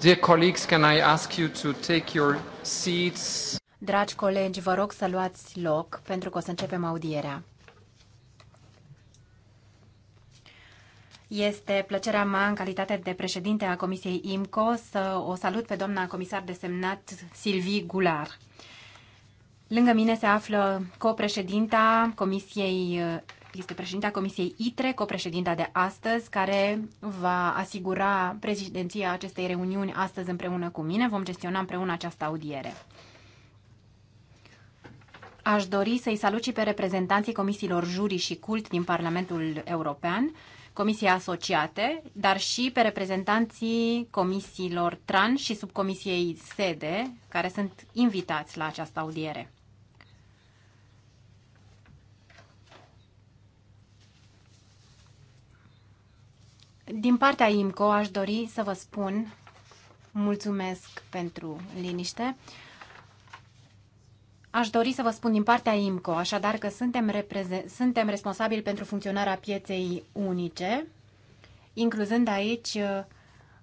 Dear colleagues, can I ask you to take your seats? Dragi colegi, vă rog să luați loc pentru că o să începem audierea. Este plăcerea mea, în calitate de președinte a Comisiei IMCO, să o salut pe doamna comisar desemnat Sylvie Goulard. Lângă mine se află copreședinta Comisiei este președinta Comisiei ITRE, copreședinta de astăzi, care va asigura prezidenția acestei reuniuni astăzi împreună cu mine. Vom gestiona împreună această audiere. Aș dori să-i salut și pe reprezentanții comisiilor juri și cult din Parlamentul European, comisii asociate, dar și pe reprezentanții comisiilor TRAN și subcomisiei SEDE, care sunt invitați la această audiere. Din partea IMCO aș dori să vă spun mulțumesc pentru liniște. Aș dori să vă spun din partea IMCO, așadar că suntem, suntem responsabili pentru funcționarea pieței unice, incluzând aici uh,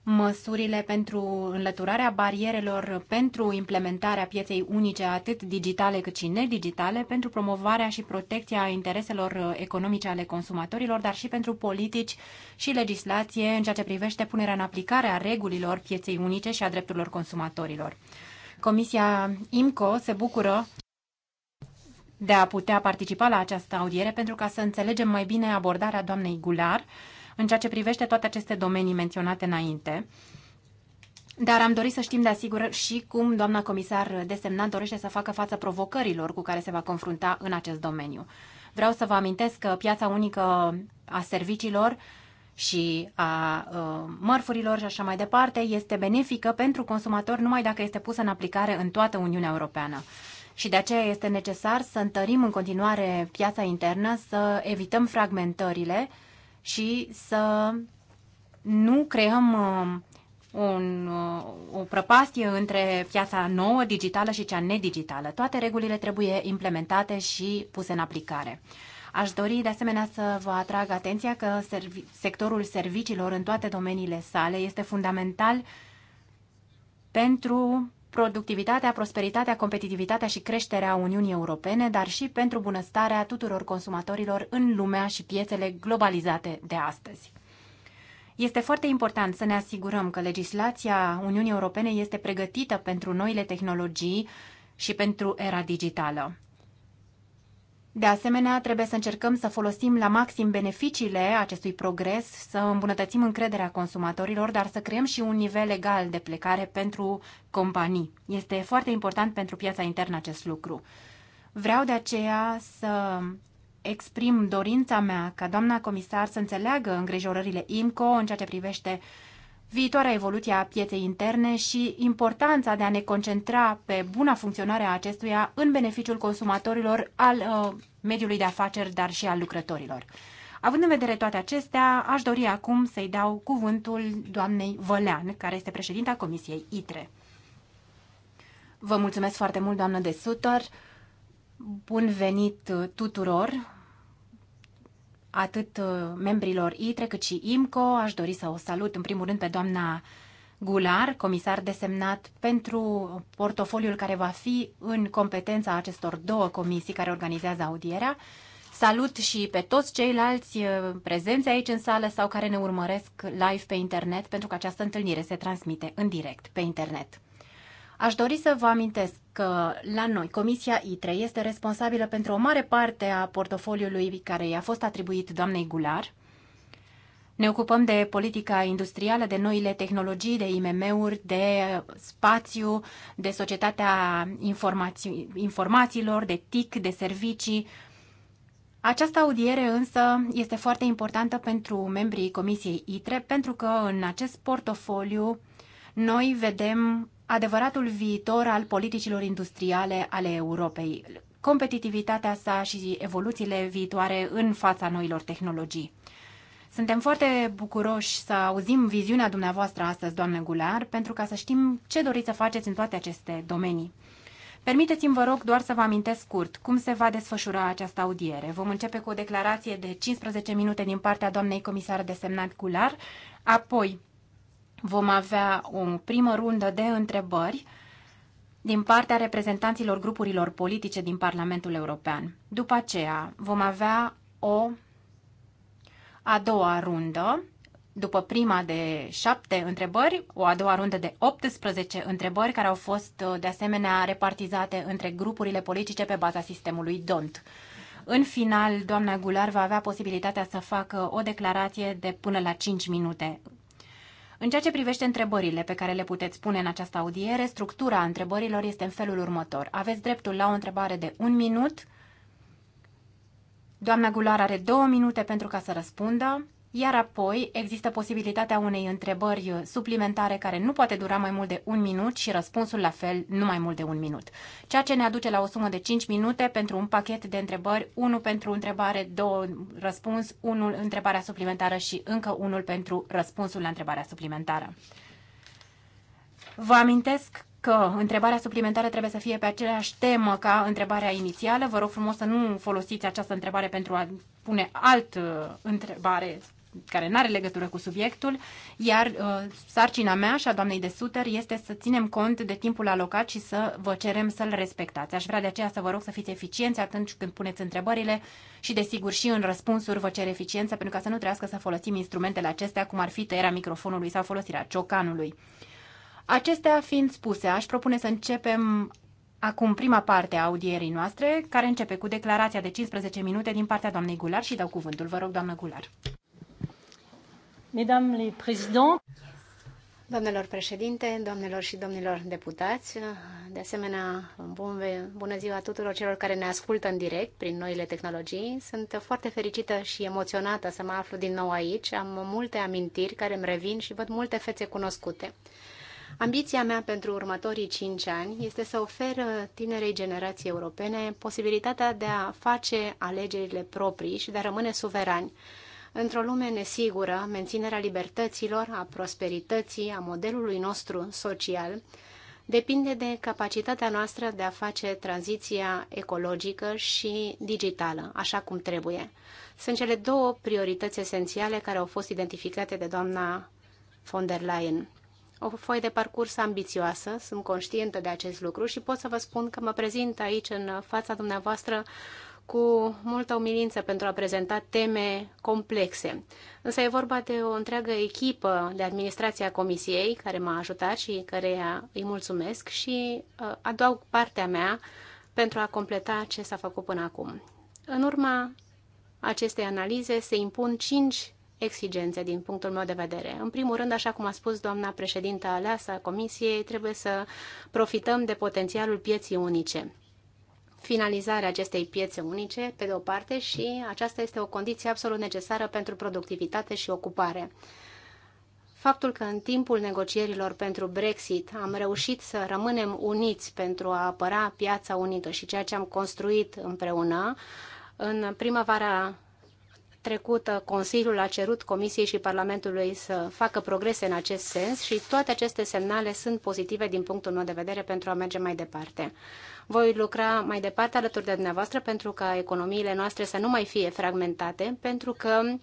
măsurile pentru înlăturarea barierelor pentru implementarea pieței unice atât digitale cât și nedigitale, pentru promovarea și protecția intereselor uh, economice ale consumatorilor, dar și pentru politici și legislație în ceea ce privește punerea în aplicare a regulilor pieței unice și a drepturilor consumatorilor. Comisia IMCO se bucură de a putea participa la această audiere pentru ca să înțelegem mai bine abordarea doamnei Gular în ceea ce privește toate aceste domenii menționate înainte. Dar am dorit să știm de asigur și cum doamna comisar desemnat dorește să facă față provocărilor cu care se va confrunta în acest domeniu. Vreau să vă amintesc că piața unică a serviciilor și a ă, mărfurilor și așa mai departe este benefică pentru consumator numai dacă este pusă în aplicare în toată Uniunea Europeană. Și de aceea este necesar să întărim în continuare piața internă, să evităm fragmentările și să nu creăm uh, un, uh, o prăpastie între piața nouă digitală și cea nedigitală. Toate regulile trebuie implementate și puse în aplicare. Aș dori de asemenea să vă atrag atenția că servi- sectorul serviciilor în toate domeniile sale este fundamental pentru productivitatea, prosperitatea, competitivitatea și creșterea Uniunii Europene, dar și pentru bunăstarea tuturor consumatorilor în lumea și piețele globalizate de astăzi. Este foarte important să ne asigurăm că legislația Uniunii Europene este pregătită pentru noile tehnologii și pentru era digitală. De asemenea, trebuie să încercăm să folosim la maxim beneficiile acestui progres, să îmbunătățim încrederea consumatorilor, dar să creăm și un nivel egal de plecare pentru companii. Este foarte important pentru piața internă acest lucru. Vreau de aceea să exprim dorința mea ca doamna comisar să înțeleagă îngrijorările IMCO în ceea ce privește uh, viitoarea evoluție a pieței interne și importanța de a ne concentra pe buna funcționare a acestuia în beneficiul consumatorilor, al uh, mediului de afaceri, dar și al lucrătorilor. Având în vedere toate acestea, aș dori acum să-i dau cuvântul doamnei Vălean, care este președinta Comisiei ITRE. Vă mulțumesc foarte mult, doamnă de Sutor. Bun venit uh, tuturor atât uh, membrilor ITRE cât și IMCO. Aș dori să o salut în primul rând pe doamna Gular, comisar desemnat pentru portofoliul care va fi în competența acestor două comisii care organizează audierea. Salut și pe toți ceilalți uh, prezenți aici în sală sau care ne urmăresc live pe internet, pentru că această întâlnire se transmite în direct pe internet. Aș dori să vă amintesc că la noi Comisia ITRE este responsabilă pentru o mare parte a portofoliului care i-a fost atribuit doamnei Gular. Ne ocupăm de politica industrială, de noile tehnologii, de IMM-uri, de spațiu, de societatea informații, informațiilor, de TIC, de servicii. Această audiere însă este foarte importantă pentru membrii Comisiei ITRE pentru că în acest portofoliu noi vedem adevăratul viitor al politicilor industriale ale Europei, competitivitatea sa și evoluțiile viitoare în fața noilor tehnologii. Suntem foarte bucuroși să auzim viziunea dumneavoastră astăzi, doamnă Gular, pentru ca să știm ce doriți să faceți în toate aceste domenii. Permiteți-mi, vă rog, doar să vă amintesc scurt cum se va desfășura această audiere. Vom începe cu o declarație de 15 minute din partea doamnei comisar desemnat Gular, apoi Vom avea o primă rundă de întrebări din partea reprezentanților grupurilor politice din Parlamentul European. După aceea vom avea o a doua rundă, după prima de șapte întrebări, o a doua rundă de 18 întrebări care au fost uh, de asemenea repartizate între grupurile politice pe baza sistemului DONT. În final, doamna Gular va avea posibilitatea să facă o declarație de până la 5 minute în ceea ce privește întrebările pe care le puteți pune în această audiere, structura întrebărilor este în felul următor. Aveți dreptul la o întrebare de un minut. Doamna Gular are două minute pentru ca să răspundă iar apoi există posibilitatea unei întrebări suplimentare care nu poate dura mai mult de un minut și răspunsul la fel nu mai mult de un minut. Ceea ce ne aduce la o sumă de 5 minute pentru un pachet de întrebări, unul pentru întrebare, două răspuns, unul întrebarea suplimentară și încă unul pentru răspunsul la întrebarea suplimentară. Vă amintesc că întrebarea suplimentară trebuie să fie pe aceeași temă ca întrebarea inițială. Vă rog frumos să nu folosiți această întrebare pentru a pune alt uh, întrebare care nu are legătură cu subiectul, iar uh, sarcina mea și a doamnei de Suter este să ținem cont de timpul alocat și să vă cerem să-l respectați. Aș vrea de aceea să vă rog să fiți eficienți atunci când puneți întrebările și, desigur, și în răspunsuri vă cer eficiență pentru ca să nu trească să folosim instrumentele acestea, cum ar fi tăierea microfonului sau folosirea ciocanului. Acestea fiind spuse, aș propune să începem Acum prima parte a audierii noastre, care începe cu declarația de 15 minute din partea doamnei Gular și dau cuvântul. Vă rog, doamnă Gular. Domnilor Doamnelor președinte, doamnelor și domnilor deputați, de asemenea, bun, bună ziua tuturor celor care ne ascultă în direct prin noile tehnologii. Sunt foarte fericită și emoționată să mă aflu din nou aici. Am multe amintiri care îmi revin și văd multe fețe cunoscute. Ambiția mea pentru următorii 5 ani este să ofer tinerei generații europene posibilitatea de a face alegerile proprii și de a rămâne suverani Într-o lume nesigură, menținerea libertăților, a prosperității, a modelului nostru social, depinde de capacitatea noastră de a face tranziția ecologică și digitală, așa cum trebuie. Sunt cele două priorități esențiale care au fost identificate de doamna von der Leyen. O foaie de parcurs ambițioasă, sunt conștientă de acest lucru și pot să vă spun că mă prezint aici în fața dumneavoastră cu multă umilință pentru a prezenta teme complexe. Însă e vorba de o întreagă echipă de administrație a Comisiei care m-a ajutat și care îi mulțumesc și uh, adaug partea mea pentru a completa ce s-a făcut până acum. În urma acestei analize se impun cinci exigențe din punctul meu de vedere. În primul rând, așa cum a spus doamna președintă aleasă a Comisiei, trebuie să profităm de potențialul pieții unice finalizarea acestei piețe unice, pe de o parte, și aceasta este o condiție absolut necesară pentru productivitate și ocupare. Faptul că în timpul negocierilor pentru Brexit am reușit să rămânem uniți pentru a apăra piața unică și ceea ce am construit împreună, în primăvara trecută Consiliul a cerut Comisiei și Parlamentului să facă progrese în acest sens și toate aceste semnale sunt pozitive din punctul meu de vedere pentru a merge mai departe. Voi lucra mai departe alături de dumneavoastră pentru ca economiile noastre să nu mai fie fragmentate, pentru că uh,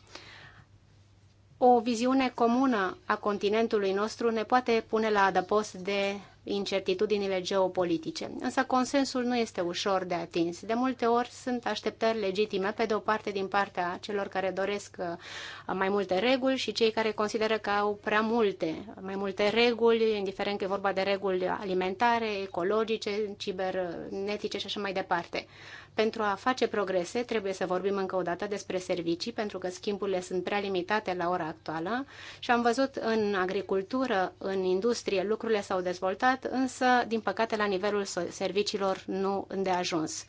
o viziune comună a continentului nostru ne poate pune la adăpost de incertitudinile geopolitice. Însă consensul nu este ușor de atins. De multe ori sunt așteptări legitime, pe de o parte din partea celor care doresc uh, mai multe reguli și cei care consideră că au prea multe, mai multe reguli, indiferent că e vorba de reguli alimentare, ecologice, cibernetice uh, și așa mai departe. Pentru a face progrese, trebuie să vorbim încă o dată despre servicii, pentru că schimburile sunt prea limitate la ora actuală și am văzut în agricultură, în industrie, lucrurile s-au dezvoltat, însă, din păcate, la nivelul serviciilor nu îndeajuns.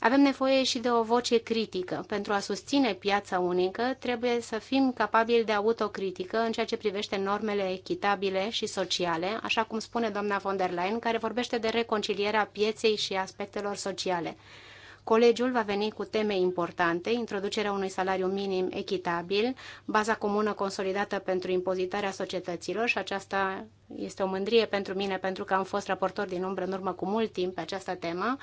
Avem nevoie și de o voce critică. Pentru a susține piața unică, trebuie să fim capabili de autocritică în ceea ce privește normele echitabile și sociale, așa cum spune doamna von der Leyen, care vorbește de reconcilierea pieței și aspectelor sociale. Colegiul va veni cu teme importante, introducerea unui salariu minim echitabil, baza comună consolidată pentru impozitarea societăților și aceasta este o mândrie pentru mine pentru că am fost raportor din umbră în urmă cu mult timp pe această temă,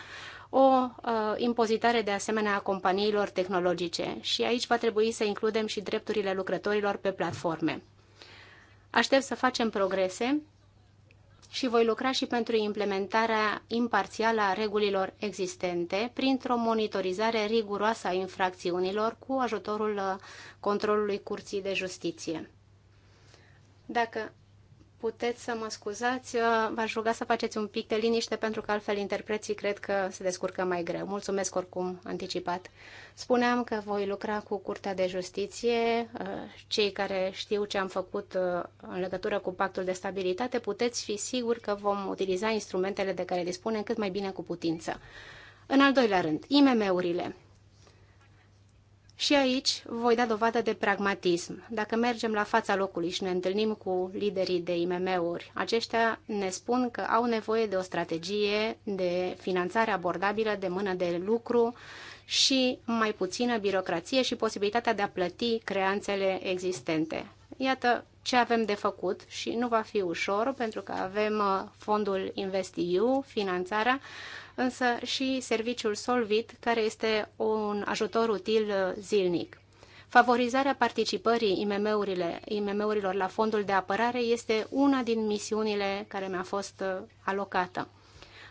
o uh, impozitare de asemenea a companiilor tehnologice și aici va trebui să includem și drepturile lucrătorilor pe platforme. Aștept să facem progrese și voi lucra și pentru implementarea imparțială a regulilor existente printr-o monitorizare riguroasă a infracțiunilor cu ajutorul uh, controlului Curții de Justiție. Dacă puteți să mă scuzați, v-aș ruga să faceți un pic de liniște pentru că altfel interpreții cred că se descurcă mai greu. Mulțumesc oricum anticipat. Spuneam că voi lucra cu Curtea de Justiție. Uh, cei care știu ce am făcut uh, în legătură cu pactul de stabilitate, puteți fi siguri că vom utiliza instrumentele de care dispunem cât mai bine cu putință. În al doilea rând, IMM-urile. Și aici voi da dovadă de pragmatism. Dacă mergem la fața locului și ne întâlnim cu liderii de IMM-uri, aceștia ne spun că au nevoie de o strategie de finanțare abordabilă, de mână de lucru și mai puțină birocrație și posibilitatea de a plăti creanțele existente. Iată ce avem de făcut și nu va fi ușor pentru că avem uh, fondul InvestEU, finanțarea, însă și serviciul Solvit, care este un ajutor util uh, zilnic. Favorizarea participării imm IMM-urilor la fondul de apărare este una din misiunile care mi-a fost uh, alocată.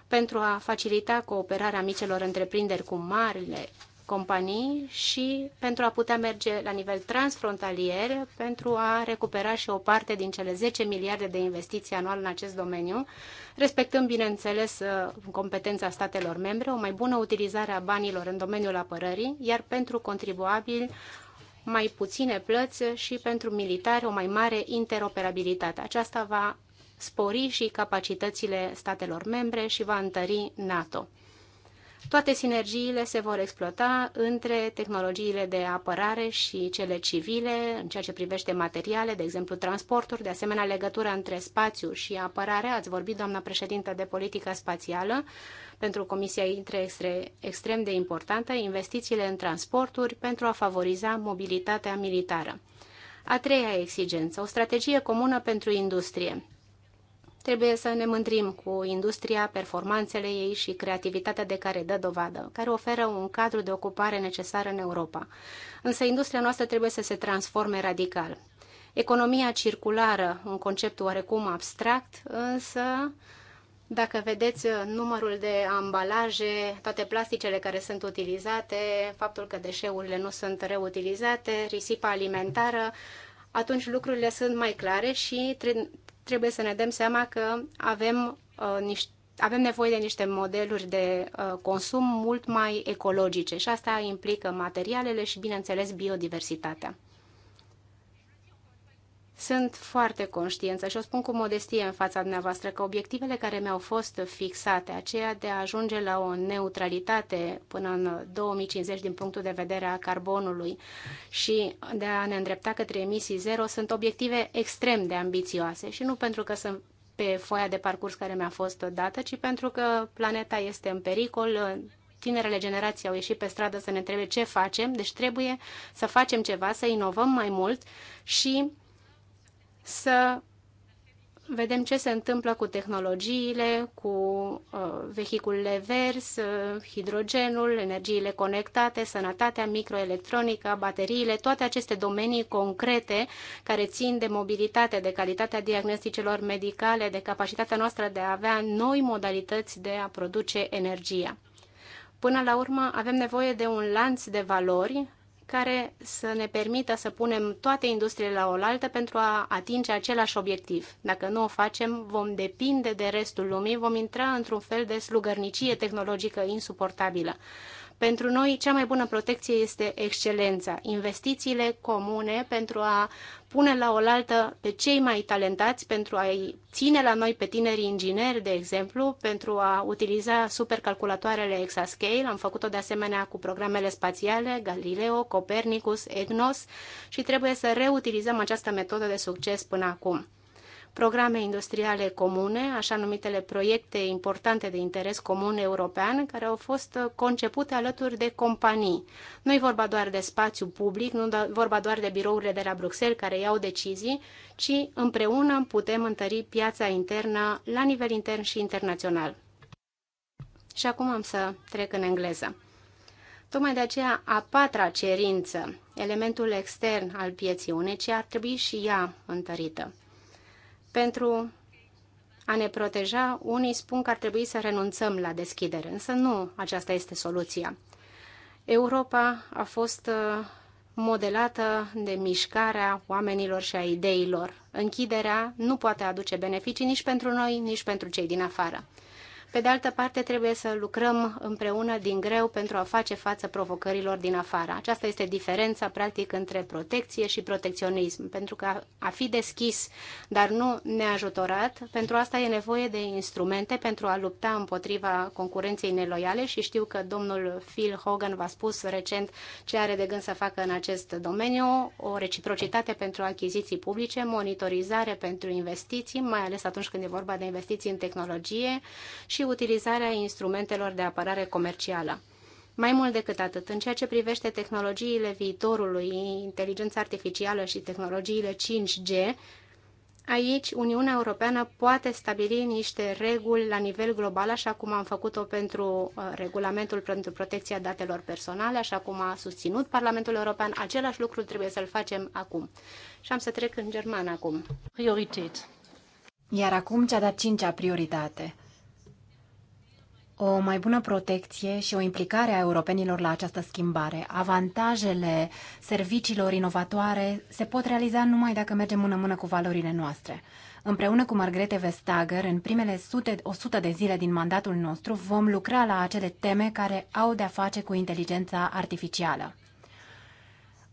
Pentru a facilita cooperarea micelor întreprinderi cu marile companii și pentru a putea merge la nivel transfrontalier, pentru a recupera și o parte din cele 10 miliarde de investiții anual în acest domeniu, respectând, bineînțeles, uh, competența statelor membre, o mai bună utilizare a banilor în domeniul apărării, iar pentru contribuabili mai puține plăți și pentru militari o mai mare interoperabilitate. Aceasta va spori și capacitățile statelor membre și va întări NATO. Toate sinergiile se vor exploata între tehnologiile de apărare și cele civile, în ceea ce privește materiale, de exemplu transporturi, de asemenea legătura între spațiu și apărare. Ați vorbit, doamna președintă, de politică spațială. Pentru Comisia Intre extrem de importantă, investițiile în transporturi pentru a favoriza mobilitatea militară. A treia exigență, o strategie comună pentru industrie. Trebuie să ne mândrim cu industria, performanțele ei și creativitatea de care dă dovadă, care oferă un cadru de ocupare necesar în Europa. Însă industria noastră trebuie să se transforme radical. Economia circulară, un concept oarecum abstract, însă dacă vedeți numărul de ambalaje, toate plasticele care sunt utilizate, faptul că deșeurile nu sunt reutilizate, risipa alimentară, atunci lucrurile sunt mai clare și trebuie să ne dăm seama că avem, uh, niște, avem nevoie de niște modeluri de uh, consum mult mai ecologice și asta implică materialele și, bineînțeles, biodiversitatea. Sunt foarte conștiență și o spun cu modestie în fața dumneavoastră că obiectivele care mi-au fost fixate, aceea de a ajunge la o neutralitate până în 2050 din punctul de vedere a carbonului și de a ne îndrepta către emisii zero, sunt obiective extrem de ambițioase și nu pentru că sunt pe foaia de parcurs care mi-a fost dată, ci pentru că planeta este în pericol, tinerele generații au ieșit pe stradă să ne întrebe ce facem, deci trebuie să facem ceva, să inovăm mai mult și să vedem ce se întâmplă cu tehnologiile, cu uh, vehiculele verzi, uh, hidrogenul, energiile conectate, sănătatea microelectronică, bateriile, toate aceste domenii concrete care țin de mobilitate, de calitatea diagnosticelor medicale, de capacitatea noastră de a avea noi modalități de a produce energia. Până la urmă, avem nevoie de un lanț de valori care să ne permită să punem toate industriile la oaltă pentru a atinge același obiectiv. Dacă nu o facem, vom depinde de restul lumii, vom intra într-un fel de slugărnicie tehnologică insuportabilă. Pentru noi, cea mai bună protecție este excelența, investițiile comune pentru a pune la oaltă pe cei mai talentați, pentru a-i ține la noi pe tinerii ingineri, de exemplu, pentru a utiliza supercalculatoarele Exascale. Am făcut-o de asemenea cu programele spațiale Galileo, Copernicus, EGNOS și trebuie să reutilizăm această metodă de succes până acum programe industriale comune, așa numitele proiecte importante de interes comun european, care au fost uh, concepute alături de companii. Nu e vorba doar de spațiu public, nu e vorba doar de birourile de la Bruxelles care iau decizii, ci împreună putem întări piața internă la nivel intern și internațional. Și acum am să trec în engleză. Tocmai de aceea, a patra cerință, elementul extern al pieții unice, ar trebui și ea întărită pentru a ne proteja, unii spun că ar trebui să renunțăm la deschidere, însă nu aceasta este soluția. Europa a fost uh, modelată de mișcarea oamenilor și a ideilor. Închiderea nu poate aduce beneficii nici pentru noi, nici pentru cei din afară. Pe de altă parte, trebuie să lucrăm împreună din greu pentru a face față provocărilor din afară. Aceasta este diferența, practic, între protecție și protecționism, pentru că a fi deschis, dar nu neajutorat, pentru asta e nevoie de instrumente pentru a lupta împotriva concurenței neloiale și știu că domnul Phil Hogan v-a spus recent ce are de gând să facă în acest domeniu, o reciprocitate pentru achiziții publice, monitorizare pentru investiții, mai ales atunci când e vorba de investiții în tehnologie și și utilizarea instrumentelor de apărare comercială. Mai mult decât atât, în ceea ce privește tehnologiile viitorului, inteligența artificială și tehnologiile 5G, aici Uniunea Europeană poate stabili niște reguli la nivel global, așa cum am făcut-o pentru uh, regulamentul pentru protecția datelor personale, așa cum a susținut Parlamentul European. Același lucru trebuie să-l facem acum. Și am să trec în german acum. Priorități. Iar acum cea de-a cincea prioritate – o mai bună protecție și o implicare a europenilor la această schimbare. Avantajele serviciilor inovatoare se pot realiza numai dacă mergem mână-mână cu valorile noastre. Împreună cu Margrethe Vestager, în primele sute, 100 de zile din mandatul nostru, vom lucra la acele teme care au de-a face cu inteligența artificială.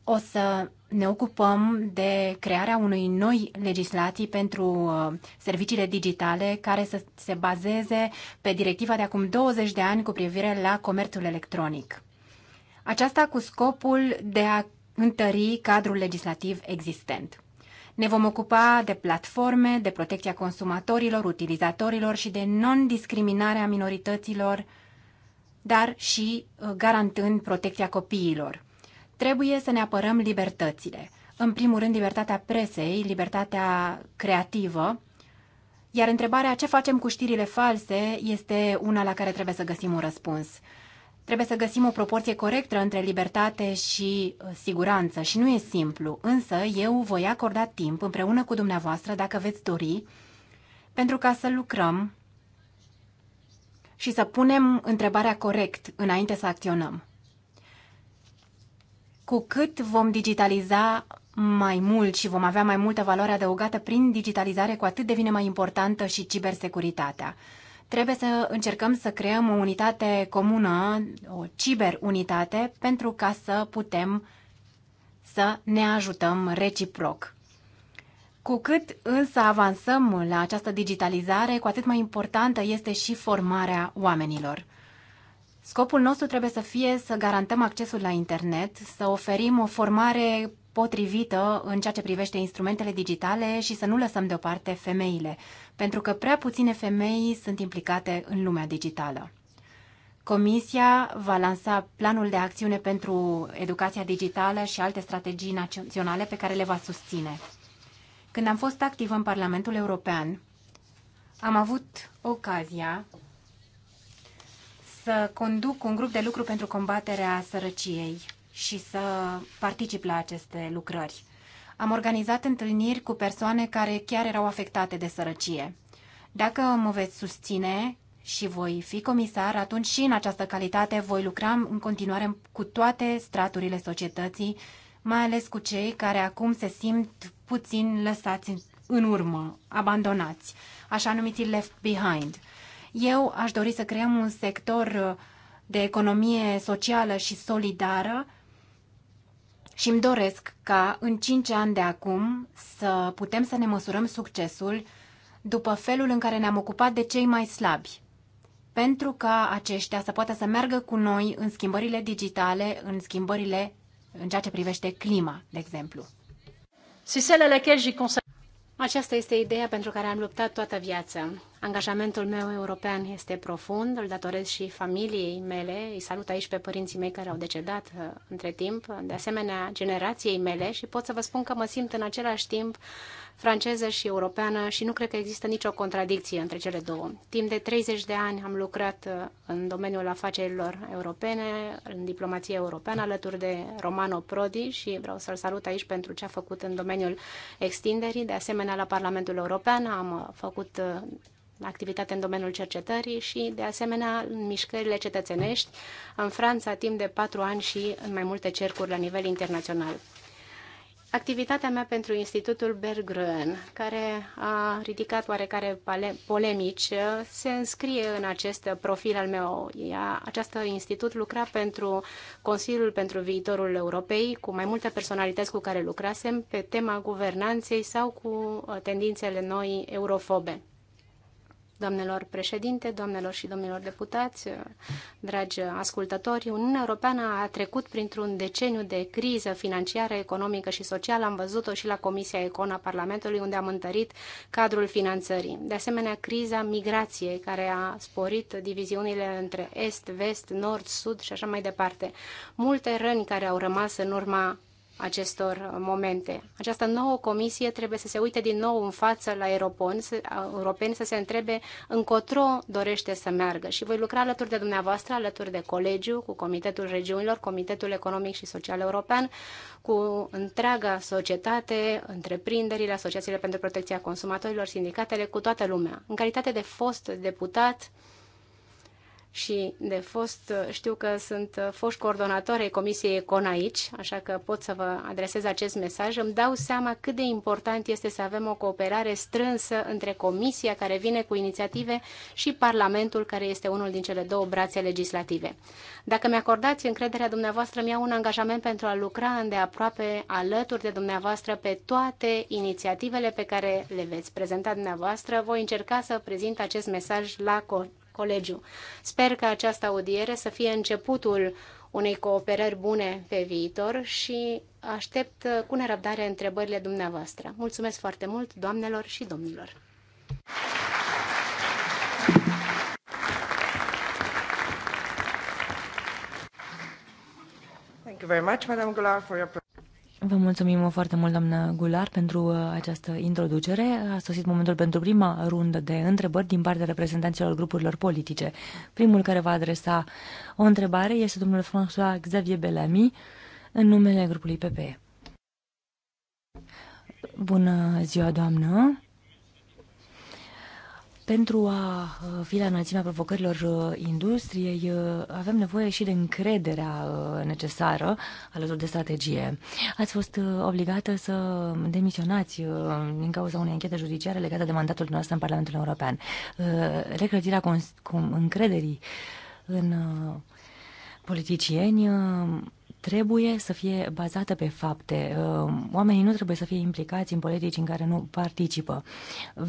O să ne ocupăm de crearea unui noi legislații pentru uh, serviciile digitale care să se bazeze pe directiva de acum 20 de ani cu privire la comerțul electronic. Aceasta cu scopul de a întări cadrul legislativ existent. Ne vom ocupa de platforme, de protecția consumatorilor, utilizatorilor și de non-discriminarea minorităților, dar și uh, garantând protecția copiilor. Trebuie să ne apărăm libertățile. În primul rând, libertatea presei, libertatea creativă, iar întrebarea ce facem cu știrile false este una la care trebuie să găsim un răspuns. Trebuie să găsim o proporție corectă între libertate și uh, siguranță și nu e simplu, însă eu voi acorda timp împreună cu dumneavoastră, dacă veți dori, pentru ca să lucrăm și să punem întrebarea corect înainte să acționăm. Cu cât vom digitaliza mai mult și vom avea mai multă valoare adăugată prin digitalizare, cu atât devine mai importantă și cibersecuritatea. Trebuie să încercăm să creăm o unitate comună, o ciberunitate, pentru ca să putem să ne ajutăm reciproc. Cu cât însă avansăm la această digitalizare, cu atât mai importantă este și formarea oamenilor. Scopul nostru trebuie să fie să garantăm accesul la internet, să oferim o formare potrivită în ceea ce privește instrumentele digitale și să nu lăsăm deoparte femeile, pentru că prea puține femei sunt implicate în lumea digitală. Comisia va lansa planul de acțiune pentru educația digitală și alte strategii naționale pe care le va susține. Când am fost activ în Parlamentul European, am avut ocazia să conduc un grup de lucru pentru combaterea sărăciei și să particip la aceste lucrări. Am organizat întâlniri cu persoane care chiar erau afectate de sărăcie. Dacă mă veți susține și voi fi comisar, atunci și în această calitate voi lucra în continuare cu toate straturile societății, mai ales cu cei care acum se simt puțin lăsați în urmă, abandonați, așa numiți left behind. Eu aș dori să creăm un sector uh, de economie socială și solidară și îmi doresc ca în 5 ani de acum să putem să ne măsurăm succesul după felul în care ne-am ocupat de cei mai slabi, pentru ca aceștia să poată să meargă cu noi în schimbările digitale, în schimbările în ceea ce privește clima, de exemplu. Si celle à laquelle j'ai consacré aceasta este ideea pentru care am luptat toată viața. Angajamentul meu european este profund, îl datorez și familiei mele, îi salut aici pe părinții mei care au decedat uh, între timp, de asemenea generației mele și pot să vă spun că mă simt în același timp franceză și europeană și nu cred că există nicio contradicție între cele două. Timp de 30 de ani am lucrat uh, în domeniul afacerilor europene, în diplomație europeană, alături de Romano Prodi și vreau să-l salut aici pentru ce a făcut în domeniul extinderii. De asemenea, la Parlamentul European am uh, făcut uh, activitate în domeniul cercetării și, de asemenea, în mișcările cetățenești în Franța timp de patru ani și în mai multe cercuri la nivel internațional activitatea mea pentru Institutul Bergrön, care a ridicat oarecare polemici, se înscrie în acest profil al meu. acest institut lucra pentru Consiliul pentru Viitorul Europei, cu mai multe personalități cu care lucrasem pe tema guvernanței sau cu uh, tendințele noi eurofobe. Doamnelor președinte, doamnelor și domnilor deputați, dragi ascultători, Uniunea Europeană a trecut printr-un deceniu de criză financiară, economică și socială. Am văzut-o și la Comisia Econ a Parlamentului, unde am întărit cadrul finanțării. De asemenea, criza migrației, care a sporit diviziunile între est, vest, nord, sud și așa mai departe. Multe răni care au rămas în urma acestor momente. Această nouă comisie trebuie să se uite din nou în față la europeni, să se întrebe încotro dorește să meargă și voi lucra alături de dumneavoastră, alături de colegiu, cu Comitetul Regiunilor, Comitetul Economic și Social European, cu întreaga societate, întreprinderile, asociațiile pentru protecția consumatorilor, sindicatele, cu toată lumea. În calitate de fost deputat, și de fost, știu că sunt uh, foști coordonatori ai Comisiei Econ aici, așa că pot să vă adresez acest mesaj, îmi dau seama cât de important este să avem o cooperare strânsă între Comisia care vine cu inițiative și Parlamentul care este unul din cele două brațe legislative. Dacă mi-acordați încrederea dumneavoastră, mi-au un angajament pentru a lucra îndeaproape alături de dumneavoastră pe toate inițiativele pe care le veți prezenta dumneavoastră. Voi încerca să prezint acest mesaj la colegiu. Sper că această audiere să fie începutul unei cooperări bune pe viitor și aștept cu nerăbdare întrebările dumneavoastră. Mulțumesc foarte mult, doamnelor și domnilor! Thank you very much, Madam Goulart, for your Vă mulțumim foarte mult, doamnă Gular, pentru uh, această introducere. A sosit momentul pentru prima rundă de întrebări din partea reprezentanților grupurilor politice. Primul care va adresa o întrebare este domnul François Xavier Bellamy, în numele grupului PPE. Bună ziua, doamnă! Pentru a uh, fi la înălțimea provocărilor uh, industriei, uh, avem nevoie și de încrederea necesară alături de strategie. Ați fost obligată să demisionați din cauza unei închete judiciare legată de mandatul noastră în Parlamentul European. Reclădirea încrederii în politicieni trebuie să fie bazată pe fapte. Um, oamenii nu trebuie să fie implicați în politici în care nu participă.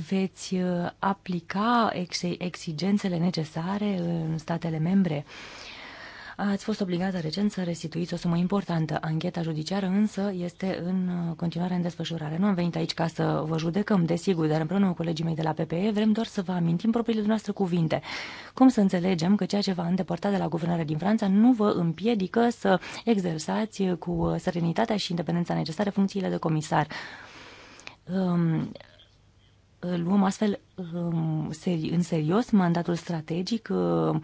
Veți uh, aplica exigențele necesare în statele membre? Ați fost obligată recent să restituiți o sumă importantă. Ancheta judiciară însă este în uh, continuare în desfășurare. Nu am venit aici ca să vă judecăm, desigur, dar împreună cu colegii mei de la PPE vrem doar să vă amintim propriile noastre cuvinte. Cum să înțelegem că ceea ce v-a îndepărtat de la guvernarea din Franța nu vă împiedică să exersați cu uh, serenitatea și independența necesare funcțiile de comisar? Um, luăm astfel um, seri, în serios mandatul strategic um,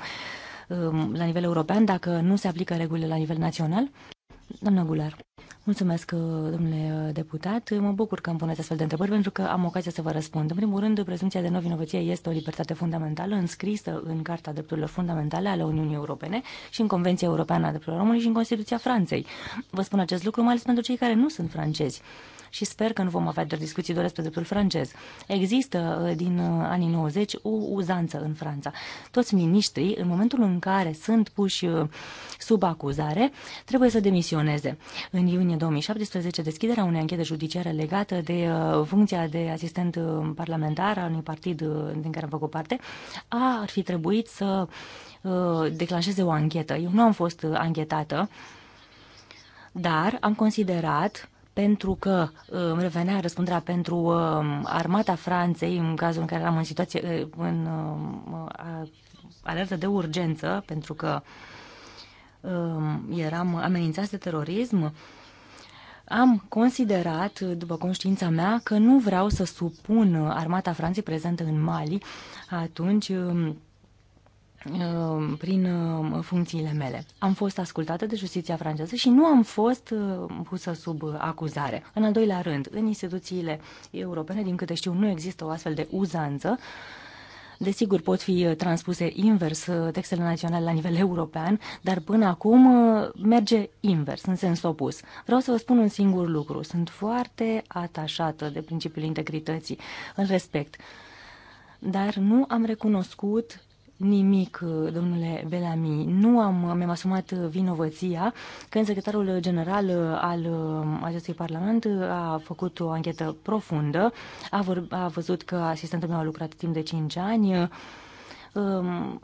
Um, la nivel european dacă nu se aplică regulile la nivel național? Doamna Gular, mulțumesc, uh, domnule uh, deputat. Mă bucur că îmi puneți astfel de întrebări pentru că am ocazia să vă răspund. În primul rând, prezumția de novinovăție este o libertate fundamentală înscrisă în Carta Drepturilor Fundamentale ale Uniunii Europene și în Convenția Europeană a Drepturilor Omului și în Constituția Franței. Vă spun acest lucru mai ales pentru cei care nu sunt francezi și sper că nu vom avea doar discuții doar despre dreptul francez. Există uh, din uh, anii 90 o uzanță în Franța. Toți miniștrii, în momentul în care sunt puși uh, sub acuzare, trebuie să demisioneze. În iunie 2017, deschiderea unei anchete judiciare legată de funcția de asistent parlamentar al unui partid din care am făcut parte, a, ar fi trebuit să declanșeze o anchetă. Eu nu am fost anchetată, dar am considerat pentru că îmi revenea răspunderea pentru um, armata Franței în cazul în care eram în situație uh, în um, uh, alertă de urgență, pentru că um, eram amenințați de terorism, am considerat, după conștiința mea, că nu vreau să supun armata Franței prezentă în Mali atunci Uh, prin uh, funcțiile mele. Am fost ascultată de justiția franceză și nu am fost uh, pusă sub acuzare. În al doilea rând, în instituțiile europene, din câte știu, nu există o astfel de uzanță. Desigur, pot fi transpuse invers textele naționale la nivel european, dar până acum merge invers, în sens opus. Vreau să vă spun un singur lucru. Sunt foarte atașată de principiul integrității. Îl respect. Dar nu am recunoscut nimic, domnule Belami. Nu am, mi-am asumat vinovăția când secretarul general uh, al um, acestui parlament uh, a făcut o anchetă profundă, a, vor, a văzut că asistentul meu a lucrat timp de 5 ani, uh, um,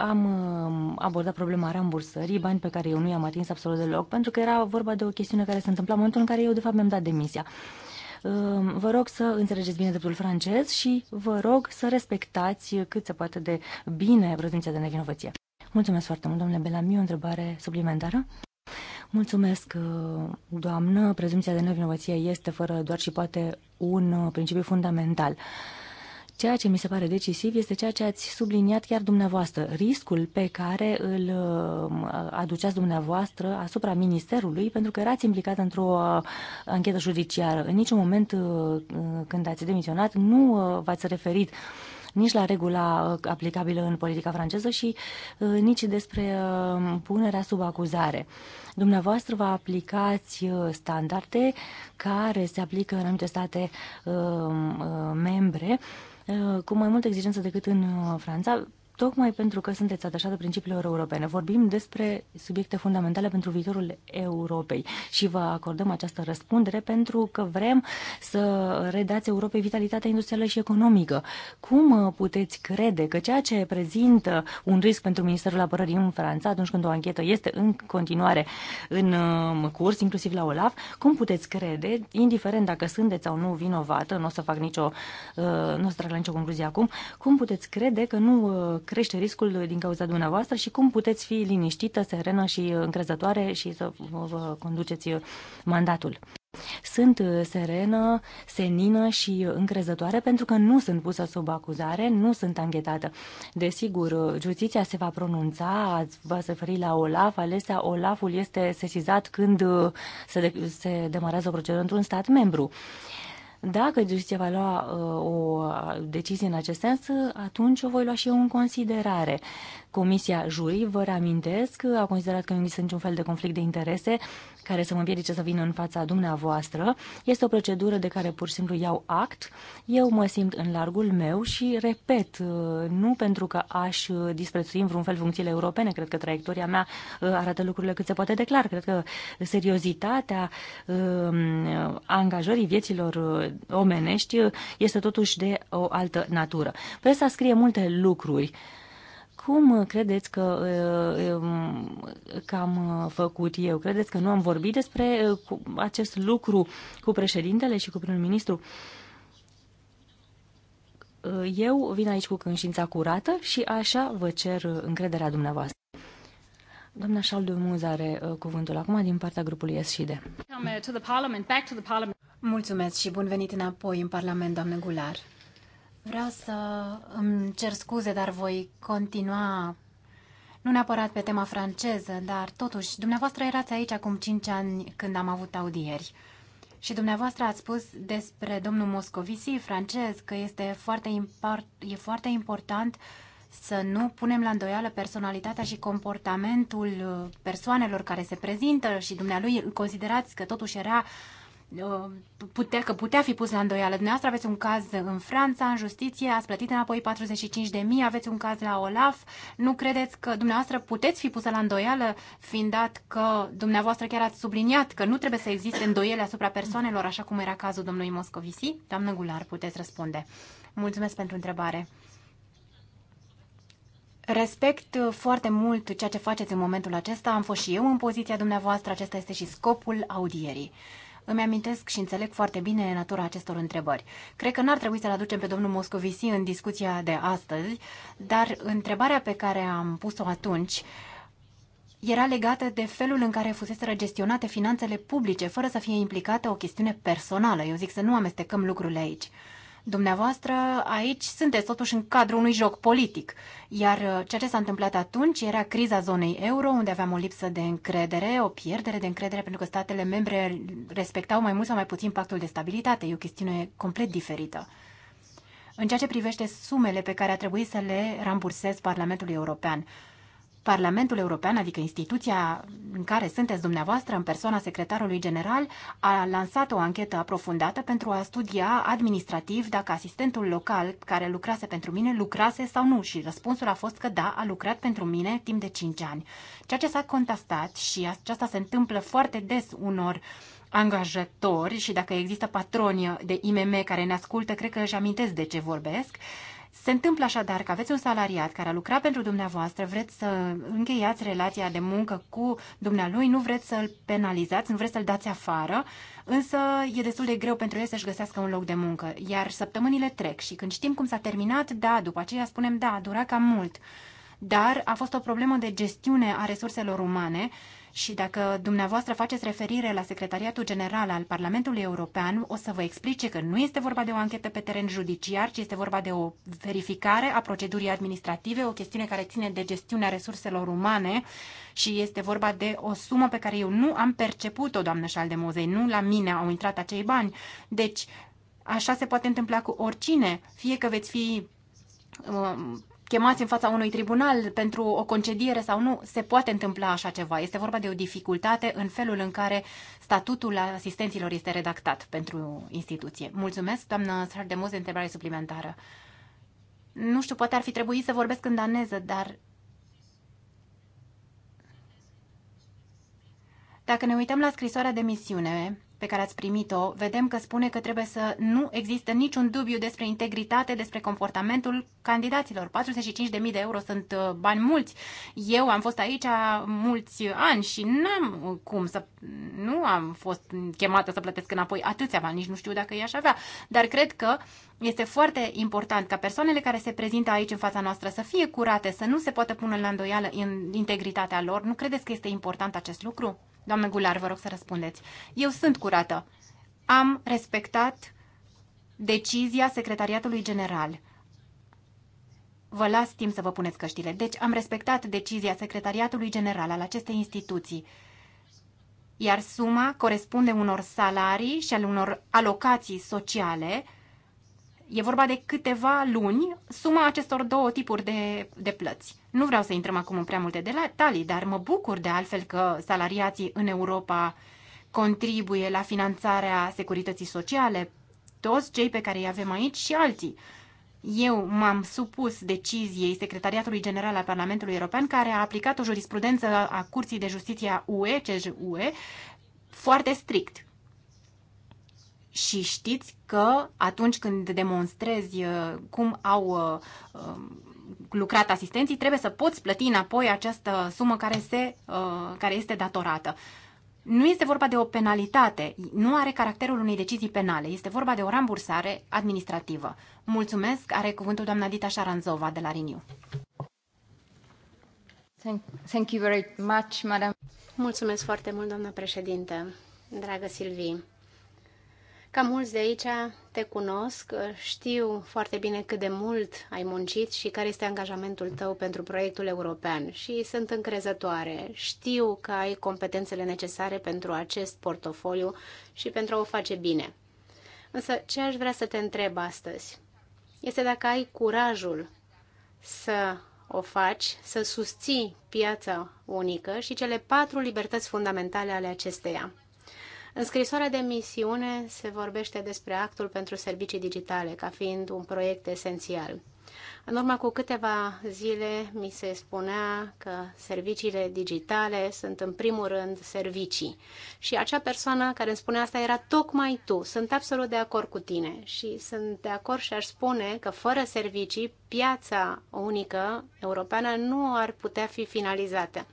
am um, abordat problema rambursării, bani pe care eu nu i-am atins absolut deloc, pentru că era vorba de o chestiune care se întâmpla în momentul în care eu, de fapt, mi-am dat demisia. Ehm, vă rog să înțelegeți bine dreptul francez și vă rog să respectați cât se poate de bine prezumția de nevinovăție. Mulțumesc foarte mult, domnule Belami. O întrebare suplimentară? Mulțumesc, eh, doamnă. Prezumția de nevinovăție este fără doar și poate un eh, principiu fundamental. Ceea ce mi se pare decisiv este ceea ce ați subliniat chiar dumneavoastră, riscul pe care îl uh, aduceați dumneavoastră asupra Ministerului, pentru că erați implicat într-o uh, anchetă judiciară. În niciun moment uh, când ați demisionat nu v-ați referit nici la regula aplicabilă în politica franceză și nici despre punerea sub acuzare. Dumneavoastră vă aplicați standarde care se aplică în anumite state membre Uh, cu mai multă exigență decât în uh, Franța tocmai pentru că sunteți atașat de principiilor europene. Vorbim despre subiecte fundamentale pentru viitorul Europei și vă acordăm această răspundere pentru că vrem să redați Europei vitalitatea industrială și economică. Cum uh, puteți crede că ceea ce prezintă un risc pentru Ministerul Apărării în Franța atunci când o anchetă este în continuare în um, curs, inclusiv la OLAF, cum puteți crede, indiferent dacă sunteți sau nu vinovată, nu o să fac nicio, uh, nu o să trag la nicio concluzie acum, cum puteți crede că nu uh, crește riscul din cauza dumneavoastră și cum puteți fi liniștită, serenă și încrezătoare și să vă conduceți mandatul. Sunt serenă, senină și încrezătoare pentru că nu sunt pusă sub acuzare, nu sunt anghetată. Desigur, justiția se va pronunța, va se feri la Olaf, alesea Olaful este sesizat când se, de- se demarează o procedură într-un stat membru. Uh, dacă justiția va lua uh, o decizie în acest sens, atunci o voi lua și eu în considerare. Comisia jurii vă reamintesc, că a considerat că nu există niciun fel de conflict de interese care să mă împiedice să vină în fața dumneavoastră. Este o procedură de care pur și simplu iau act. Eu mă simt în largul meu și, repet, uh, nu pentru că aș uh, disprețui în vreun fel funcțiile europene. Cred că traiectoria mea uh, arată lucrurile cât se poate de clar. Cred că seriozitatea um, angajării vieților omenești este totuși de o altă natură. Presa scrie multe lucruri. Cum credeți că, uh, um, că am uh, făcut eu? Credeți că nu am vorbit despre uh, acest lucru cu președintele și cu primul ministru? Eu vin aici cu conștiința curată și așa vă cer încrederea dumneavoastră. Doamna Șaldu Muz are cuvântul acum din partea grupului SCD. Mulțumesc și bun venit înapoi în Parlament, doamnă Gular. Vreau să îmi cer scuze, dar voi continua nu neapărat pe tema franceză, dar totuși, dumneavoastră erați aici acum 5 ani când am avut audieri. Și dumneavoastră ați spus despre domnul Moscovici, francez, că este foarte, import, e foarte important să nu punem la îndoială personalitatea și comportamentul uh, persoanelor care se prezintă și dumnealui îl considerați că totuși era uh, Uh, putea, că putea fi pus la îndoială. Dumneavoastră aveți un caz în Franța, în justiție, ați plătit înapoi 45 de mii, aveți un caz la Olaf. Nu credeți că dumneavoastră puteți fi pusă la îndoială, fiind dat că dumneavoastră chiar ați subliniat că nu trebuie să existe îndoiele asupra persoanelor, așa cum era cazul domnului Moscovici? Doamnă Gular, puteți răspunde. Mulțumesc pentru întrebare. Respect foarte mult ceea ce faceți în momentul acesta. Am fost și eu în poziția dumneavoastră. Acesta este și scopul audierii. Îmi amintesc și înțeleg foarte bine natura acestor întrebări. Cred că n-ar trebui să-l aducem pe domnul Moscovici în discuția de astăzi, dar întrebarea pe care am pus-o atunci era legată de felul în care fuseseră gestionate finanțele publice, fără să fie implicată o chestiune personală. Eu zic să nu amestecăm lucrurile aici. Dumneavoastră aici sunteți totuși în cadrul unui joc politic, iar uh, ceea ce s-a întâmplat atunci era criza zonei euro, unde aveam o lipsă de încredere, o pierdere de încredere, pentru că statele membre respectau mai mult sau mai puțin pactul de stabilitate. E o chestiune complet diferită. În ceea ce privește sumele pe care a trebuit să le rambursez Parlamentului European, Parlamentul European, adică instituția în care sunteți dumneavoastră, în persoana secretarului general, a lansat o anchetă aprofundată pentru a studia administrativ dacă asistentul local care lucrase pentru mine lucrase sau nu și răspunsul a fost că da, a lucrat pentru mine timp de 5 ani. Ceea ce s-a contestat și aceasta se întâmplă foarte des unor angajatori și dacă există patroni de IMM care ne ascultă, cred că își amintesc de ce vorbesc, se întâmplă așadar că aveți un salariat care a lucrat pentru dumneavoastră, vreți să încheiați relația de muncă cu dumnealui, nu vreți să-l penalizați, nu vreți să-l dați afară, însă e destul de greu pentru el să-și găsească un loc de muncă. Iar săptămânile trec și când știm cum s-a terminat, da, după aceea spunem, da, a durat cam mult. Dar a fost o problemă de gestiune a resurselor umane și dacă dumneavoastră faceți referire la Secretariatul General al Parlamentului European, o să vă explice că nu este vorba de o anchetă pe teren judiciar, ci este vorba de o verificare a procedurii administrative, o chestiune care ține de gestiunea resurselor umane și este vorba de o sumă pe care eu nu am perceput-o, doamnă Șaldemozei, nu la mine au intrat acei bani. Deci, așa se poate întâmpla cu oricine, fie că veți fi uh, chemați în fața unui tribunal pentru o concediere sau nu, se poate întâmpla așa ceva. Este vorba de o dificultate în felul în care statutul asistenților este redactat pentru instituție. Mulțumesc, doamnă Sardemuz, de întrebare suplimentară. Nu știu, poate ar fi trebuit să vorbesc în daneză, dar dacă ne uităm la scrisoarea de misiune pe care ați primit-o, vedem că spune că trebuie să nu există niciun dubiu despre integritate, despre comportamentul candidaților. 45.000 de euro sunt uh, bani mulți. Eu am fost aici mulți ani și n-am uh, cum să... Nu am fost chemată să plătesc înapoi atâția bani, nici nu știu dacă i-aș avea. Dar cred că este foarte important ca persoanele care se prezintă aici în fața noastră să fie curate, să nu se poată pune la îndoială în integritatea lor. Nu credeți că este important acest lucru? Doamne Gular, vă rog să răspundeți. Eu sunt curată. Am respectat decizia Secretariatului General. Vă las timp să vă puneți căștile. Deci am respectat decizia Secretariatului General al acestei instituții, iar suma corespunde unor salarii și al unor alocații sociale. E vorba de câteva luni, suma acestor două tipuri de, de plăți. Nu vreau să intrăm acum în prea multe detalii, dar mă bucur de altfel că salariații în Europa contribuie la finanțarea securității sociale, toți cei pe care îi avem aici și alții. Eu m-am supus deciziei Secretariatului General al Parlamentului European, care a aplicat o jurisprudență a Curții de Justiție a UE, CJUE, foarte strict. Și știți că atunci când demonstrezi uh, cum au uh, um, lucrat asistenții, trebuie să poți plăti înapoi această sumă care, se, uh, care este datorată. Nu este vorba de o penalitate, nu are caracterul unei decizii penale, este vorba de o rambursare administrativă. Mulțumesc, are cuvântul doamna Dita Șaranzova de la Riniu. Thank you very much, madam. Mulțumesc foarte mult, doamna președinte. Dragă Silvii, ca mulți de aici te cunosc, știu foarte bine cât de mult ai muncit și care este angajamentul tău pentru proiectul european și sunt încrezătoare. Știu că ai competențele necesare pentru acest portofoliu și pentru a o face bine. Însă, ce aș vrea să te întreb astăzi este dacă ai curajul să o faci, să susții piața unică și cele patru libertăți fundamentale ale acesteia. În scrisoarea de misiune se vorbește despre actul pentru servicii digitale ca fiind un proiect esențial. În urmă cu câteva zile mi se spunea că serviciile digitale sunt în primul rând servicii. Și acea persoană care îmi spunea asta era tocmai tu. Sunt absolut de acord cu tine și sunt de acord și aș spune că fără servicii piața unică europeană nu ar putea fi finalizată.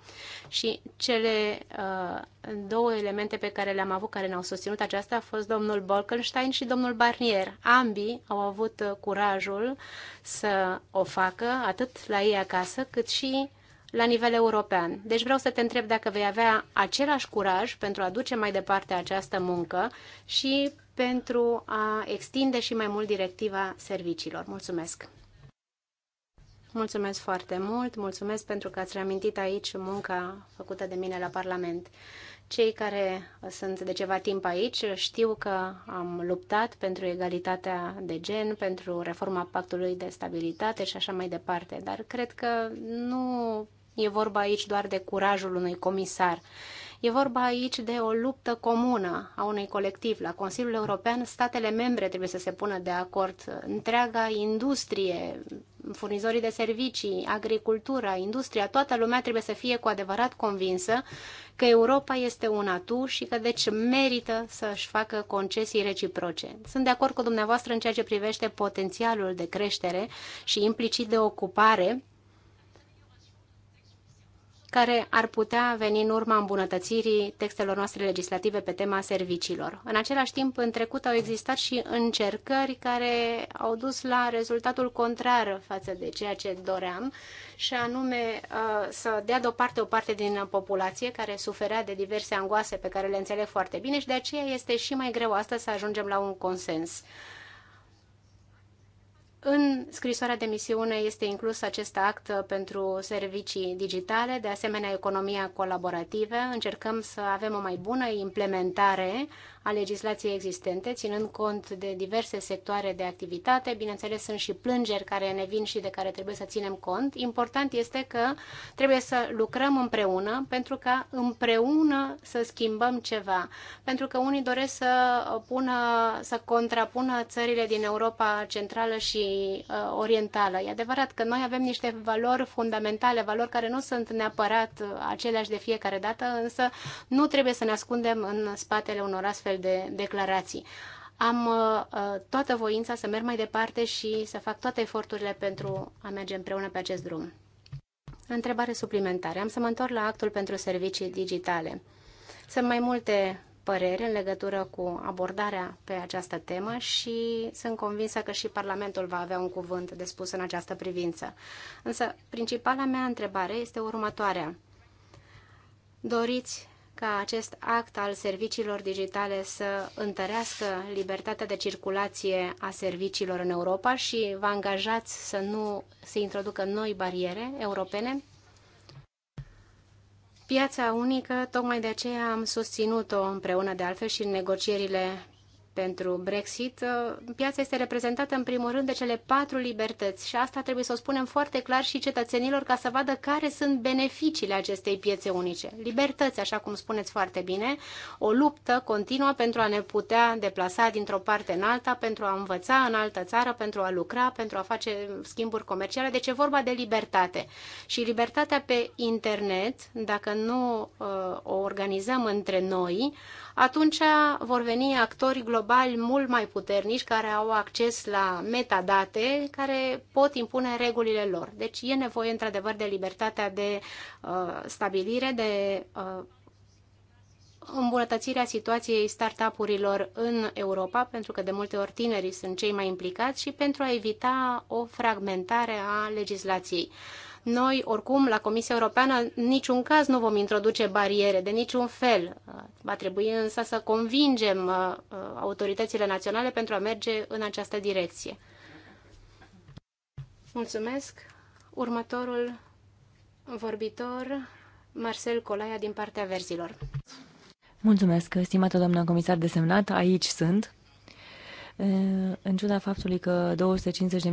Și cele uh, două elemente pe care le-am avut, care ne-au susținut aceasta, a fost domnul Bolkenstein și domnul Barnier. Ambii au avut uh, curajul să o facă, atât la ei acasă, cât și la nivel european. Deci vreau să te întreb dacă vei avea același curaj pentru a duce mai departe această muncă și pentru a extinde și mai mult directiva serviciilor. Mulțumesc! Mulțumesc foarte mult, mulțumesc pentru că ați reamintit aici munca făcută de mine la Parlament. Cei care sunt de ceva timp aici știu că am luptat pentru egalitatea de gen, pentru reforma pactului de stabilitate și așa mai departe, dar cred că nu e vorba aici doar de curajul unui comisar. E vorba aici de o luptă comună a unui colectiv. La Consiliul European, statele membre trebuie să se pună de acord. Întreaga industrie, furnizorii de servicii, agricultura, industria, toată lumea trebuie să fie cu adevărat convinsă că Europa este una tu și că deci merită să-și facă concesii reciproce. Sunt de acord cu dumneavoastră în ceea ce privește potențialul de creștere și implicit de ocupare care ar putea veni în urma îmbunătățirii textelor noastre legislative pe tema serviciilor. În același timp, în trecut au existat și încercări care au dus la rezultatul contrar față de ceea ce doream, și anume uh, să dea deoparte o parte din populație care suferea de diverse angoase pe care le înțeleg foarte bine și de aceea este și mai greu astăzi să ajungem la un consens. În scrisoarea de misiune este inclus acest act pentru servicii digitale, de asemenea economia colaborativă. Încercăm să avem o mai bună implementare a legislației existente, ținând cont de diverse sectoare de activitate. Bineînțeles, sunt și plângeri care ne vin și de care trebuie să ținem cont. Important este că trebuie să lucrăm împreună pentru ca împreună să schimbăm ceva. Pentru că unii doresc să pună, să contrapună țările din Europa Centrală și uh, Orientală. E adevărat că noi avem niște valori fundamentale, valori care nu sunt neapărat uh, aceleași de fiecare dată, însă nu trebuie să ne ascundem în spatele unor astfel astfel de declarații. Am uh, uh, toată voința să merg mai departe și să fac toate eforturile pentru a merge împreună pe acest drum. Întrebare suplimentară. Am să mă întorc la actul pentru servicii digitale. Sunt mai multe păreri în legătură cu abordarea pe această temă și sunt convinsă că și Parlamentul va avea un cuvânt de spus în această privință. Însă, principala mea întrebare este următoarea. Doriți ca acest act al serviciilor digitale să întărească libertatea de circulație a serviciilor în Europa și vă angajați să nu se introducă noi bariere europene? Piața unică, tocmai de aceea am susținut-o împreună de altfel și în negocierile pentru Brexit, uh, piața este reprezentată în primul rând de cele patru libertăți și asta trebuie să o spunem foarte clar și cetățenilor ca să vadă care sunt beneficiile acestei piețe unice. Libertăți, așa cum spuneți foarte bine, o luptă continuă pentru a ne putea deplasa dintr-o parte în alta, pentru a învăța în altă țară, pentru a lucra, pentru a face schimburi comerciale. Deci e vorba de libertate. Și libertatea pe internet, dacă nu uh, o organizăm între noi, atunci vor veni actori globali mult mai puternici care au acces la metadate, care pot impune regulile lor. Deci e nevoie într-adevăr de libertatea de uh, stabilire, de uh, îmbunătățirea situației startup-urilor în Europa, pentru că de multe ori tinerii sunt cei mai implicați și pentru a evita o fragmentare a legislației. Noi, oricum, la Comisia Europeană, în niciun caz nu vom introduce bariere, de niciun fel. Va trebui însă să convingem uh, uh, autoritățile naționale pentru a merge în această direcție. Mulțumesc. Următorul vorbitor, Marcel Colaia din partea verzilor. Mulțumesc, stimată doamnă comisar desemnat, aici sunt. În ciuda faptului că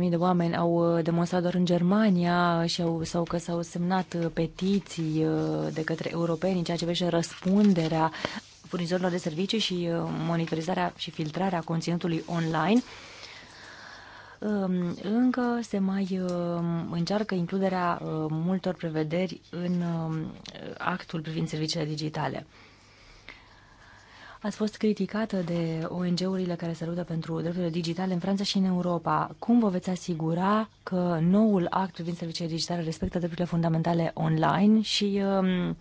250.000 de oameni au uh, demonstrat doar în Germania și au, sau că s-au semnat uh, petiții uh, de către europeni în ceea ce vește răspunderea furnizorilor de servicii și monitorizarea și filtrarea conținutului online, um, încă se mai încearcă includerea multor prevederi în um, actul privind serviciile digitale. Ați fost criticată de ONG-urile care se luptă pentru drepturile digitale în Franța și în Europa. Cum vă veți asigura că noul act privind serviciile digitale respectă drepturile fundamentale online și um,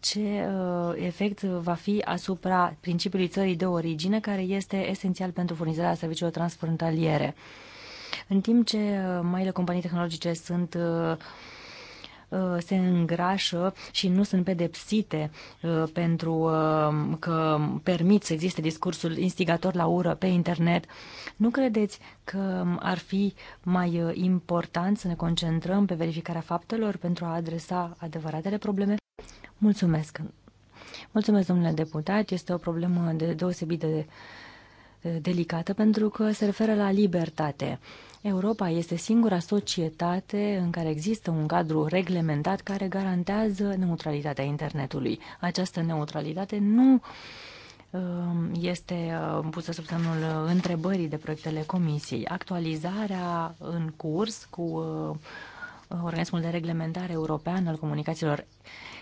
ce uh, efect va fi asupra principiului țării de origine, care este esențial pentru furnizarea serviciilor transfrontaliere? În timp ce maile companii tehnologice sunt uh, Uh, se îngrașă și nu sunt pedepsite uh, pentru uh, că permit să existe discursul instigator la ură pe internet. Nu credeți că ar fi mai important să ne concentrăm pe verificarea faptelor pentru a adresa adevăratele probleme? Mulțumesc! Mulțumesc, domnule deputat. Este o problemă de deosebit de delicată pentru că se referă la libertate. Europa este singura societate în care există un cadru reglementat care garantează neutralitatea internetului. Această neutralitate nu um, este um, pusă sub semnul întrebării de proiectele Comisiei. Actualizarea în curs cu uh, Organismul de Reglementare European al Comunicațiilor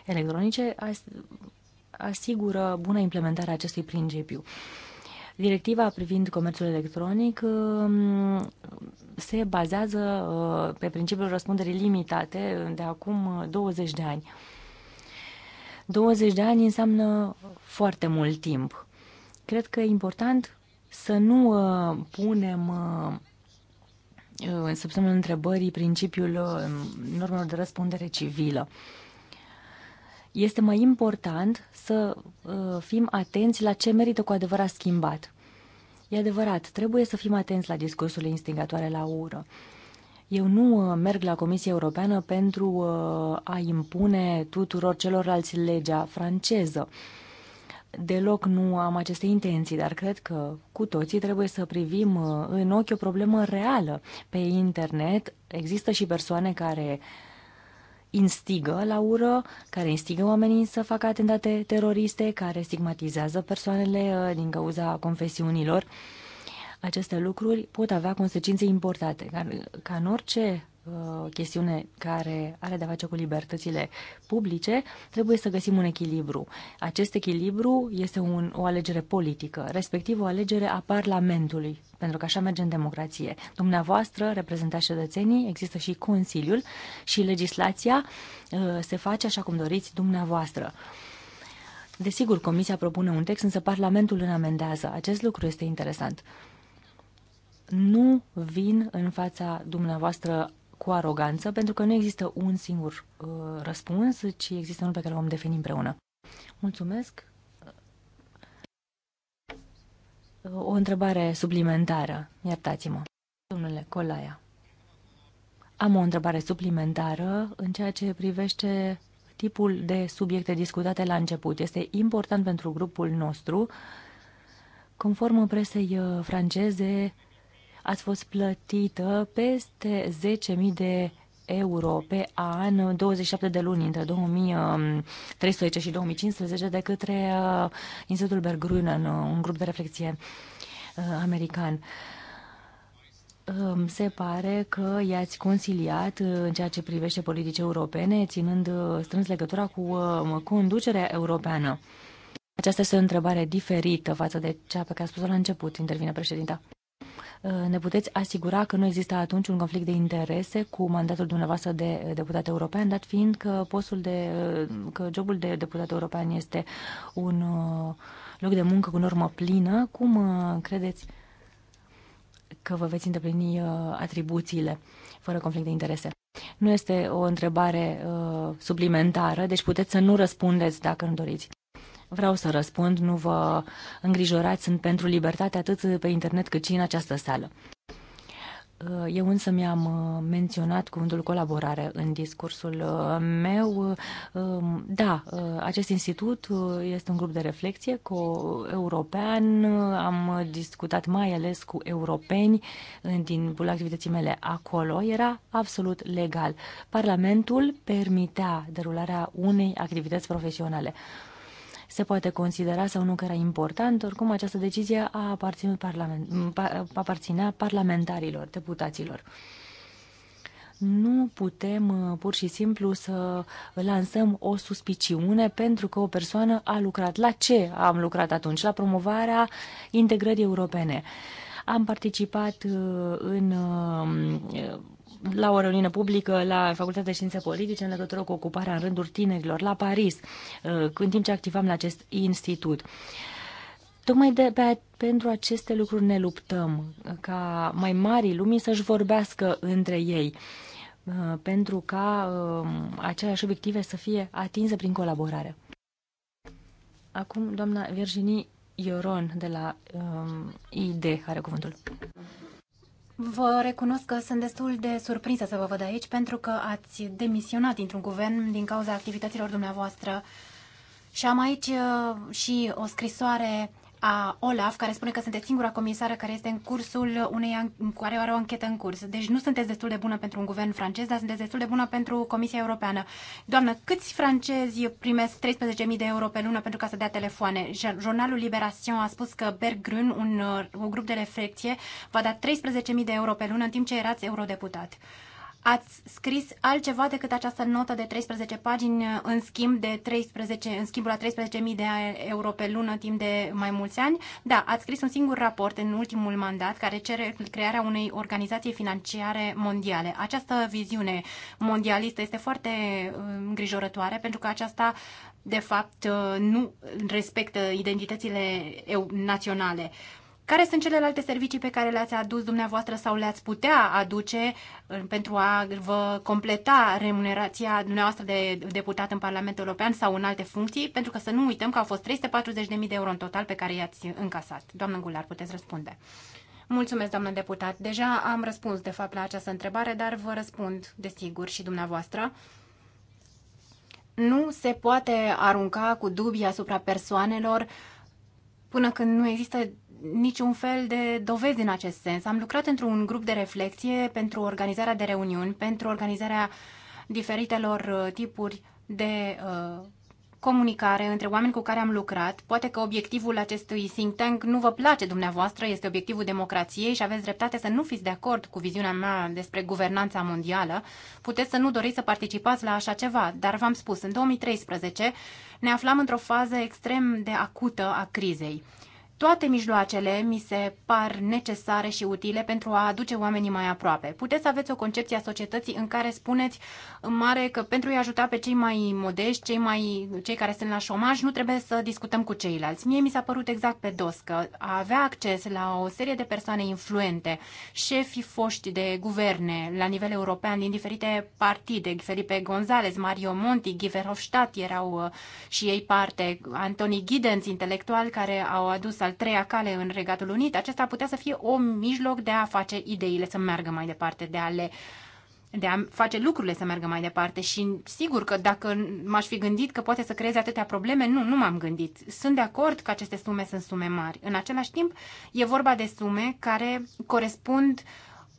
Electronice asigură bună implementare a acestui principiu. Directiva privind comerțul electronic um, se bazează uh, pe principiul răspunderii limitate de acum 20 uh, de ani. 20 de ani înseamnă foarte mult timp. Cred că e important să nu uh, punem în subsemnul întrebării principiul normelor de răspundere civilă este mai important să uh, fim atenți la ce merită cu adevărat schimbat. E adevărat, trebuie să fim atenți la discursurile instigatoare la ură. Eu nu uh, merg la Comisia Europeană pentru uh, a impune tuturor celorlalți legea franceză. Deloc nu am aceste intenții, dar cred că cu toții trebuie să privim în ochi o problemă reală. Pe internet există și persoane care uh, instigă la ură, care instigă oamenii să facă atentate teroriste, care stigmatizează persoanele uh, din cauza confesiunilor. Aceste lucruri pot avea consecințe importante. Ca, în orice o uh, chestiune care are de-a face cu libertățile publice, trebuie să găsim un echilibru. Acest echilibru este un, o alegere politică, respectiv o alegere a Parlamentului, pentru că așa merge în democrație. Dumneavoastră reprezentați cetățenii, există și Consiliul și legislația uh, se face așa cum doriți dumneavoastră. Desigur, Comisia propune un text, însă Parlamentul îl amendează. Acest lucru este interesant nu vin în fața dumneavoastră cu aroganță, pentru că nu există un singur uh, răspuns, ci există unul pe care o vom defini împreună. Mulțumesc. O întrebare suplimentară, iertați-mă. Domnule Colaia, am o întrebare suplimentară în ceea ce privește tipul de subiecte discutate la început. Este important pentru grupul nostru. Conform presei uh, franceze, ați fost plătită peste 10.000 de euro pe an, 27 de luni între 2013 și 2015 de către uh, Institutul Berggrünen, uh, un grup de reflexie uh, american. Um, se pare că i-ați conciliat în ceea ce privește politici europene, ținând strâns legătura cu conducerea europeană. Aceasta este o întrebare diferită față de cea pe care a spus-o la început, intervine președinta ne puteți asigura că nu există atunci un conflict de interese cu mandatul dumneavoastră de deputat european, dat fiind că postul de, că jobul de deputat european este un uh, loc de muncă cu normă plină. Cum uh, credeți că vă veți îndeplini uh, atribuțiile fără conflict de interese? Nu este o întrebare uh, suplimentară, deci puteți să nu răspundeți dacă nu doriți. Vreau să răspund, nu vă îngrijorați, sunt pentru libertate atât pe internet cât și în această sală. Uh, eu însă mi-am uh, menționat cuvântul colaborare în discursul uh, meu. Da, acest institut este un grup de reflexie cu european. Am discutat mai ales cu europeni în timpul activității mele acolo. Era absolut legal. Parlamentul permitea derularea unei activități profesionale se poate considera sau nu că era important. Oricum, această decizie a aparținut parlament, aparținea parlamentarilor, deputaților. Nu putem uh, pur și simplu să lansăm o suspiciune pentru că o persoană a lucrat. La ce am lucrat atunci? La promovarea integrării europene. Uh, am participat uh, în uh, la o reuniune publică la Facultatea de Științe Politice în legătură cu ocuparea în rândul tinerilor la Paris, uh, în timp ce activam la acest institut. Tocmai de, pe, pentru aceste lucruri ne luptăm, ca mai mari lumii să-și vorbească între ei, pentru ca um, aceleași obiective să fie atinse prin colaborare. Acum, doamna Virginie Ioron de la um, ID are cuvântul. Vă recunosc că sunt destul de surprinsă să vă văd aici pentru că ați demisionat dintr-un guvern din cauza activităților dumneavoastră și am aici uh, și o scrisoare a Olaf, care spune că sunteți singura comisară care este în cursul unei care are o anchetă în curs. Deci nu sunteți destul de bună pentru un guvern francez, dar sunteți destul de bună pentru Comisia Europeană. Doamnă, câți francezi primesc 13.000 de euro pe lună pentru ca să dea telefoane? Jurnalul Liberation a spus că Bergrun, un, uh, un grup de reflecție, va da 13.000 de euro pe lună în timp ce erați eurodeputat ați scris altceva decât această notă de 13 pagini uh, în schimb de 13, în schimbul la 13.000 de euro pe lună timp de mai mulți ani. Da, ați scris un singur raport în ultimul mandat care cere crearea unei organizații financiare mondiale. Această viziune mondialistă este foarte uh, îngrijorătoare pentru că aceasta de fapt uh, nu respectă identitățile naționale. Care sunt celelalte servicii pe care le-ați adus dumneavoastră sau le-ați putea aduce pentru a vă completa remunerația dumneavoastră de deputat în Parlamentul European sau în alte funcții? Pentru că să nu uităm că au fost 340.000 de euro în total pe care i-ați încasat. Doamnă Gular, puteți răspunde. Mulțumesc, doamnă deputat. Deja am răspuns, de fapt, la această întrebare, dar vă răspund, desigur, și dumneavoastră nu se poate arunca cu dubii asupra persoanelor până când nu există niciun fel de dovezi în acest sens. Am lucrat într-un grup de reflexie pentru organizarea de reuniuni, pentru organizarea diferitelor uh, tipuri de uh, comunicare între oameni cu care am lucrat. Poate că obiectivul acestui think tank nu vă place dumneavoastră, este obiectivul democrației și aveți dreptate să nu fiți de acord cu viziunea mea despre guvernanța mondială. Puteți să nu doriți să participați la așa ceva, dar v-am spus, în 2013 ne aflam într-o fază extrem de acută a crizei. Toate mijloacele mi se par necesare și utile pentru a aduce oamenii mai aproape. Puteți să aveți o concepție a societății în care spuneți în mare că pentru a-i ajuta pe cei mai modești, cei, mai, cei care sunt la șomaj, nu trebuie să discutăm cu ceilalți. Mie mi s-a părut exact pe dos că a avea acces la o serie de persoane influente, șefii foști de guverne la nivel european din diferite partide, Felipe González, Mario Monti, Guy Verhofstadt erau uh, și ei parte, Antoni Giddens, intelectual, care au adus al treia cale în Regatul Unit, acesta putea să fie o mijloc de a face ideile să meargă mai departe, de a le de a face lucrurile să meargă mai departe și sigur că dacă m-aș fi gândit că poate să creeze atâtea probleme, nu, nu m-am gândit. Sunt de acord că aceste sume sunt sume mari. În același timp, e vorba de sume care corespund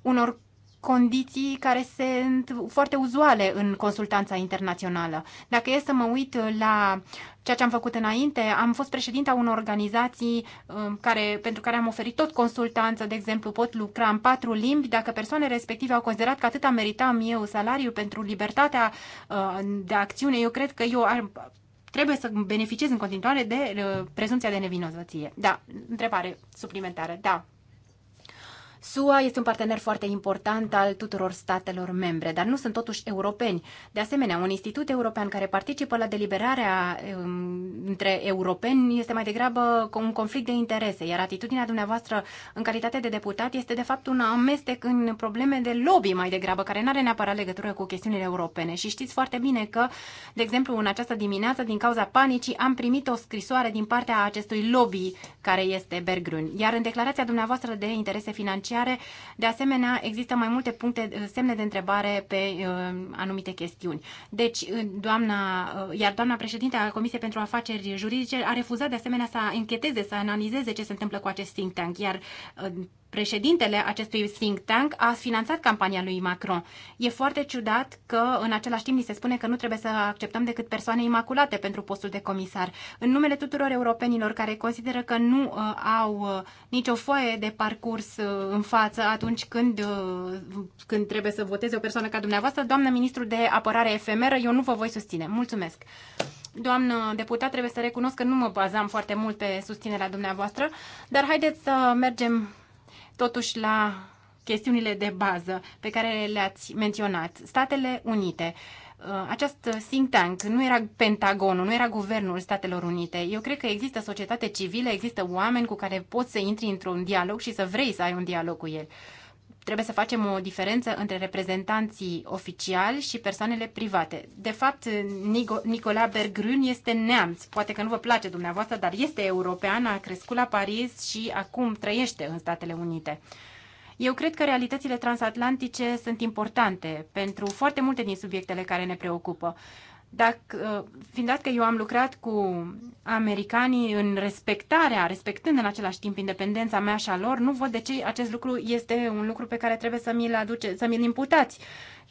unor condiții care sunt foarte uzuale în consultanța internațională. Dacă e să mă uit la ceea ce am făcut înainte, am fost președinta unor organizații um, care, pentru care am oferit tot consultanță, de exemplu, pot lucra în patru limbi. Dacă persoanele respective au considerat că am meritam eu salariu pentru libertatea uh, de acțiune, eu cred că eu ar, trebuie să beneficiez în continuare de uh, prezumția de nevinovăție. Da, întrebare suplimentară. Da, SUA este un partener foarte important al tuturor statelor membre, dar nu sunt totuși europeni. De asemenea, un institut european care participă la deliberarea um, între europeni este mai degrabă un conflict de interese, iar atitudinea dumneavoastră în calitate de deputat este de fapt un amestec în probleme de lobby mai degrabă, care nu are neapărat legătură cu chestiunile europene. Și știți foarte bine că, de exemplu, în această dimineață, din cauza panicii, am primit o scrisoare din partea acestui lobby care este Bergrun. Iar în declarația dumneavoastră de interese financiare, financiare. De asemenea, există mai multe puncte, eh, semne de întrebare pe eh, anumite chestiuni. Deci, eh, doamna, iar doamna președinte a Comisiei pentru Afaceri Juridice a refuzat de asemenea să încheteze, să analizeze ce se întâmplă cu acest think tank, iar președintele acestui think tank a finanțat campania lui Macron. E foarte ciudat că în același timp ni se spune că nu trebuie să acceptăm decât persoane imaculate pentru postul de comisar. În numele tuturor europenilor care consideră că nu uh, au uh, nicio foaie de parcurs uh, în față atunci când, uh, când trebuie să voteze o persoană ca dumneavoastră, doamnă ministru de apărare efemeră, eu nu vă voi susține. Mulțumesc! Doamnă deputat, trebuie să recunosc că nu mă bazam foarte mult pe susținerea dumneavoastră, dar haideți să mergem totuși la chestiunile de bază pe care le-ați menționat. Statele Unite, uh, acest think tank nu era Pentagonul, nu era Guvernul Statelor Unite. Eu cred că există societate civilă, există oameni cu care poți să intri într-un dialog și să vrei să ai un dialog cu el trebuie să facem o diferență între reprezentanții oficiali și persoanele private. De fapt, Nicola Bergrun este neamț. Poate că nu vă place dumneavoastră, dar este european, a crescut la Paris și acum trăiește în Statele Unite. Eu cred că realitățile transatlantice sunt importante pentru foarte multe din subiectele care ne preocupă. Dacă, fiind dat că eu am lucrat cu americanii în respectarea, respectând în același timp independența mea și a lor, nu văd de ce acest lucru este un lucru pe care trebuie să mi-l aduce, să mi-l imputați.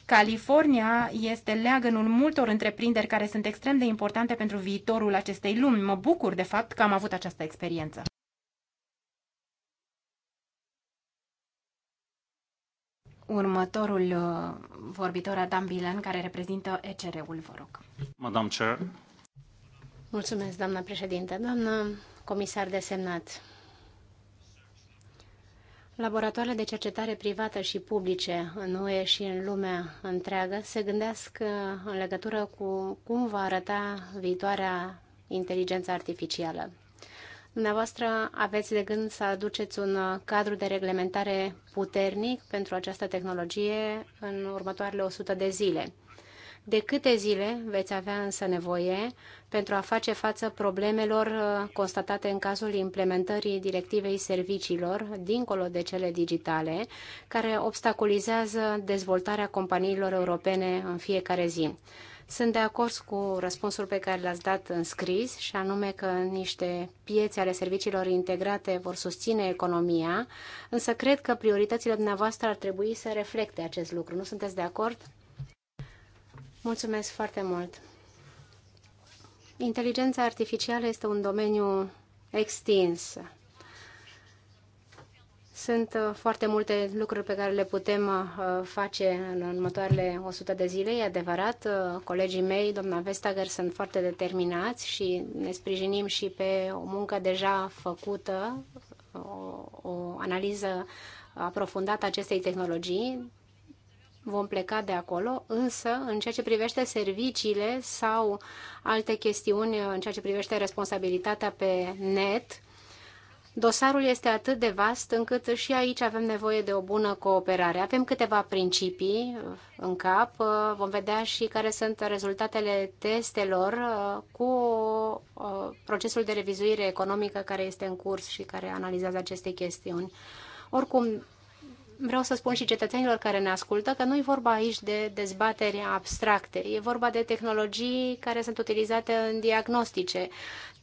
California este leagănul multor întreprinderi care sunt extrem de importante pentru viitorul acestei lumi. Mă bucur de fapt că am avut această experiență. Următorul uh, vorbitor, Adam Bilan, care reprezintă ECR-ul, vă rog. Madam Chair. Mulțumesc, doamna președinte. Doamna comisar desemnat, Laboratoarele de cercetare privată și publice în UE și în lumea întreagă se gândesc uh, în legătură cu cum va arăta viitoarea inteligența artificială. Dumneavoastră aveți de gând să aduceți un uh, cadru de reglementare puternic pentru această tehnologie în următoarele 100 de zile. De câte zile veți avea însă nevoie pentru a face față problemelor uh, constatate în cazul implementării directivei serviciilor, dincolo de cele digitale, care obstaculizează dezvoltarea companiilor europene în fiecare zi? Sunt de acord cu răspunsul pe care l-ați dat în scris, și anume că niște piețe ale serviciilor integrate vor susține economia, însă cred că prioritățile dumneavoastră ar trebui să reflecte acest lucru. Nu sunteți de acord? Mulțumesc foarte mult! Inteligența artificială este un domeniu extins sunt uh, foarte multe lucruri pe care le putem uh, face în următoarele 100 de zile, e adevărat. Uh, colegii mei, doamna Vestager, sunt foarte determinați și ne sprijinim și pe o muncă deja făcută, o, o analiză aprofundată acestei tehnologii. Vom pleca de acolo, însă în ceea ce privește serviciile sau alte chestiuni, în ceea ce privește responsabilitatea pe net, Dosarul este atât de vast încât și aici avem nevoie de o bună cooperare. Avem câteva principii uh, în cap, uh, vom vedea și care sunt rezultatele testelor uh, cu procesul de revizuire economică care este în curs și care analizează aceste chestiuni. Oricum, vreau să spun și cetățenilor care ne ascultă că nu e vorba aici de dezbateri abstracte, e vorba de tehnologii care sunt utilizate în diagnostice,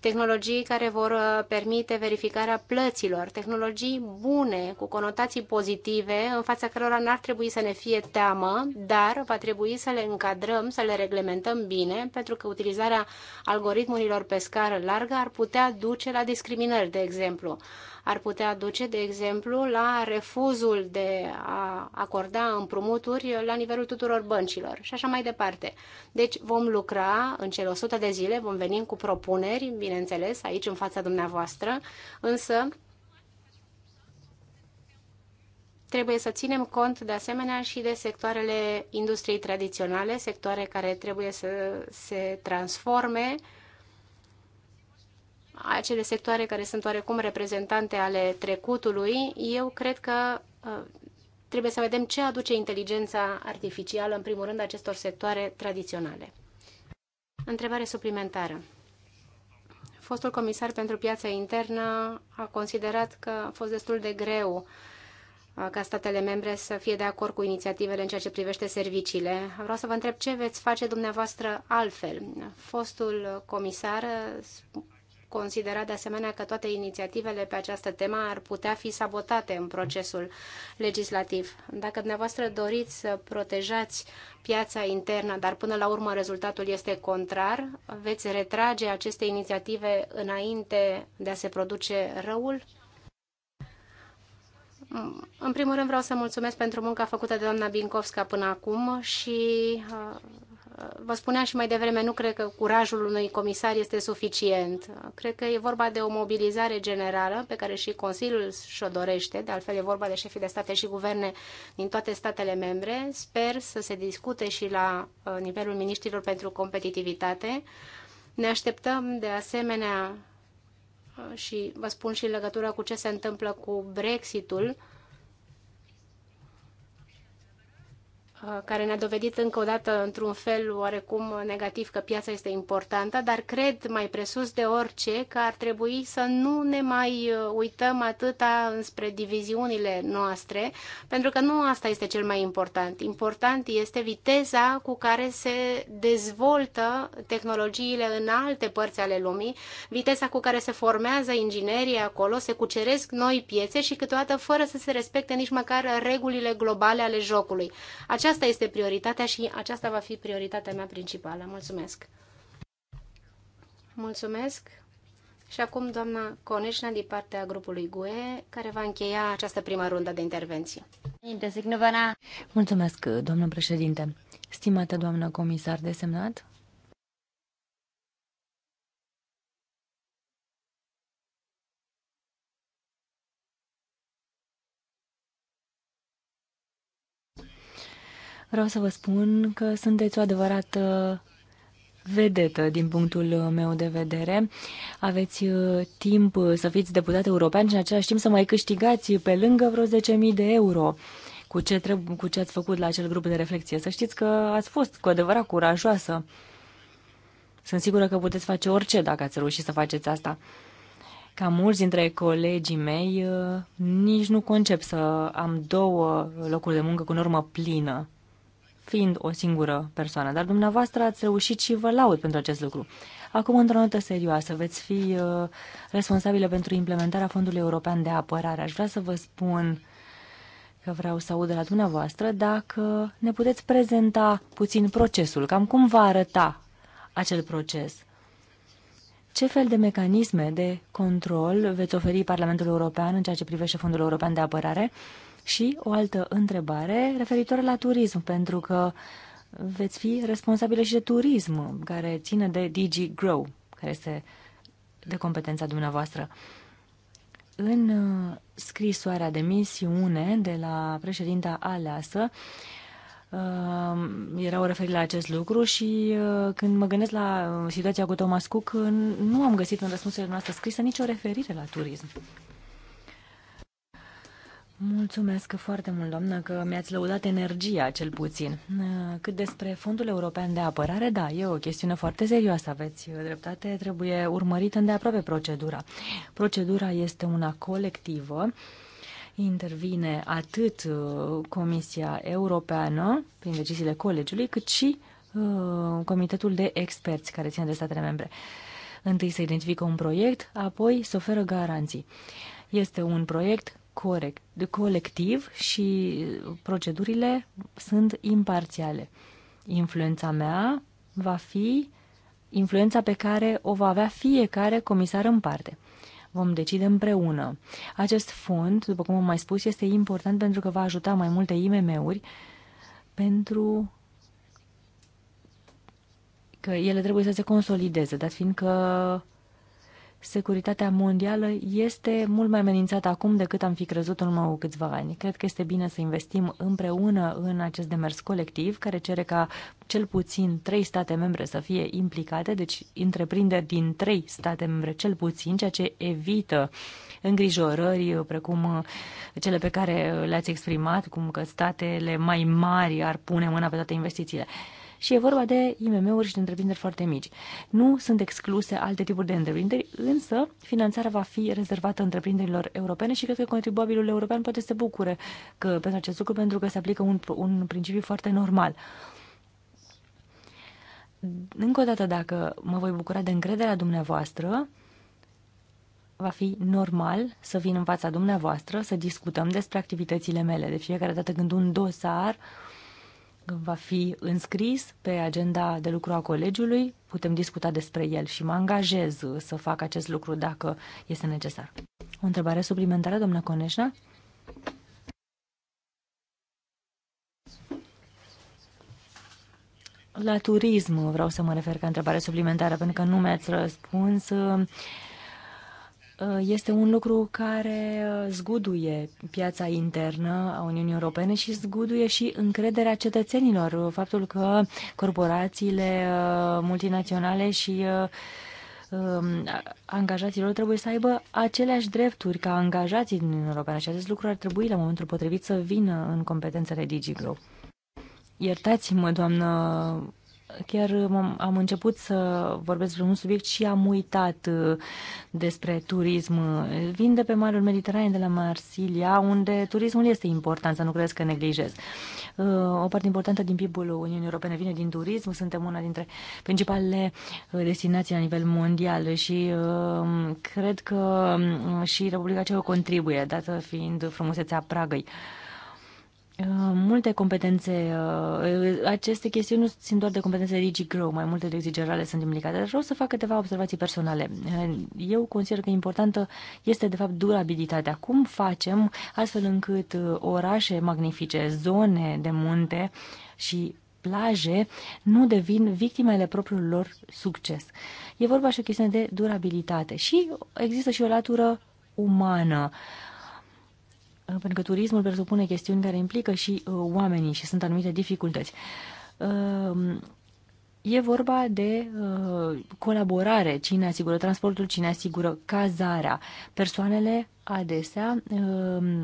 tehnologii care vor uh, permite verificarea plăților, tehnologii bune, cu conotații pozitive, în fața cărora n-ar trebui să ne fie teamă, dar va trebui să le încadrăm, să le reglementăm bine, pentru că utilizarea algoritmurilor pe scară largă ar putea duce la discriminări, de exemplu. Ar putea duce, de exemplu, la refuzul de a acorda împrumuturi la nivelul tuturor băncilor și așa mai departe. Deci vom lucra în cele 100 de zile, vom veni cu propuneri, bine bineînțeles, aici în fața dumneavoastră, însă trebuie să ținem cont de asemenea și de sectoarele industriei tradiționale, sectoare care trebuie să se transforme, acele sectoare care sunt oarecum reprezentante ale trecutului, eu cred că uh, trebuie să vedem ce aduce inteligența artificială, în primul rând, acestor sectoare tradiționale. Întrebare suplimentară fostul comisar pentru piața internă a considerat că a fost destul de greu uh, ca statele membre să fie de acord cu inițiativele în ceea ce privește serviciile. Vreau să vă întreb ce veți face dumneavoastră altfel. Fostul comisar considera de asemenea că toate inițiativele pe această temă ar putea fi sabotate în procesul legislativ. Dacă dumneavoastră doriți să protejați piața internă, dar până la urmă rezultatul este contrar, veți retrage aceste inițiative înainte de a se produce răul? În primul rând vreau să mulțumesc pentru munca făcută de doamna Binkovska până acum și uh, Vă spuneam și mai devreme, nu cred că curajul unui comisar este suficient. Cred că e vorba de o mobilizare generală pe care și Consiliul și-o dorește, de altfel e vorba de șefii de state și guverne din toate statele membre. Sper să se discute și la uh, nivelul miniștrilor pentru competitivitate. Ne așteptăm de asemenea uh, și vă spun și în legătură cu ce se întâmplă cu Brexitul, ul Uh, care ne-a dovedit încă o dată într-un fel oarecum negativ că piața este importantă, dar cred mai presus de orice că ar trebui să nu ne mai uh, uităm atâta înspre diviziunile noastre, pentru că nu asta este cel mai important. Important este viteza cu care se dezvoltă tehnologiile în alte părți ale lumii, viteza cu care se formează inginerii acolo, se cuceresc noi piețe și câteodată fără să se respecte nici măcar regulile globale ale jocului. Aceasta aceasta este prioritatea și aceasta va fi prioritatea mea principală. Mulțumesc! Mulțumesc! Și acum doamna Coneșna din partea grupului GUE, care va încheia această prima rundă de intervenție. Mulțumesc, doamnă președinte! Stimată doamnă comisar desemnat, Vreau să vă spun că sunteți o adevărată vedetă din punctul meu de vedere. Aveți uh, timp uh, să fiți deputat european și în același timp să mai câștigați pe lângă vreo 10.000 de euro cu ce, trebuie, cu ce ați făcut la acel grup de reflexie. Să știți că ați fost cu adevărat curajoasă. Sunt sigură că puteți face orice dacă ați reușit să faceți asta. Ca mulți dintre colegii mei, uh, nici nu concep să am două locuri de muncă cu normă plină fiind o singură persoană, dar dumneavoastră ați reușit și vă laud pentru acest lucru. Acum, într-o notă serioasă, veți fi uh, responsabilă pentru implementarea Fondului European de Apărare. Aș vrea să vă spun că vreau să aud de la dumneavoastră dacă ne puteți prezenta puțin procesul, cam cum va arăta acel proces. Ce fel de mecanisme de control veți oferi Parlamentul European în ceea ce privește Fondul European de Apărare? Uh, și o altă întrebare referitor la turism, pentru că veți fi responsabile și de turism, care ține de Digi Grow, care este de competența dumneavoastră. În uh, scrisoarea de misiune de la președinta aleasă, uh, era o referire la acest lucru și uh, când mă gândesc la situația cu Thomas Cook, nu am găsit în răspunsurile noastre scrise nicio referire la turism. Mulțumesc foarte mult, doamnă, că mi-ați lăudat energia, cel puțin. Uh, cât despre Fondul European de Apărare, da, e o chestiune foarte serioasă, aveți uh, dreptate, trebuie urmărită îndeaproape procedura. Procedura este una colectivă, intervine atât uh, Comisia Europeană, prin deciziile colegiului, cât și Comitetul de Experți, care ține de statele membre. Întâi se identifică un proiect, apoi se oferă garanții. Este un proiect corect, colectiv și procedurile sunt imparțiale. Influența mea va fi influența pe care o va avea fiecare comisar în parte. Vom decide împreună. Acest fond, după cum am mai spus, este important pentru că va ajuta mai multe IMM-uri pentru că ele trebuie să se consolideze, dat fiindcă securitatea mondială este mult mai amenințată acum decât am fi crezut în urmă cu câțiva ani. Cred că este bine să investim împreună în acest demers colectiv, care cere ca cel puțin trei state membre să fie implicate, deci întreprinderi din trei state membre cel puțin, ceea ce evită îngrijorări precum cele pe care le-ați exprimat, cum că statele mai mari ar pune mâna pe toate investițiile și e vorba de IMM-uri și de întreprinderi foarte mici. Nu sunt excluse alte tipuri de întreprinderi, însă finanțarea va fi rezervată întreprinderilor europene și cred că contribuabilul european poate să se bucure că, pentru acest lucru pentru că se aplică un, un principiu foarte normal încă o dată, dacă mă voi bucura de încrederea dumneavoastră, va fi normal să vin în fața dumneavoastră, să discutăm despre activitățile mele. De fiecare dată când un dosar uh, va fi înscris pe agenda de lucru a colegiului, putem discuta despre el și mă angajez să fac acest lucru dacă este necesar. O întrebare suplimentară, doamnă Coneșna? La turism vreau să mă refer ca întrebare suplimentară, pentru că nu mi-ați răspuns. Uh, este un lucru care uh, zguduie piața internă a Uniunii Europene și zguduie și încrederea cetățenilor. Uh, faptul că corporațiile multinaționale și um, angajaților trebuie să aibă aceleași drepturi ca angajații din Uniunea Europeană și acest lucru ar trebui la momentul potrivit să vină în competențele DigiGlow. Iertați-mă, doamnă chiar am început să vorbesc despre un subiect și am uitat uh, despre turism. Vin de pe Marul Mediteranean de la Marsilia, unde turismul este important, să nu crezi că neglijez. Uh, o parte importantă din PIB-ul Uniunii Europene vine din turism, suntem una dintre principalele uh, destinații la nivel mondial și cred că și Republica Ceauă contribuie, dată fiind frumusețea Pragăi. Uh, multe competențe, uh, aceste chestiuni nu sunt doar de competențe DigiGrow, mai multe de exigerale sunt implicate, dar vreau să fac câteva observații personale. Uh, eu consider că importantă este, de fapt, durabilitatea. Cum facem astfel încât orașe magnifice, zone de munte și plaje nu devin victimele propriului lor succes. E vorba și o chestiune de durabilitate și există și o latură umană. Uh, Uh, pentru că turismul presupune chestiuni care implică și uh, oamenii și sunt anumite dificultăți. Uh, e vorba de uh, colaborare, cine asigură transportul, cine asigură cazarea. Persoanele adesea uh,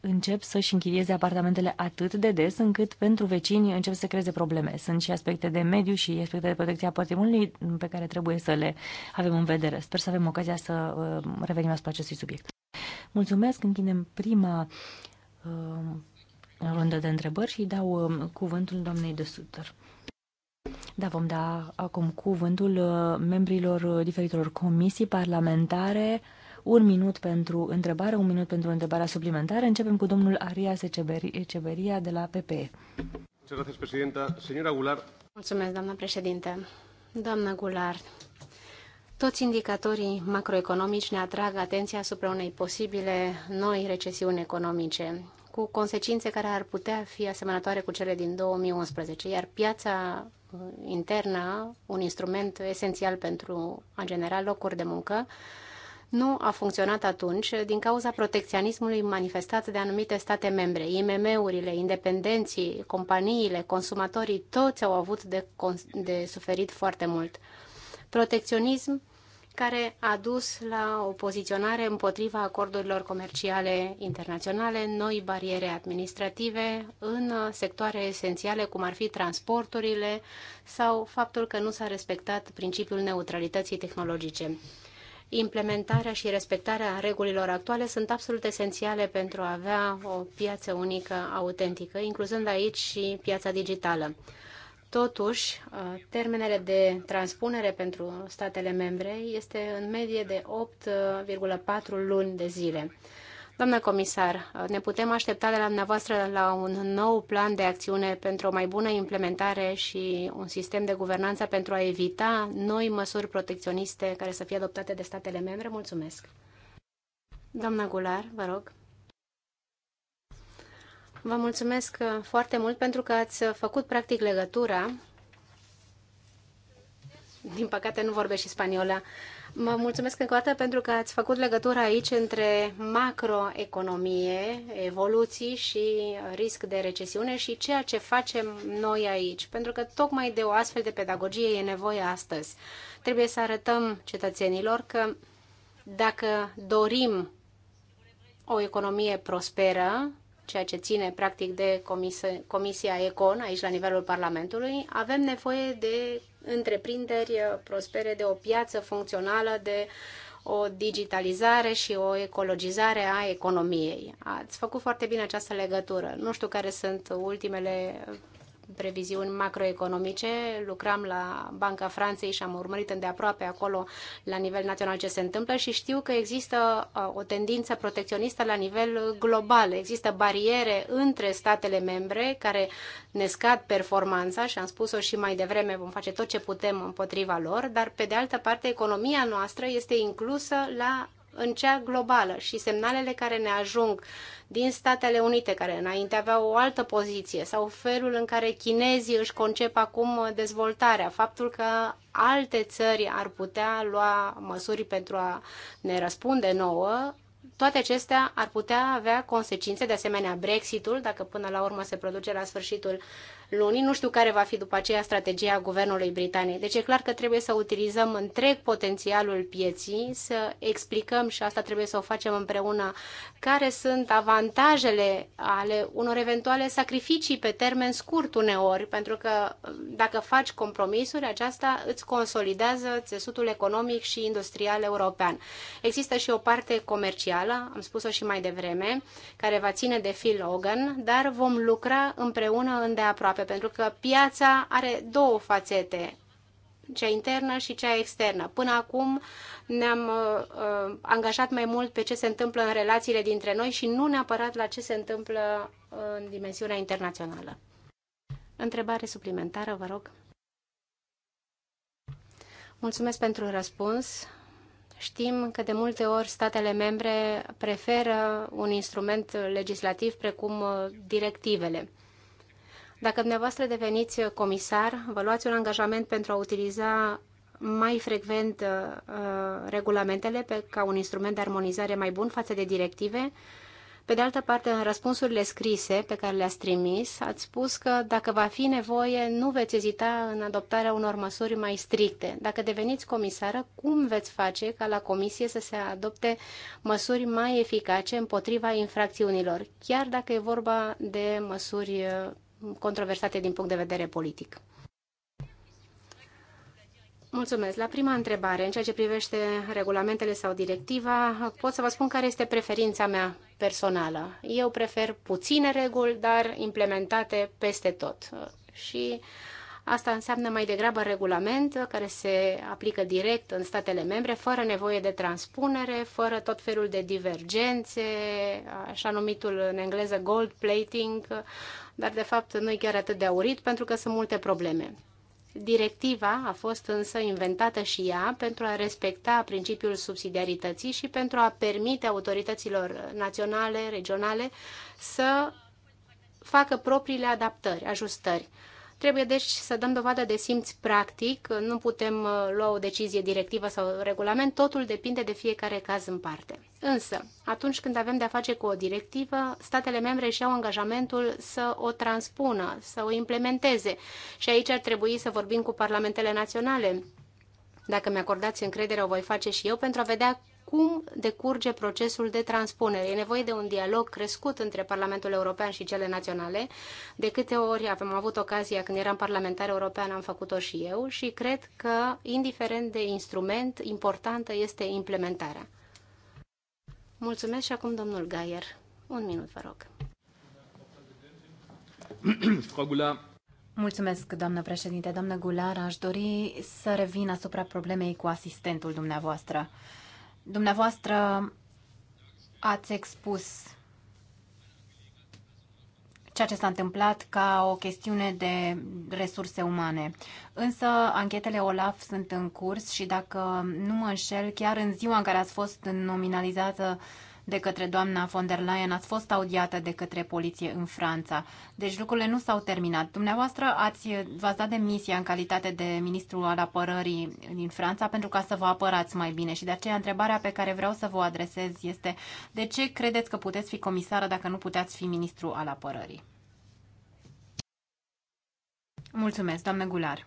încep să-și închirieze apartamentele atât de des încât pentru vecini încep să creeze probleme. Sunt și aspecte de mediu și aspecte de protecție a patrimoniului pe care trebuie să le avem în vedere. Sper să avem ocazia să uh, revenim asupra acestui subiect. Mulțumesc, închidem prima uh, rundă de întrebări și dau uh, cuvântul doamnei de Sutter. Da, vom da acum cuvântul uh, membrilor uh, diferitelor comisii parlamentare un minut pentru întrebare, un minut pentru întrebarea suplimentară. Începem cu domnul Arias Eceberia de la PPE. Mulțumesc, doamna președinte. Doamna Goulart, toți indicatorii macroeconomici ne atrag atenția asupra unei posibile noi recesiuni economice, cu consecințe care ar putea fi asemănătoare cu cele din 2011, iar piața internă, un instrument esențial pentru a genera locuri de muncă, nu a funcționat atunci din cauza protecționismului manifestat de anumite state membre. IMM-urile, independenții, companiile, consumatorii, toți au avut de, de suferit foarte mult. Protecționism care a dus la o poziționare împotriva acordurilor comerciale internaționale, noi bariere administrative în sectoare esențiale, cum ar fi transporturile sau faptul că nu s-a respectat principiul neutralității tehnologice implementarea și respectarea regulilor actuale sunt absolut esențiale pentru a avea o piață unică autentică, incluzând aici și piața digitală. Totuși, termenele de transpunere pentru statele membre este în medie de 8,4 luni de zile. Doamna comisar, ne putem aștepta de la dumneavoastră la un nou plan de acțiune pentru o mai bună implementare și un sistem de guvernanță pentru a evita noi măsuri protecționiste care să fie adoptate de statele membre? Mulțumesc. Doamna Gular, vă rog. Vă mulțumesc foarte mult pentru că ați făcut practic legătura. Din păcate nu vorbesc și spaniola Mă mulțumesc încă o dată pentru că ați făcut legătura aici între macroeconomie, evoluții și risc de recesiune și ceea ce facem noi aici. Pentru că tocmai de o astfel de pedagogie e nevoie astăzi. Trebuie să arătăm cetățenilor că dacă dorim o economie prosperă, ceea ce ține practic de comise, Comisia Econ aici la nivelul Parlamentului, avem nevoie de întreprinderi prospere, de o piață funcțională, de o digitalizare și o ecologizare a economiei. Ați făcut foarte bine această legătură. Nu știu care sunt ultimele previziuni macroeconomice. Lucram la Banca Franței și am urmărit îndeaproape acolo la nivel național ce se întâmplă și știu că există uh, o tendință protecționistă la nivel global. Există bariere între statele membre care ne scad performanța și am spus-o și mai devreme, vom face tot ce putem împotriva lor, dar pe de altă parte economia noastră este inclusă la în cea globală și semnalele care ne ajung din Statele Unite, care înainte aveau o altă poziție, sau felul în care chinezii își concep acum dezvoltarea, faptul că alte țări ar putea lua măsuri pentru a ne răspunde nouă, toate acestea ar putea avea consecințe, de asemenea Brexitul, dacă până la urmă se produce la sfârșitul lunii. Nu știu care va fi după aceea strategia guvernului britanic. Deci e clar că trebuie să utilizăm întreg potențialul pieții, să explicăm și asta trebuie să o facem împreună, care sunt avantajele ale unor eventuale sacrificii pe termen scurt uneori, pentru că um, dacă faci compromisuri, aceasta îți consolidează țesutul economic și industrial european. Există și o parte comercială, am spus-o și mai devreme, care va ține de Phil Logan, dar vom lucra împreună îndeaproape aproape, pentru că piața are două fațete, cea internă și cea externă. Până acum ne-am uh, uh, angajat mai mult pe ce se întâmplă în relațiile dintre noi și nu neapărat la ce se întâmplă uh, în dimensiunea internațională. Întrebare suplimentară, vă rog. Mulțumesc pentru răspuns. Știm că de multe ori statele membre preferă un instrument legislativ precum uh, directivele. Dacă dumneavoastră deveniți comisar, vă luați un angajament pentru a utiliza mai frecvent uh, regulamentele pe, ca un instrument de armonizare mai bun față de directive. Pe de altă parte, în răspunsurile scrise pe care le-ați trimis, ați spus că dacă va fi nevoie, nu veți ezita în adoptarea unor măsuri mai stricte. Dacă deveniți comisară, cum veți face ca la comisie să se adopte măsuri mai eficace împotriva infracțiunilor, chiar dacă e vorba de măsuri uh, controversate din punct de vedere politic. Mulțumesc. La prima întrebare, în ceea ce privește regulamentele sau directiva, pot să vă spun care este preferința mea personală. Eu prefer puține reguli, dar implementate peste tot. Și asta înseamnă mai degrabă regulament care se aplică direct în statele membre, fără nevoie de transpunere, fără tot felul de divergențe, așa numitul în engleză gold plating, dar de fapt nu e chiar atât de aurit pentru că sunt multe probleme. Directiva a fost însă inventată și ea pentru a respecta principiul subsidiarității și pentru a permite autorităților naționale, regionale să facă propriile adaptări, ajustări. Trebuie deci să dăm dovadă de simț practic, nu putem uh, lua o decizie directivă sau regulament, totul depinde de fiecare caz în parte. Însă, atunci când avem de-a face cu o directivă, statele membre își au angajamentul să o transpună, să o implementeze și aici ar trebui să vorbim cu parlamentele naționale, dacă mi-acordați încredere, o voi face și eu pentru a vedea cum decurge procesul de transpunere. E nevoie de un dialog crescut între Parlamentul European și cele naționale. De câte ori avem avut ocazia când eram parlamentar european, am făcut-o și eu și cred că, indiferent de instrument, importantă este implementarea. Mulțumesc și acum domnul Gaier. Un minut, vă rog. Mulțumesc, doamnă președinte. Doamnă Gular, aș dori să revin asupra problemei cu asistentul dumneavoastră. Dumneavoastră ați expus ceea ce s-a întâmplat ca o chestiune de resurse umane. Însă, anchetele OLAF sunt în curs și, dacă nu mă înșel, chiar în ziua în care ați fost nominalizată uh, de către doamna von der Leyen ați fost audiată de către poliție în Franța. Deci lucrurile nu s-au terminat. Dumneavoastră ați, v-ați dat demisia în calitate de ministru al apărării din Franța pentru ca să vă apărați mai bine și de aceea întrebarea pe care vreau să vă adresez este de ce credeți că puteți fi comisară dacă nu puteți fi ministru al apărării? Mulțumesc, doamnă Gular.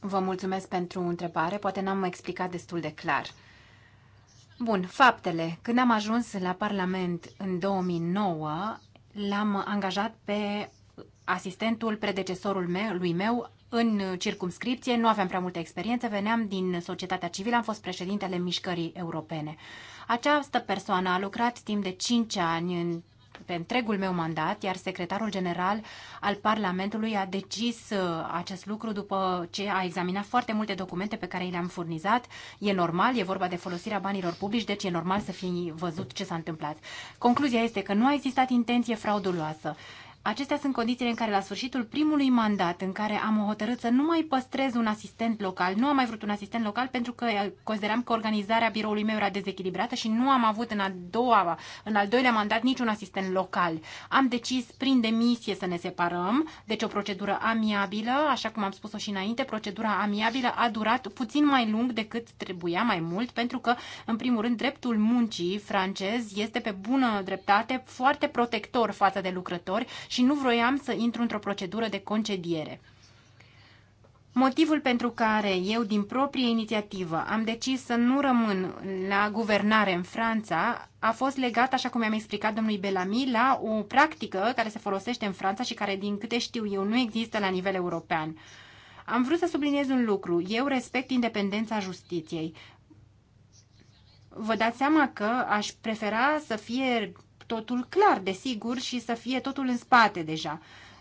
Vă mulțumesc pentru întrebare. Poate n-am explicat destul de clar. Bun, faptele. Când am ajuns la Parlament în 2009, l-am angajat pe asistentul, predecesorul meu, lui meu, în circumscripție, nu aveam prea multă experiență, veneam din societatea civilă, am fost președintele mișcării europene. Această persoană a lucrat timp de 5 ani în pe întregul meu mandat, iar secretarul general al Parlamentului a decis uh, acest lucru după ce a examinat foarte multe documente pe care le-am furnizat. E normal, e vorba de folosirea banilor publici, deci e normal să fi văzut ce s-a întâmplat. Concluzia este că nu a existat intenție frauduloasă. Acestea sunt condițiile în care la sfârșitul primului mandat în care am hotărât să nu mai păstrez un asistent local, nu am mai vrut un asistent local pentru că eh, consideram că organizarea biroului meu era dezechilibrată și nu am avut în, a doua, în al doilea mandat niciun asistent local. Am decis prin demisie să ne separăm, deci o procedură amiabilă, așa cum am spus-o și înainte, procedura amiabilă a durat puțin mai lung decât trebuia, mai mult, pentru că, în primul rând, dreptul muncii francez este pe bună dreptate foarte protector față de lucrători și și nu vroiam să intru într-o procedură de concediere. Motivul pentru care eu, din proprie inițiativă, am decis să nu rămân la guvernare în Franța a fost legat, așa cum i-am explicat domnului Bellamy, la o practică care se folosește în Franța și care, din câte știu eu, nu există la nivel european. Am vrut să subliniez un lucru. Eu respect independența justiției. Vă dați seama că aș prefera să fie totul clar, desigur, și să fie totul în spate deja.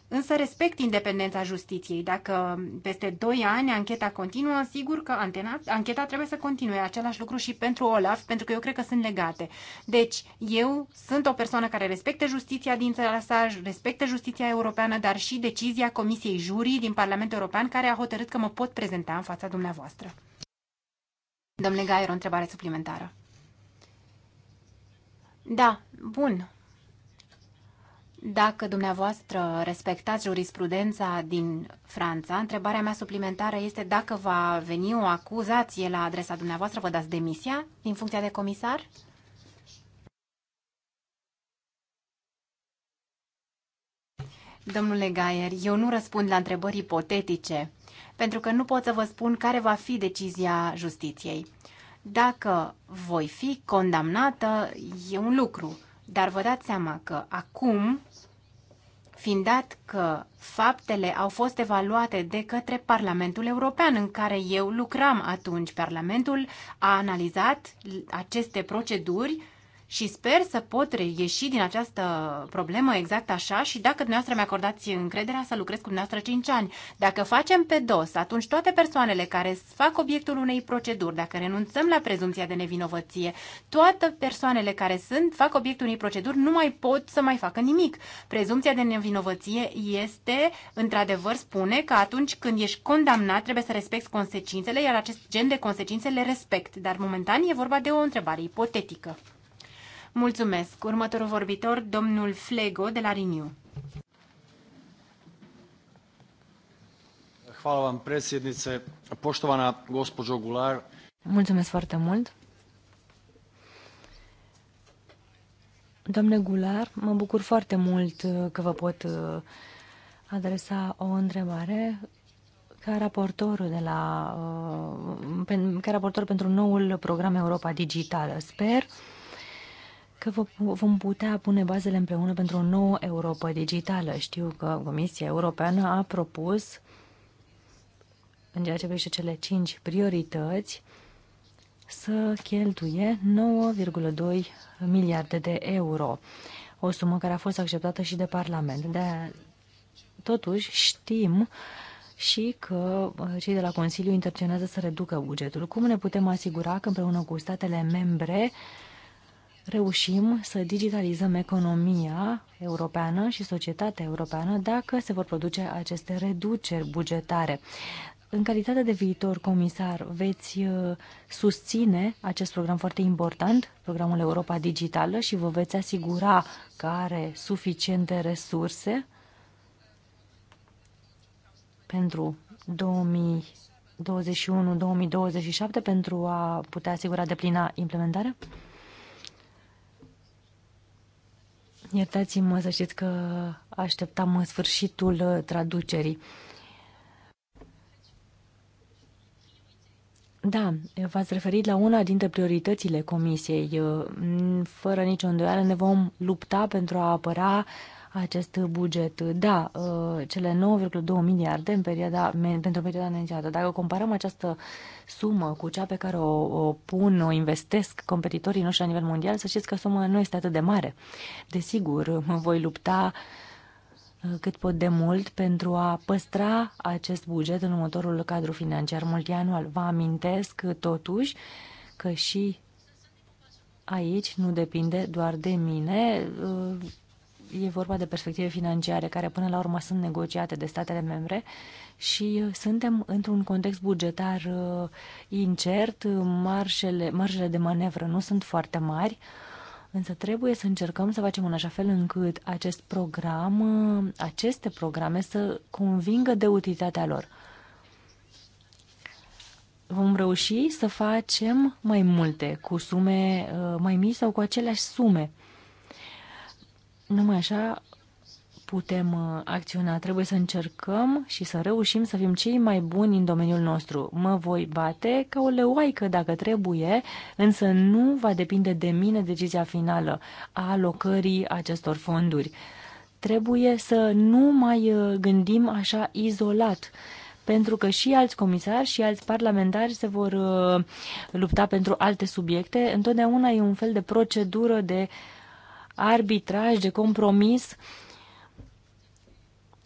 Însă respect independența justiției. Dacă peste 2 ani ancheta continuă, sigur că antena, ancheta trebuie să continue. Același lucru și pentru Olaf, pentru că eu cred că sunt legate. Deci, eu sunt o persoană care respectă justiția din țara sa, respectă justiția europeană, dar și decizia Comisiei Jurii din Parlamentul European, care a hotărât că mă pot prezenta în fața dumneavoastră. Domnule Gaier, o întrebare suplimentară. Da, bun. Dacă dumneavoastră respectați jurisprudența din Franța, întrebarea mea suplimentară este dacă va veni o acuzație la adresa dumneavoastră, vă dați demisia din funcția de comisar? Domnule Gaier, eu nu răspund la întrebări ipotetice, pentru că nu pot să vă spun care va fi decizia justiției. Dacă voi fi condamnată, e un lucru. Dar vă dați seama că acum, fiind dat că faptele au fost evaluate de către Parlamentul European în care eu lucram atunci, Parlamentul a analizat aceste proceduri și sper să pot ieși din această problemă exact așa și dacă dumneavoastră mi-acordați încrederea să lucrez cu dumneavoastră 5 ani. Dacă facem pe dos, atunci toate persoanele care fac obiectul unei proceduri, dacă renunțăm la prezumția de nevinovăție, toate persoanele care sunt, fac obiectul unei proceduri nu mai pot să mai facă nimic. Prezumția de nevinovăție este, într-adevăr, spune că atunci când ești condamnat trebuie să respecti consecințele, iar acest gen de consecințe le respect. Dar momentan e vorba de o întrebare ipotetică. Mulțumesc. Următorul vorbitor, domnul Flego de la Renew. Hvala vam, Mulțumesc foarte mult. Domnule Gular, mă bucur foarte mult uh, că vă pot uh, adresa o întrebare ca raportor, de la, uh, ca raportor pentru noul program Europa Digitală. Sper că vom putea pune bazele împreună pentru o nouă Europa digitală. Știu că Comisia Europeană a propus, în ceea ce privește cele cinci priorități, să cheltuie 9,2 miliarde de euro, o sumă care a fost acceptată și de Parlament. De totuși știm și că uh, cei de la Consiliu intenționează să reducă bugetul. Cum ne putem asigura că împreună cu statele membre reușim să digitalizăm economia europeană și societatea europeană dacă se vor produce aceste reduceri bugetare. În calitate de viitor comisar, veți uh, susține acest program foarte important, programul Europa Digitală, și vă veți asigura că are suficiente resurse pentru 2021-2027 pentru a putea asigura deplina implementarea? Iertați-mă să știți că așteptam sfârșitul uh, traducerii. Da, v-ați referit la una dintre prioritățile Comisiei. Uh, fără nicio îndoială ne vom lupta pentru a apăra acest buget. Da, uh, cele 9,2 miliarde în perioada, pentru perioada menționată. Dacă comparăm această sumă cu cea pe care o, o pun, o investesc competitorii noștri la nivel mondial, să știți că suma nu este atât de mare. Desigur, mă voi lupta uh, cât pot de mult pentru a păstra acest buget în următorul cadru financiar multianual. Vă amintesc totuși că și aici nu depinde doar de mine uh, e vorba de perspective financiare care până la urmă sunt negociate de statele membre și uh, suntem într-un context bugetar uh, incert, marșele, marșele de manevră nu sunt foarte mari, însă trebuie să încercăm să facem în așa fel încât acest program, uh, aceste programe să convingă de utilitatea lor. Vom reuși să facem mai multe cu sume mai mici sau cu aceleași sume numai așa putem uh, acționa. Trebuie să încercăm și să reușim să fim cei mai buni în domeniul nostru. Mă voi bate ca o leoaică dacă trebuie, însă nu va depinde de mine decizia finală a alocării acestor fonduri. Trebuie să nu mai uh, gândim așa izolat pentru că și alți comisari și alți parlamentari se vor uh, lupta pentru alte subiecte. Întotdeauna e un fel de procedură de uh, arbitraj, de compromis.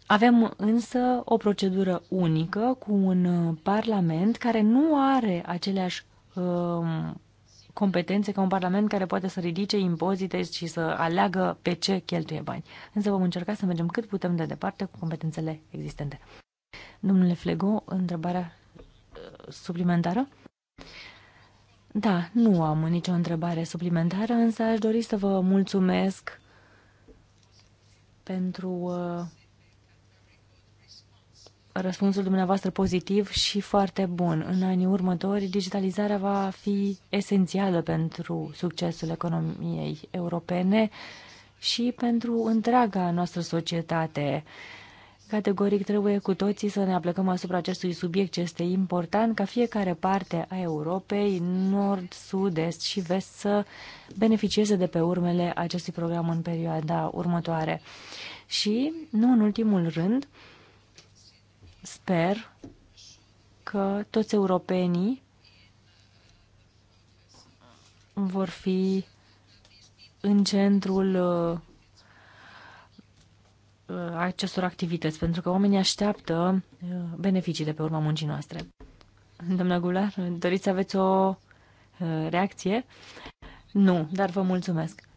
Avem însă o procedură unică cu un uh, parlament care nu are aceleași um, competențe ca un parlament care poate să ridice impozite și să aleagă pe ce cheltuie bani. Însă vom încerca să mergem cât putem de departe cu competențele existente. Domnule Flego, întrebarea uh, suplimentară? Da, nu am nicio întrebare suplimentară, însă aș dori să vă mulțumesc pentru uh, răspunsul dumneavoastră pozitiv și foarte bun. În anii următori, digitalizarea va fi esențială pentru succesul economiei europene și pentru întreaga noastră societate. Uh, Categoric trebuie cu toții să ne aplicăm asupra acestui subiect ce este important ca fiecare parte a Europei, nord, sud, est și vest, să beneficieze de pe urmele acestui program în perioada următoare. Și, nu în ultimul rând, sper că toți europenii vor fi în centrul uh, Uh, acestor activități, pentru că oamenii așteaptă uh, beneficii de pe urma muncii noastre. Doamna Gular, doriți să aveți o uh, reacție? Nu, dar vă mulțumesc.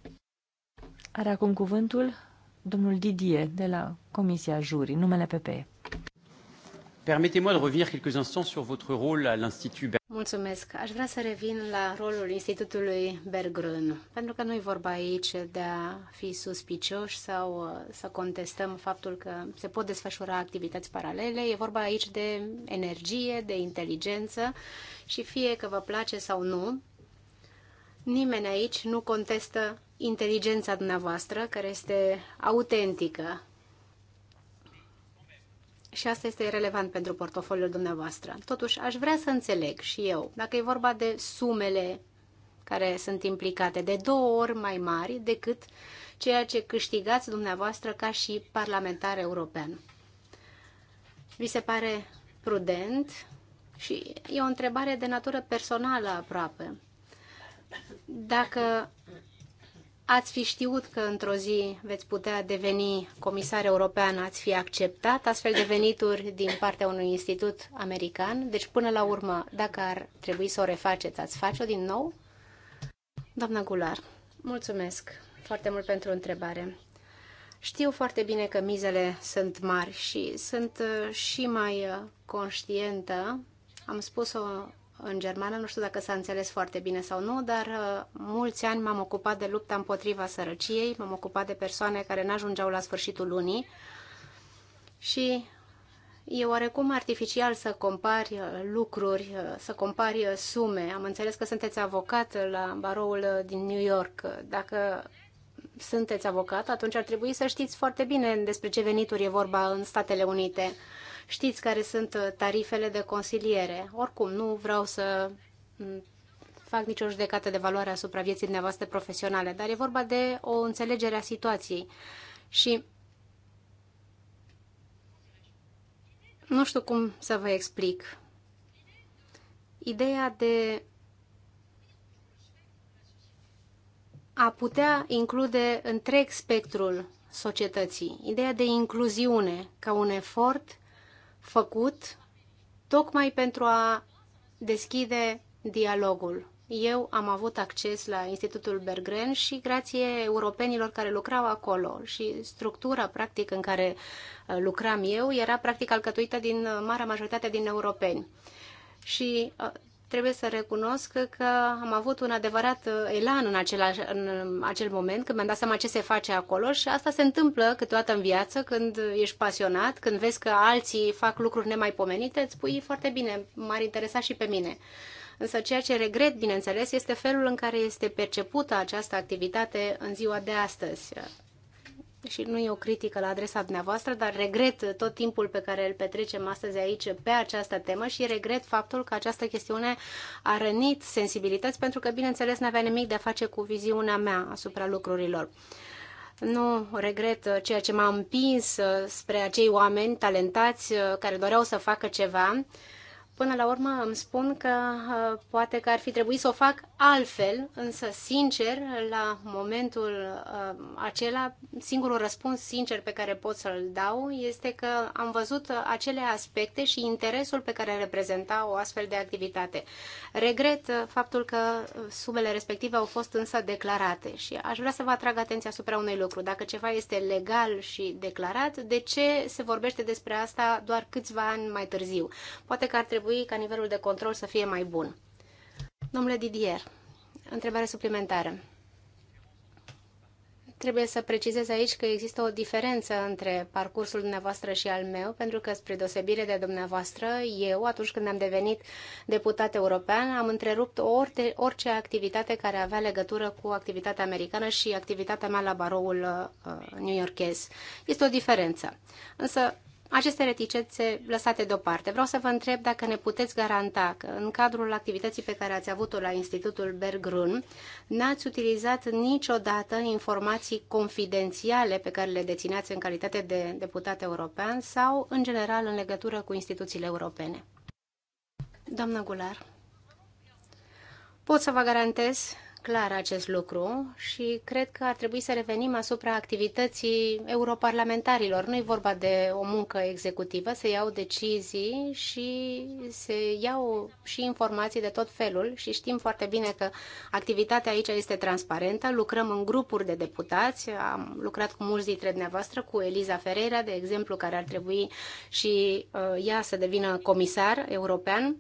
Are acum cuvântul domnul Didier de la Comisia Juri, numele PPE. Permettez-moi de revenir quelques instants sur votre rôle à l'Institut Mulțumesc. Aș vrea să revin la rolul Institutului Bergrun. pentru că nu e vorba aici de a fi suspicioși sau uh, să contestăm faptul că se pot desfășura activități paralele. E vorba aici de energie, de inteligență și fie că vă place sau nu, nimeni aici nu contestă inteligența dumneavoastră, care este autentică și asta este relevant pentru portofoliul dumneavoastră. Totuși, aș vrea să înțeleg și eu, dacă e vorba de sumele care sunt implicate, de două ori mai mari decât ceea ce câștigați dumneavoastră ca și parlamentar european. Vi se pare prudent? Și e o întrebare de natură personală aproape. Dacă ați fi știut că într-o zi veți putea deveni comisar european, ați fi acceptat astfel de venituri din partea unui institut american? Deci, până la urmă, dacă ar trebui să o refaceți, ați face-o din nou? Doamna Gular, mulțumesc foarte mult pentru întrebare. Știu foarte bine că mizele sunt mari și sunt uh, și mai uh, conștientă. Am spus-o în germană, nu știu dacă s-a înțeles foarte bine sau nu, dar uh, mulți ani m-am ocupat de lupta împotriva sărăciei, m-am ocupat de persoane care n-ajungeau la sfârșitul lunii și e oarecum artificial să compari uh, lucruri, uh, să compari sume. Am înțeles că sunteți avocat la baroul din New York. Dacă sunteți avocat, atunci ar trebui să știți foarte bine despre ce venituri e vorba în Statele Unite. Știți care sunt uh, tarifele de consiliere. Oricum, nu vreau să fac nicio judecată de valoare asupra vieții dumneavoastră profesionale, dar e vorba de o înțelegere a situației. Și nu știu cum să vă explic. Ideea de a putea include întreg spectrul societății, ideea de incluziune ca un efort făcut tocmai pentru a deschide dialogul. Eu am avut acces la Institutul Bergren și grație europenilor care lucrau acolo și structura practic în care uh, lucram eu era practic alcătuită din uh, marea majoritate din europeni. Și uh, trebuie să recunosc că am avut un adevărat uh, elan în, același, în acel moment, când mi-am dat seama ce se face acolo și asta se întâmplă câteodată în viață, când ești pasionat, când vezi că alții fac lucruri nemaipomenite, îți spui foarte bine, m-ar interesa și pe mine. Însă ceea ce regret, bineînțeles, este felul în care este percepută această activitate în ziua de astăzi și nu e o critică la adresa dumneavoastră, dar regret tot timpul pe care îl petrecem astăzi aici pe această temă și regret faptul că această chestiune a rănit sensibilități, pentru că, bineînțeles, n-avea nimic de a face cu viziunea mea asupra lucrurilor. Nu regret ceea ce m-a împins spre acei oameni talentați uh, care doreau să facă ceva, Până la urmă îmi spun că uh, poate că ar fi trebuit să o fac altfel, însă sincer, la momentul uh, acela, singurul răspuns sincer pe care pot să-l dau este că am văzut uh, acele aspecte și interesul pe care reprezenta o astfel de activitate. Regret faptul că sumele respective au fost însă declarate și aș vrea să vă atrag atenția asupra unui lucru. Dacă ceva este legal și declarat, de ce se vorbește despre asta doar câțiva ani mai târziu? Poate că ar trebui trebui ca nivelul de control să fie mai bun. Domnule Didier, întrebare suplimentară. Trebuie să precizez aici că există o diferență între parcursul dumneavoastră și al meu, pentru că, spre deosebire de dumneavoastră, eu, atunci când am devenit deputat european, am întrerupt orice, orice activitate care avea legătură cu activitatea americană și activitatea mea la baroul uh, new-yorkez. Este o diferență. Însă, aceste reticențe lăsate deoparte. Vreau să vă întreb dacă ne puteți garanta că în cadrul activității pe care ați avut-o la Institutul Bergrun n-ați utilizat niciodată informații confidențiale pe care le dețineați în calitate de deputat european sau, în general, în legătură cu instituțiile europene. Doamna Gular, pot să vă garantez clar acest lucru și cred că ar trebui să revenim asupra activității europarlamentarilor. Nu e vorba de o muncă executivă, se iau decizii și se iau și informații de tot felul și știm foarte bine că activitatea aici este transparentă, lucrăm în grupuri de deputați, am lucrat cu mulți dintre dumneavoastră, cu Eliza Ferreira, de exemplu, care ar trebui și uh, ea să devină comisar european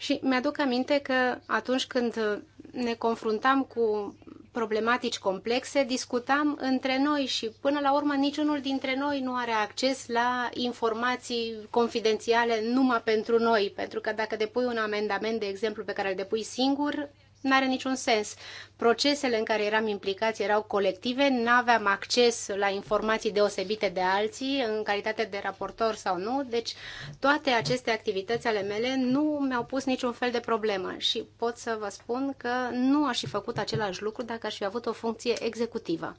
și mi-aduc aminte că atunci când ne confruntam cu problematici complexe, discutam între noi și până la urmă niciunul dintre noi nu are acces la informații confidențiale numai pentru noi, pentru că dacă depui un amendament, de exemplu, pe care îl depui singur, nu are niciun sens. Procesele în care eram implicați erau colective, nu aveam acces la informații deosebite de alții, în calitate de raportor sau nu, deci toate aceste activități ale mele nu mi-au pus niciun fel de problemă și pot să vă spun că nu aș fi făcut același lucru dacă aș fi avut o funcție executivă.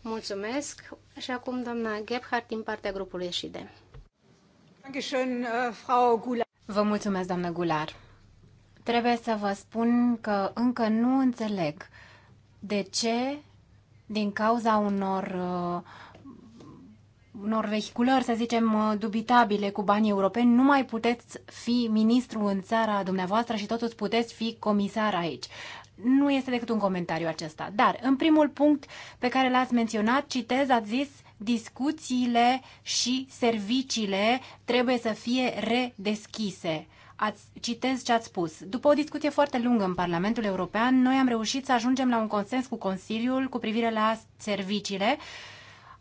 Mulțumesc și acum doamna Gebhardt din partea grupului Eșide. Uh, vă mulțumesc, doamnă Gular. Trebuie să vă spun că încă nu înțeleg de ce, din cauza unor, uh, unor vehiculări, să zicem, uh, dubitabile cu banii europeni, nu mai puteți fi ministru în țara dumneavoastră și totuși puteți fi comisar aici nu este decât un comentariu acesta. Dar, în primul punct pe care l-ați menționat, citez, ați zis discuțiile și serviciile trebuie să fie redeschise. Ați, citez ce ați spus. După o discuție foarte lungă în Parlamentul European, noi am reușit să ajungem la un consens cu Consiliul cu privire la serviciile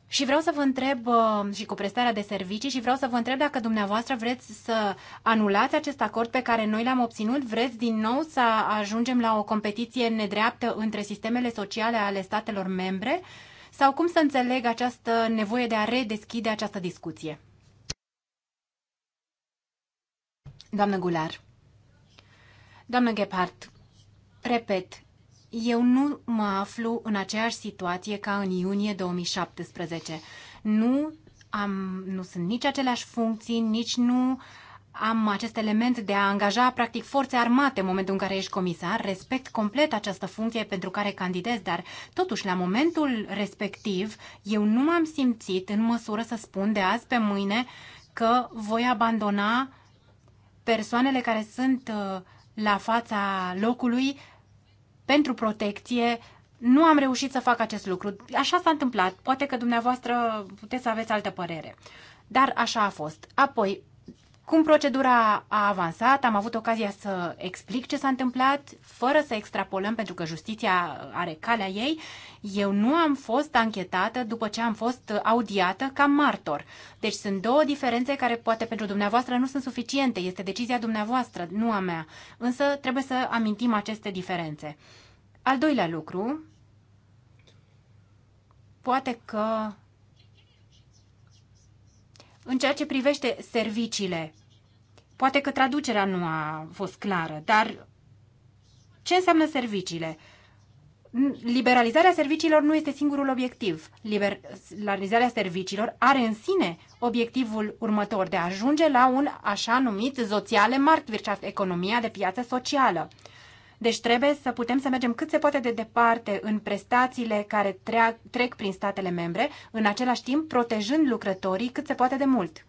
și vreau să vă întreb uh, și cu prestarea de servicii și vreau să vă întreb dacă dumneavoastră vreți să anulați acest acord pe care noi l-am obținut, vreți din nou să ajungem la o competiție nedreaptă între sistemele sociale ale statelor membre sau cum să înțeleg această nevoie de a redeschide această discuție? Doamnă Gular, doamnă Gephardt, repet, eu nu mă aflu în aceeași situație ca în iunie 2017. Nu, am, nu sunt nici aceleași funcții, nici nu am acest element de a angaja practic forțe armate în momentul în care ești comisar. Respect complet această funcție pentru care candidez, dar totuși la momentul respectiv eu nu m-am simțit în măsură să spun de azi pe mâine că voi abandona persoanele care sunt uh, la fața locului pentru protecție. Nu am reușit să fac acest lucru. Așa s-a întâmplat. Poate că dumneavoastră puteți să aveți altă părere. Dar așa a fost. Apoi, cum procedura a avansat, am avut ocazia să explic ce s-a întâmplat, fără să extrapolăm, pentru că justiția are calea ei. Eu nu am fost anchetată după ce am fost audiată ca martor. Deci sunt două diferențe care poate pentru dumneavoastră nu sunt suficiente. Este decizia dumneavoastră, nu a mea. Însă trebuie să amintim aceste diferențe. Al doilea lucru, poate că în ceea ce privește serviciile, poate că traducerea nu a fost clară, dar ce înseamnă serviciile? Liberalizarea serviciilor nu este singurul obiectiv. Liberalizarea serviciilor are în sine obiectivul următor de a ajunge la un așa numit soziale Marktwirtschaft, deci economia de piață socială. Deci trebuie să putem să mergem cât se poate de departe în prestațiile care treac, trec prin statele membre, în același timp protejând lucrătorii cât se poate de mult.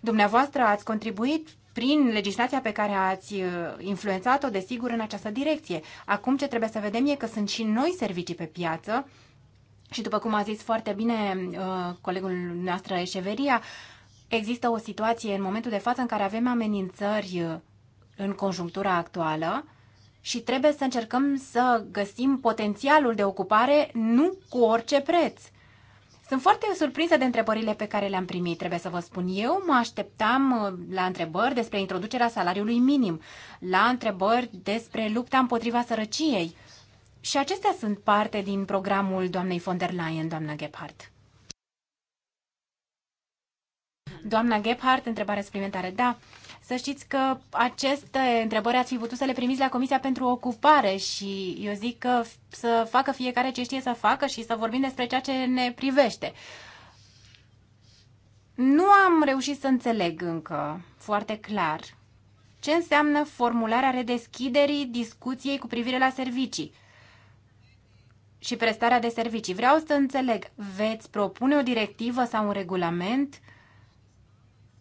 Dumneavoastră ați contribuit prin legislația pe care ați uh, influențat-o, desigur, în această direcție. Acum ce trebuie să vedem e că sunt și noi servicii pe piață și după cum a zis foarte bine uh, colegul noastră Eșeveria, există o situație în momentul de față în care avem amenințări uh, în conjunctura actuală și trebuie să încercăm să găsim potențialul de ocupare nu cu orice preț. Sunt foarte surprinsă de întrebările pe care le-am primit, trebuie să vă spun. Eu mă așteptam uh, la întrebări despre introducerea salariului minim, la întrebări despre lupta împotriva sărăciei. Și acestea sunt parte din programul doamnei von der Leyen, doamna Gebhardt. Doamna Gebhardt, întrebare suplimentară. Da, să știți că aceste întrebări ați fi putut să le primiți la Comisia pentru Ocupare și eu zic că să facă fiecare ce știe să facă și să vorbim despre ceea ce ne privește. Nu am reușit să înțeleg încă foarte clar ce înseamnă formularea redeschiderii discuției cu privire la servicii și prestarea de servicii. Vreau să înțeleg, veți propune o directivă sau un regulament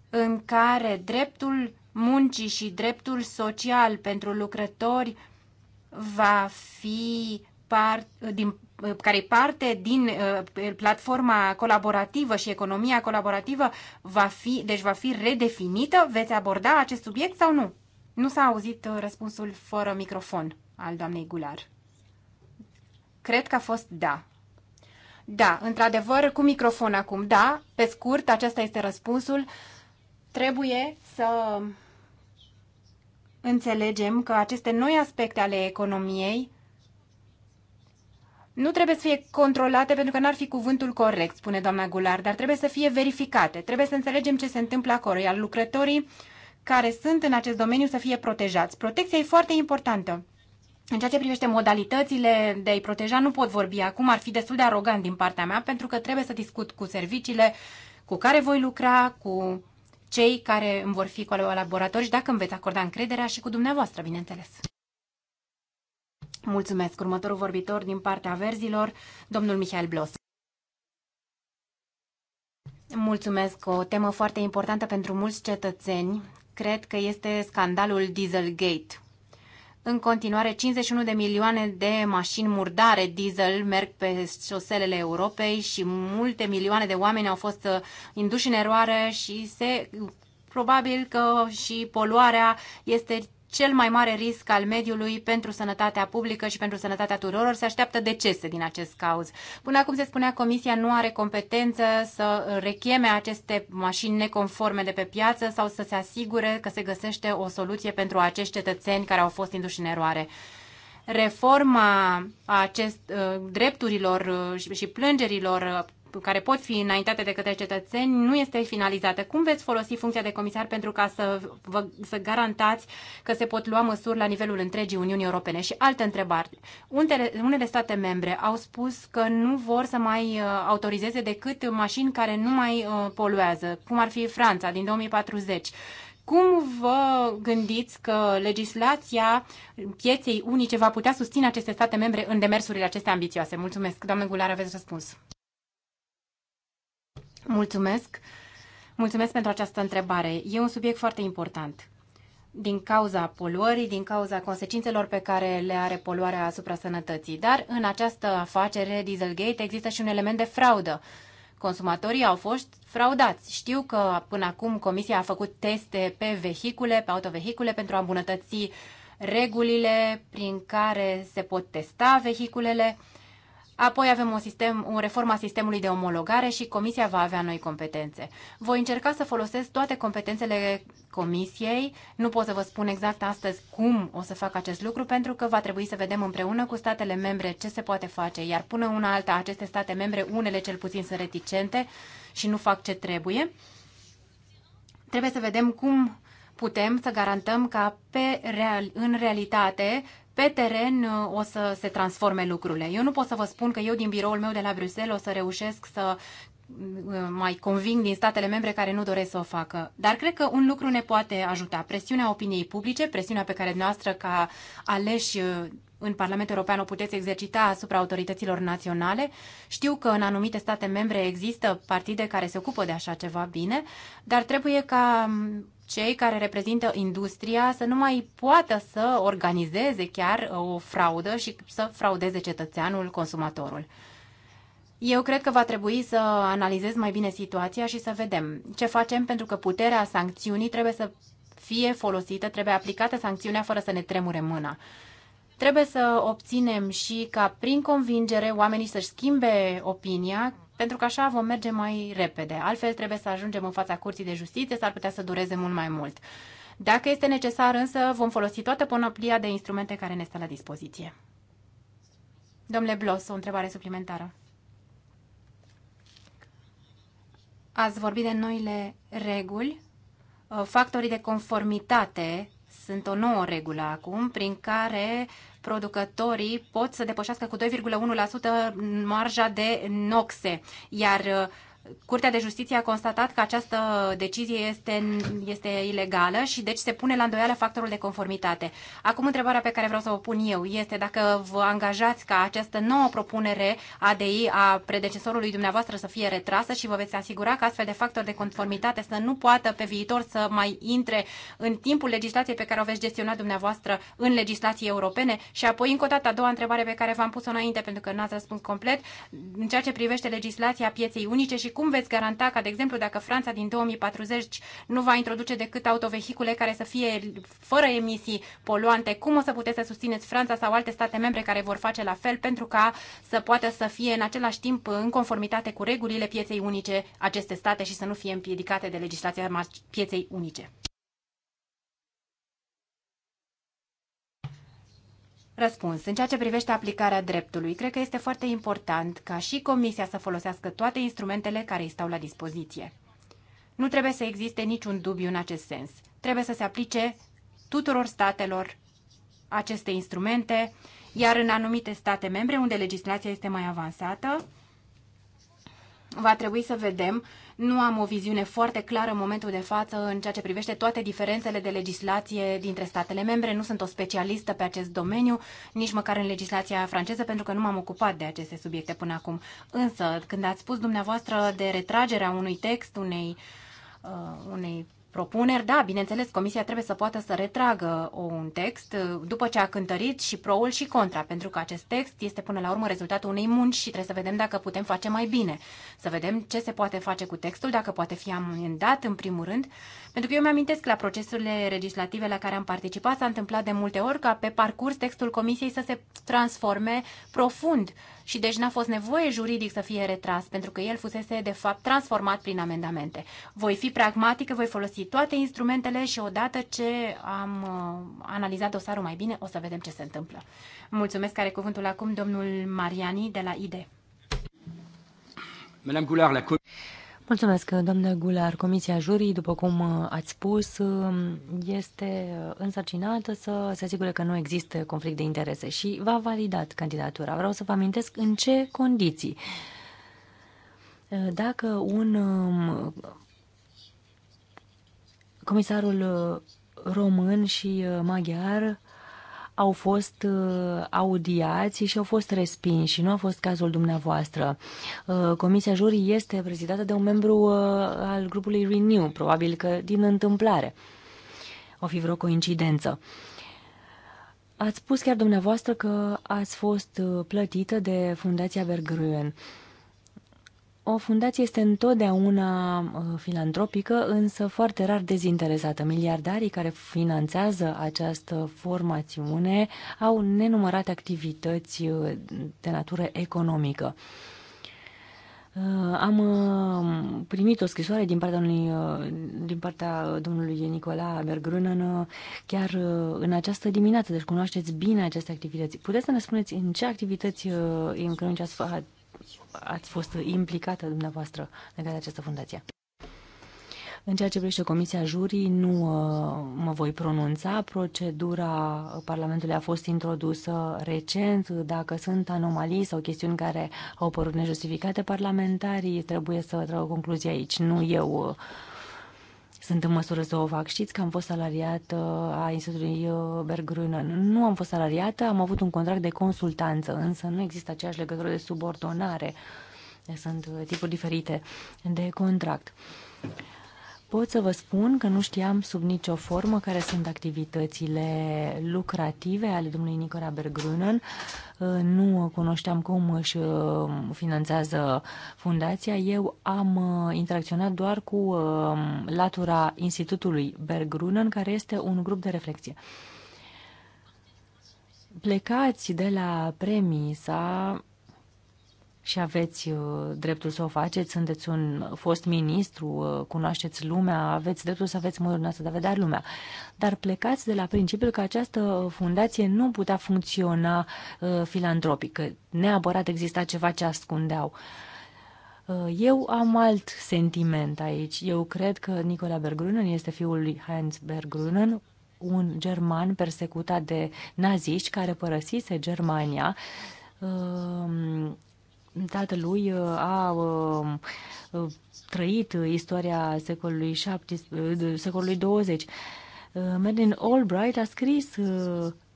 în care dreptul muncii și dreptul social pentru lucrători va fi part, din, care parte din uh, platforma colaborativă și economia colaborativă va fi, deci va fi redefinită? Veți aborda acest subiect sau nu? Nu s-a auzit uh, răspunsul fără microfon al doamnei Gular. Cred că a fost da. Da, într-adevăr, cu microfon acum, da, pe scurt, acesta este răspunsul. Uh, Trebuie să înțelegem că aceste noi aspecte ale economiei nu trebuie să fie controlate pentru că n-ar fi cuvântul corect, spune doamna Gular, dar trebuie să fie verificate. Trebuie să înțelegem ce se întâmplă acolo, iar lucrătorii care sunt în acest domeniu să fie protejați. Protecția e foarte importantă. În ceea ce privește modalitățile de a-i proteja, nu pot vorbi acum, ar fi destul de arogant din partea mea, pentru că trebuie să discut cu serviciile cu care voi lucra, cu cei care îmi vor fi colaboratori și dacă îmi veți acorda încrederea și cu dumneavoastră, bineînțeles. Mulțumesc. Următorul vorbitor din partea verzilor, domnul Mihail Blos. Mulțumesc. O temă foarte importantă pentru mulți cetățeni. Cred că este scandalul Dieselgate. În continuare, 51 de milioane de mașini murdare diesel merg pe șoselele Europei și multe milioane de oameni au fost uh, induși în eroare și se probabil că și poluarea este cel mai mare risc al mediului pentru sănătatea publică și pentru sănătatea tuturor. Se așteaptă decese din acest cauz. Până acum se spunea Comisia nu are competență să recheme aceste mașini neconforme de pe piață sau să se asigure că se găsește o soluție pentru acești cetățeni care au fost induși în eroare reforma acest, uh, drepturilor uh, și plângerilor care pot fi înaintate de către cetățeni nu este finalizată. Cum veți folosi funcția de comisar pentru ca să, vă, să garantați că se pot lua măsuri la nivelul întregii Uniunii Europene? Și altă întrebare. Unele, unele state membre au spus că nu vor să mai uh, autorizeze decât mașini care nu mai uh, poluează, cum ar fi Franța din 2040. Cum vă gândiți că legislația pieței unice va putea susține aceste state membre în demersurile acestea ambițioase? Mulțumesc. doamnă Gular, aveți răspuns. Mulțumesc! Mulțumesc pentru această întrebare. E un subiect foarte important. Din cauza poluării, din cauza consecințelor pe care le are poluarea asupra sănătății. Dar în această afacere Dieselgate există și un element de fraudă. Consumatorii au fost fraudați. Știu că până acum Comisia a făcut teste pe vehicule, pe autovehicule, pentru a îmbunătăți regulile prin care se pot testa vehiculele Apoi avem o, sistem, o reformă a sistemului de omologare și comisia va avea noi competențe. Voi încerca să folosesc toate competențele comisiei. Nu pot să vă spun exact astăzi cum o să fac acest lucru, pentru că va trebui să vedem împreună cu statele membre ce se poate face. Iar până una alta, aceste state membre, unele cel puțin sunt reticente și nu fac ce trebuie. Trebuie să vedem cum putem să garantăm ca pe real, în realitate pe teren uh, o să se transforme lucrurile. Eu nu pot să vă spun că eu din biroul meu de la Bruxelles o să reușesc să uh, mai conving din statele membre care nu doresc să o facă. Dar cred că un lucru ne poate ajuta. Presiunea opiniei publice, presiunea pe care noastră ca aleși uh, în Parlamentul European o puteți exercita asupra autorităților naționale. Știu că în anumite state membre există partide care se ocupă de așa ceva bine, dar trebuie ca mm, cei care reprezintă industria să nu mai poată să organizeze chiar uh, o fraudă și să fraudeze cetățeanul, consumatorul. Eu cred că va trebui să analizez mai bine situația și să vedem ce facem, pentru că puterea sancțiunii trebuie să fie folosită, trebuie aplicată sancțiunea fără să ne tremure mâna. Trebuie să obținem și ca prin convingere oamenii să-și schimbe opinia, pentru că așa vom merge mai repede. Altfel trebuie să ajungem în fața Curții de Justiție, s-ar putea să dureze mult mai mult. Dacă este necesar însă, vom folosi toată panoplia de instrumente care ne stă la dispoziție. Domnule Blos, o întrebare suplimentară. Ați vorbit de noile reguli, uh, factorii de conformitate sunt o nouă regulă acum prin care producătorii pot să depășească cu 2,1% marja de noxe, iar Curtea de Justiție a constatat că această decizie este, este ilegală și deci se pune la îndoială factorul de conformitate. Acum întrebarea pe care vreau să o pun eu este dacă vă angajați ca această nouă propunere ADI a predecesorului dumneavoastră să fie retrasă și vă veți asigura că astfel de factor de conformitate să nu poată pe viitor să mai intre în timpul legislației pe care o veți gestiona dumneavoastră în legislații europene și apoi încă o dată a doua întrebare pe care v-am pus-o înainte pentru că n-ați răspuns complet în ceea ce privește legislația pieței unice și cum veți garanta ca, de exemplu, dacă Franța din 2040 nu va introduce decât autovehicule care să fie fără emisii poluante, cum o să puteți să susțineți Franța sau alte state membre care vor face la fel pentru ca să poată să fie în același timp în conformitate cu regulile pieței unice aceste state și să nu fie împiedicate de legislația pieței unice? Răspuns. În ceea ce privește aplicarea dreptului, cred că este foarte important ca și Comisia să folosească toate instrumentele care îi stau la dispoziție. Nu trebuie să existe niciun dubiu în acest sens. Trebuie să se aplice tuturor statelor aceste instrumente, iar în anumite state membre unde legislația este mai avansată, va trebui să vedem uh, nu am o viziune foarte clară în momentul de față în ceea ce privește toate diferențele de legislație dintre statele membre. Nu sunt o specialistă pe acest domeniu, nici măcar în legislația franceză, pentru că nu m-am ocupat de aceste subiecte până acum. Însă, când ați spus dumneavoastră de retragerea unui text, unei, uh, unei propuneri. Da, bineînțeles, comisia trebuie să poată să retragă un text după ce a cântărit și proul și contra, pentru că acest text este până la urmă rezultatul unei munci și trebuie să vedem dacă putem face mai bine, să vedem ce se poate face cu textul, dacă poate fi amendat în primul rând, pentru că eu mi-amintesc la procesurile legislative la care am participat s-a întâmplat de multe ori ca pe parcurs textul comisiei să se transforme profund și deci n-a fost nevoie juridic să fie retras, pentru că el fusese, de fapt, transformat prin amendamente. Voi fi pragmatică, voi folosi toate instrumentele și odată ce am uh, analizat dosarul mai bine, o să vedem ce se întâmplă. Mulțumesc, care cuvântul acum, domnul Mariani de la IDE. Madame Goulard, la Mulțumesc, doamnă Gular. Comisia Jurii, după cum uh, ați spus, um, este uh, însărcinată să se asigure că nu există conflict de interese și va validat candidatura. Vreau să vă amintesc în ce condiții. Uh, dacă un um, comisarul român și maghiar au fost uh, audiați și au fost respinși. Nu a fost cazul dumneavoastră. Uh, Comisia jurii este prezidată de un membru uh, al grupului Renew, probabil că din întâmplare. O fi vreo coincidență. Ați spus chiar dumneavoastră că ați fost plătită de Fundația Bergruen. O fundație este întotdeauna uh, filantropică, însă foarte rar dezinteresată. Miliardarii care finanțează această formațiune au nenumărate activități uh, de natură economică. Uh, am primit o scrisoare din partea, unui, din partea domnului Nicola Bergrunen chiar în această dimineață, deci cunoașteți bine aceste activități. Puteți să ne spuneți în ce activități economice ați, ați fost implicată dumneavoastră în de această fundație. În ceea ce privește Comisia Jurii, nu uh, mă voi pronunța. Procedura Parlamentului a fost introdusă recent. Dacă sunt anomalii sau chestiuni care au părut nejustificate, parlamentarii trebuie să o concluzie aici, nu eu uh, sunt în măsură să o fac. Știți că am fost salariată uh, a Institutului uh, Bergrână. Nu am fost salariată, am avut un contract de consultanță, însă nu există aceeași legătură de subordonare. Sunt uh, tipuri diferite de contract. Pot să vă spun că nu știam sub nicio formă care sunt activitățile lucrative ale domnului Nicola Bergrunen. Uh, nu cunoșteam cum își uh, finanțează fundația. Eu am uh, interacționat doar cu uh, latura Institutului Bergrunen, care este un grup de reflexie. Plecați de la premisa și aveți uh, dreptul să o faceți, sunteți un fost ministru, uh, cunoașteți lumea, aveți dreptul să aveți modul noastră de a vedea lumea. Dar plecați de la principiul că această fundație nu putea funcționa uh, filantropică. Neapărat exista ceva ce ascundeau. Eu am alt sentiment aici. Eu cred că Nicola Bergrunen este fiul lui Heinz Bergrunen, un german persecutat de naziști care părăsise Germania tatălui uh, a uh, uh, trăit istoria secolului, 17, secolului 20. Madeleine Albright a scris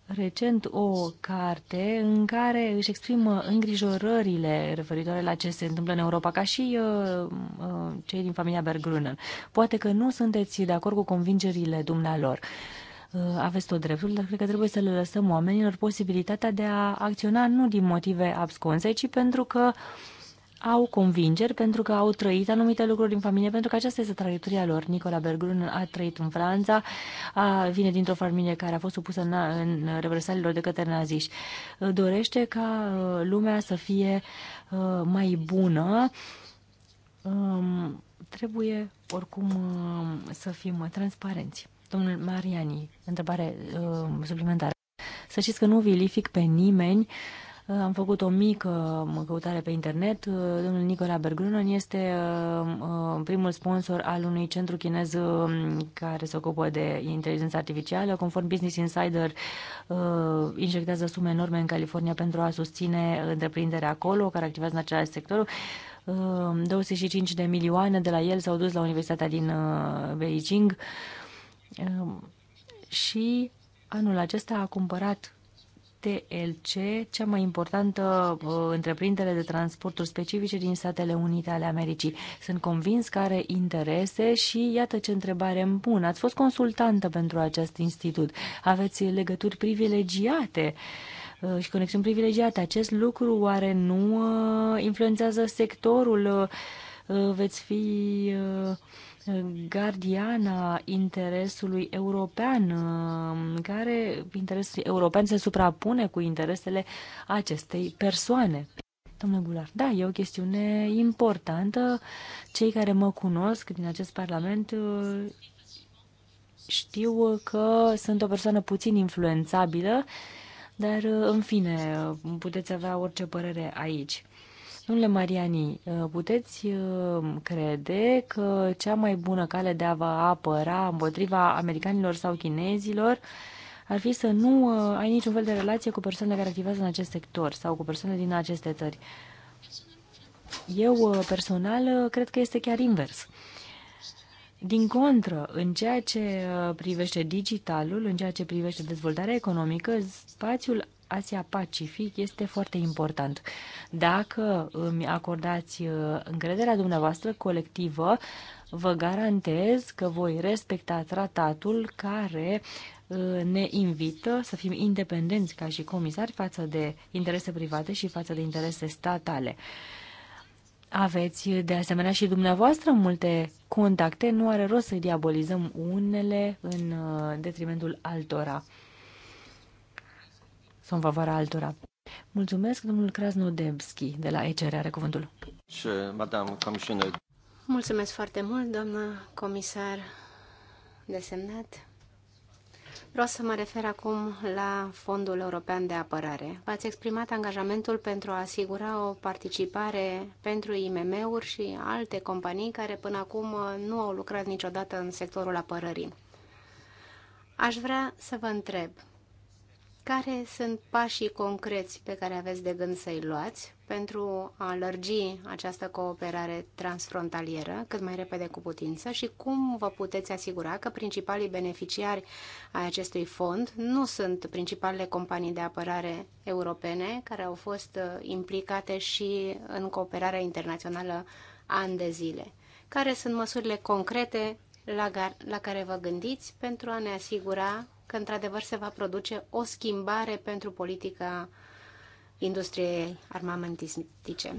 recent o carte în care își exprimă îngrijorările referitoare la ce se întâmplă în Europa, ca și uh, cei din familia Berggrunen. Poate că nu sunteți de acord cu convingerile dumnealor. Uh, Uh, aveți tot dreptul, dar cred că trebuie să le lăsăm oamenilor posibilitatea de a acționa nu din motive absconse, ci pentru că au convingeri, pentru că au trăit anumite lucruri din familie, pentru că aceasta este traiectoria lor. Nicola Bergrun a trăit în Franța, a, vine dintr-o familie care a fost supusă în, în reversaliilor de către naziști. Uh, dorește ca uh, lumea să fie mai bună. Um, trebuie oricum să fim transparenți. Domnul Mariani, întrebare uh, suplimentară. Să știți că nu vilific pe nimeni. Uh, am făcut o mică căutare pe internet. Uh, domnul Nicola Bergrunon este uh, uh primul sponsor al unui centru chinez um, care se ocupă de inteligență artificială. Conform Business Insider, uh, injectează sume enorme în California pentru a susține întreprinderea acolo, care activează în același sector. 25 uh, de milioane de la el s-au dus la Universitatea din Beijing. Ehm, și anul acesta a cumpărat TLC, cea mai importantă uh, întreprindere de transporturi specifice din Statele Unite ale Americii. Sunt convins că are interese și iată ce întrebare îmi pun. Ați fost consultantă pentru acest institut. Aveți legături privilegiate uh, și conexiuni privilegiate. Acest lucru oare nu uh, influențează sectorul? Veți fi gardiana interesului european, um, care interesul european se suprapune cu interesele acestei persoane. Domnule Gular, da, e o chestiune importantă. Cei care mă cunosc din acest parlament uh, știu că sunt o persoană puțin influențabilă, dar, uh, în fine, puteți avea orice părere aici. Domnule Mariani, uh, puteți uh, crede că cea mai bună cale de a vă apăra împotriva americanilor sau chinezilor ar fi să nu uh, ai niciun fel de relație cu persoane care activează în acest sector sau cu persoane din aceste țări. Eu, personal, cred că este chiar invers. Din contră, în ceea ce privește digitalul, în ceea ce privește dezvoltarea economică, spațiul Asia-Pacific este foarte important. Dacă îmi acordați uh, încrederea dumneavoastră colectivă, vă garantez că voi respecta tratatul care uh, ne invită să fim independenți ca și comisari față de interese private și față de interese statale. Aveți uh, de asemenea și dumneavoastră multe contacte, nu are rost să diabolizăm unele în detrimentul altora sau în favoarea altora. Mulțumesc, domnul Krasnodebski, de la ECR, are cuvântul. Și, madame, comisioner. Mulțumesc foarte mult, doamnă comisar desemnat. Vreau să mă refer acum la Fondul European de Apărare. V-ați exprimat angajamentul pentru a asigura o participare pentru IMM-uri și alte companii care până acum nu au lucrat niciodată în sectorul apărării. Aș vrea să vă întreb care sunt pașii concreți pe care aveți de gând să-i luați pentru a lărgi această cooperare transfrontalieră cât mai repede cu putință și cum vă puteți asigura că principalii beneficiari ai acestui fond nu sunt principalele companii de apărare europene care au fost uh, implicate și în cooperarea internațională ani de zile? Care sunt măsurile concrete la, la care vă gândiți pentru a ne asigura că într-adevăr se va produce o schimbare pentru politica industriei armamentistice.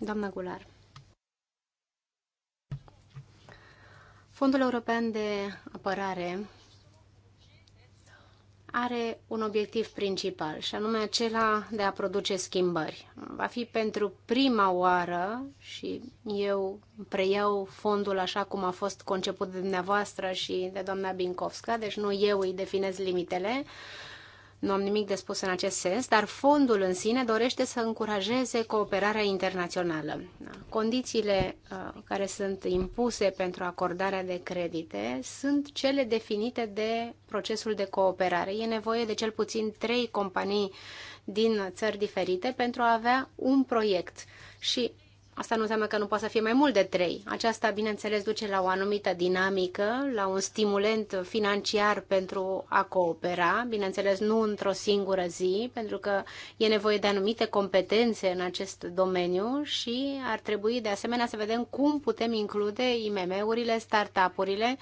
Doamna Gular. Fondul European de Apărare are un obiectiv principal și anume acela de a produce schimbări. Va fi pentru prima oară și eu preiau fondul așa cum a fost conceput de dumneavoastră și de doamna Binkovska, deci nu eu îi definez limitele, nu am nimic de spus în acest sens, dar fondul în sine dorește să încurajeze cooperarea internațională. Da. Condițiile uh, care sunt impuse pentru acordarea de credite sunt cele definite de procesul de cooperare. E nevoie de cel puțin trei companii din țări diferite pentru a avea un proiect și Asta nu înseamnă că nu poate să fie mai mult de trei. Aceasta, bineînțeles, duce la o anumită dinamică, la un stimulent financiar pentru a coopera, bineînțeles, nu într-o singură zi, pentru că e nevoie de anumite competențe în acest domeniu și ar trebui, de asemenea, să vedem cum putem include IMM-urile, startup-urile.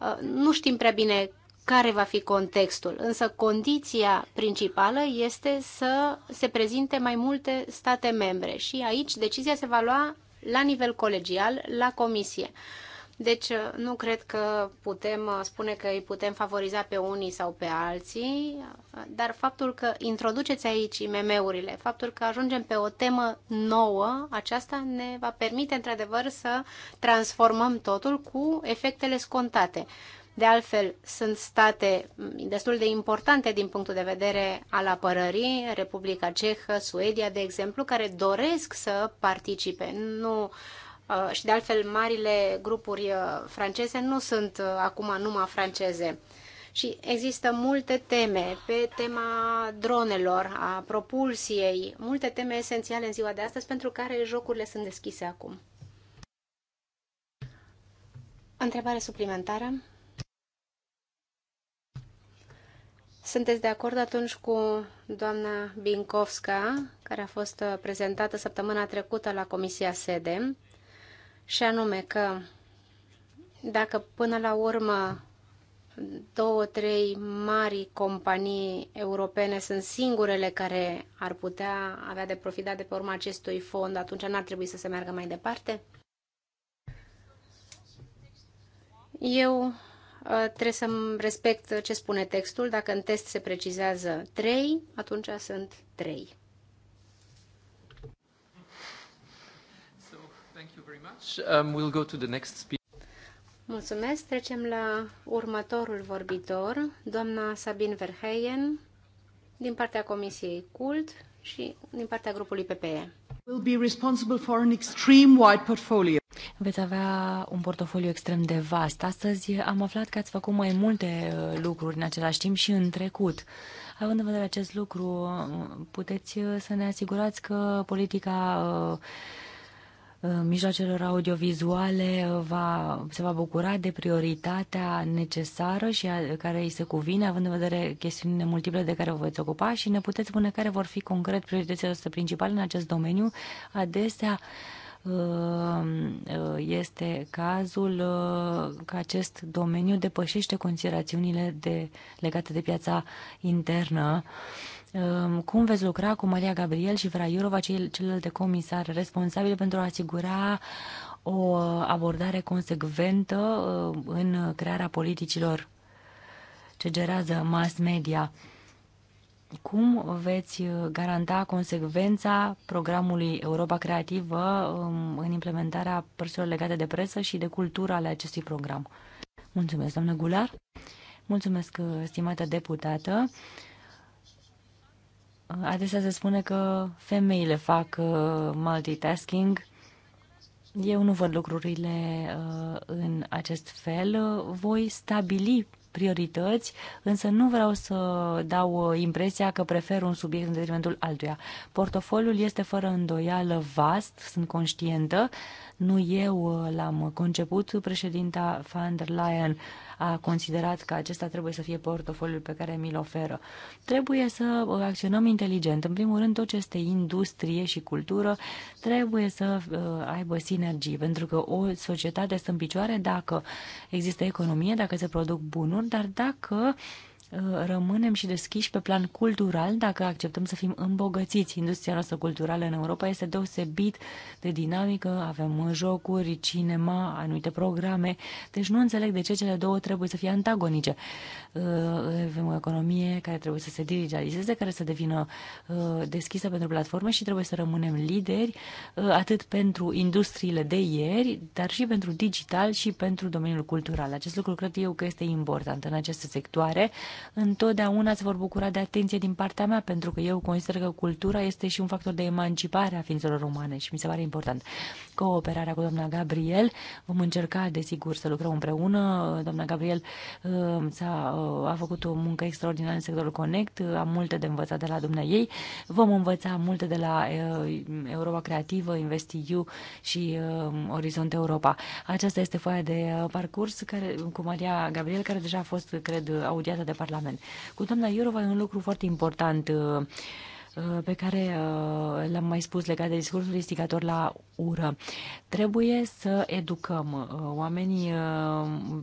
Uh, nu știm prea bine care va fi contextul. Însă condiția principală este să se prezinte mai multe state membre și aici decizia se va lua la nivel colegial, la comisie. Deci nu cred că putem uh, spune că îi putem favoriza pe unii sau pe alții, uh, dar faptul că introduceți aici IMM-urile, faptul că ajungem pe o temă nouă, aceasta ne va permite într-adevăr să transformăm totul cu efectele scontate. De altfel, sunt state destul de importante din punctul de vedere al apărării, Republica Cehă, Suedia, de exemplu, care doresc să participe. Nu uh, și de altfel, marile grupuri uh, franceze nu sunt uh, acum numai franceze. Și există multe teme pe tema dronelor, a propulsiei, multe teme esențiale în ziua de astăzi pentru care jocurile sunt deschise acum. Întrebare suplimentară? Sunteți de acord atunci cu doamna Binkovska, care a fost uh, prezentată săptămâna trecută la Comisia Sede, și anume că dacă până la urmă două, trei mari companii europene sunt singurele care ar putea avea de profitat de pe urma acestui fond, atunci n-ar trebui să se meargă mai departe? Eu Uh, trebuie să respect ce spune textul. Dacă în test se precizează 3, atunci sunt 3. Um, Mulțumesc. Trecem la următorul vorbitor, doamna Sabine Verheyen, din partea Comisiei CULT și din partea grupului PPE. Will be responsible for an extreme wide portfolio veți avea un portofoliu extrem de vast. Astăzi am aflat că ați făcut mai multe uh, lucruri în același timp și în trecut. Având în vedere acest lucru, uh, puteți uh, să ne asigurați că politica mijloacelor audiovizuale va, se va bucura de prioritatea necesară și a, care îi se cuvine, având în vedere chestiunile multiple de care vă veți ocupa și ne puteți spune care vor fi concret prioritățile principale în acest domeniu, adesea Uh, uh, este cazul uh, că acest domeniu depășește considerațiunile de, legate de piața internă. Cum veți lucra cu Maria Gabriel și Vera Iurova, celelalte comisar responsabile pentru a asigura o abordare consecventă în crearea politicilor ce gerează mass media? Cum veți uh, garanta consecvența programului Europa Creativă um, în implementarea părților legate de presă și de cultura ale acestui program? Mulțumesc, doamnă Gular. Mulțumesc, uh, stimată deputată. Uh, adesea se spune că femeile fac multitasking. Eu nu văd lucrurile în acest fel. Voi stabili priorități, însă nu vreau să dau uh, impresia că prefer un subiect în detrimentul altuia. Portofoliul este fără îndoială vast, sunt conștientă, nu eu uh, l-am conceput, președinta van der Leyen a considerat că acesta trebuie să fie portofoliul pe care mi-l oferă. Trebuie să acționăm inteligent. În primul rând, tot ce este industrie și cultură trebuie să uh, aibă sinergii, pentru că o societate stă în picioare dacă există economie, dacă se produc bunuri, dar dacă uh, Uh, rămânem și deschiși pe plan cultural dacă acceptăm să fim îmbogățiți. Industria noastră culturală în Europa este deosebit de dinamică, avem jocuri, cinema, anumite programe, deci nu înțeleg de ce cele două trebuie să fie antagonice. Eh, avem o economie care trebuie să se digitalizeze, care să devină eh, deschisă pentru platforme și trebuie să rămânem lideri eh, atât pentru industriile de ieri, dar și pentru digital și pentru domeniul cultural. Acest lucru cred eu că este important în aceste sectoare. Întotdeauna se vor bucura de atenție din partea mea, pentru că eu consider că cultura este și un factor de emancipare a ființelor umane și mi se pare important. Cooperarea cu doamna Gabriel, vom încerca, desigur, să lucrăm împreună. Doamna Gabriel s-a a făcut o muncă extraordinară în sectorul Connect, am multe de învățat de la dumnea ei. Vom învăța multe de la eh, Europa Creativă, InvestEU și eh, Orizont Europa. Aceasta este foaia de eh, parcurs care, cu Maria Gabriel, care deja a fost, cred, audiată de Parlament. Cu doamna Iurova e un lucru foarte important Uh, pe care uh, l-am mai spus legat de discursul instigator la ură. Trebuie să educăm uh, oamenii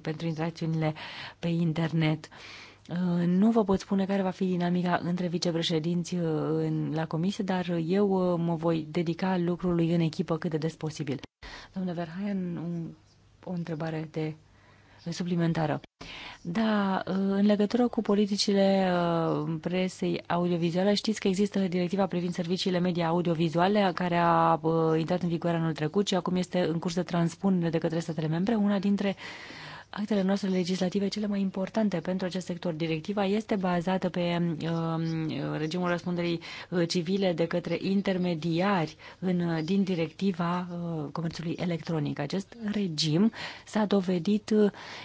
pentru interacțiunile pe internet. Nu vă pot spune care va fi dinamica între vicepreședinți în, la comisie, dar eu mă voi dedica lucrului în echipă cât de des posibil. Domnule Verhaien, o întrebare de suplimentară. Da, în legătură cu politicile uh, presei audiovizuale, știți că există directiva privind serviciile media audiovizuale care a uh, intrat în vigoare anul trecut și acum este în curs de transpunere de către statele membre. Una dintre uh, actele noastre legislative cele mai importante pentru acest sector. Directiva este bazată pe um, uh, regimul răspunderii uh, civile de către intermediari în, uh, din directiva comerțului electronic. Acest regim s-a dovedit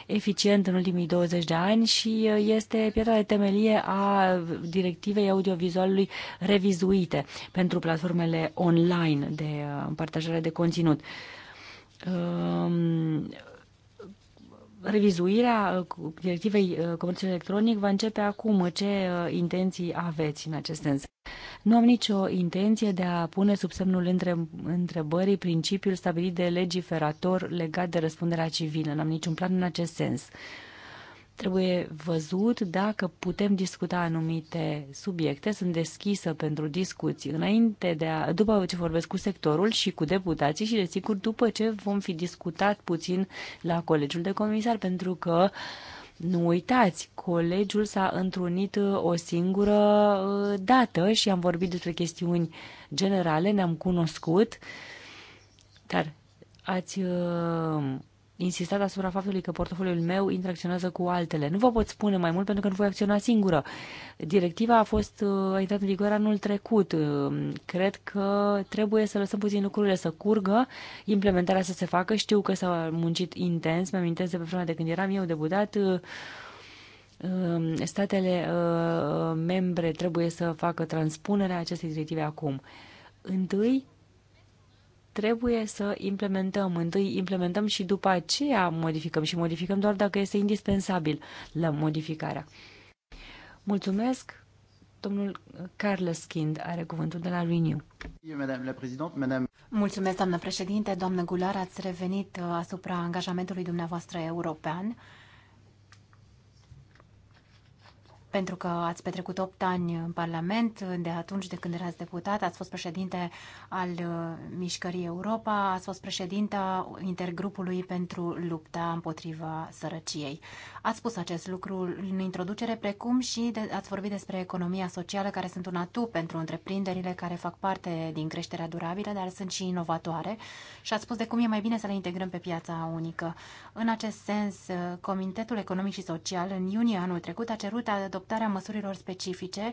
eficient în ultimii 20 de ani și este piatra de temelie a directivei audiovizualului revizuite pentru platformele online de partajare de conținut. Um, revizuirea uh, directivei uh, comerțului electronic va începe acum. Ce uh, intenții aveți în acest sens? Nu am nicio intenție de a pune sub semnul între, întrebării principiul stabilit de legiferator legat de răspunderea civilă. N-am niciun plan în acest sens. Trebuie văzut dacă putem discuta anumite subiecte. Sunt deschisă pentru discuții înainte de a, după ce vorbesc cu sectorul și cu deputații și, desigur, după ce vom fi discutat puțin la Colegiul de Comisar, pentru că nu uitați, colegiul s-a întrunit uh, o singură uh, dată și am vorbit despre chestiuni generale, ne-am cunoscut, dar ați uh, insistat asupra faptului că portofoliul meu interacționează cu altele. Nu vă pot spune mai mult pentru că nu voi acționa singură. Directiva a fost uh, a intrat în vigoare anul trecut. Uh, cred că trebuie să lăsăm puțin lucrurile să curgă, implementarea să se facă. Știu că s-a muncit intens, mi-amintesc de pe vremea de când eram eu deputat, uh, um, statele membre trebuie să facă transpunerea acestei directive acum. Întâi, trebuie să implementăm. Întâi implementăm și după aceea modificăm și modificăm doar dacă este indispensabil la modificarea. Mulțumesc. Domnul Carlos Kind are cuvântul de la Renew. Mulțumesc, doamnă președinte. Doamnă Gular, ați revenit uh, asupra angajamentului dumneavoastră european pentru că ați petrecut 8 ani în Parlament, de atunci de când erați deputat, ați fost președinte al uh, Mișcării Europa, ați fost președinta intergrupului pentru lupta împotriva sărăciei. Ați spus acest lucru în introducere, precum și de, ați vorbit despre economia socială, care sunt un atu pentru întreprinderile care fac parte din creșterea durabilă, dar sunt și inovatoare. Și ați spus de cum e mai bine să le integrăm pe piața unică. În acest sens, uh, Comitetul Economic și Social, în iunie anul trecut, a cerut a adoptarea măsurilor specifice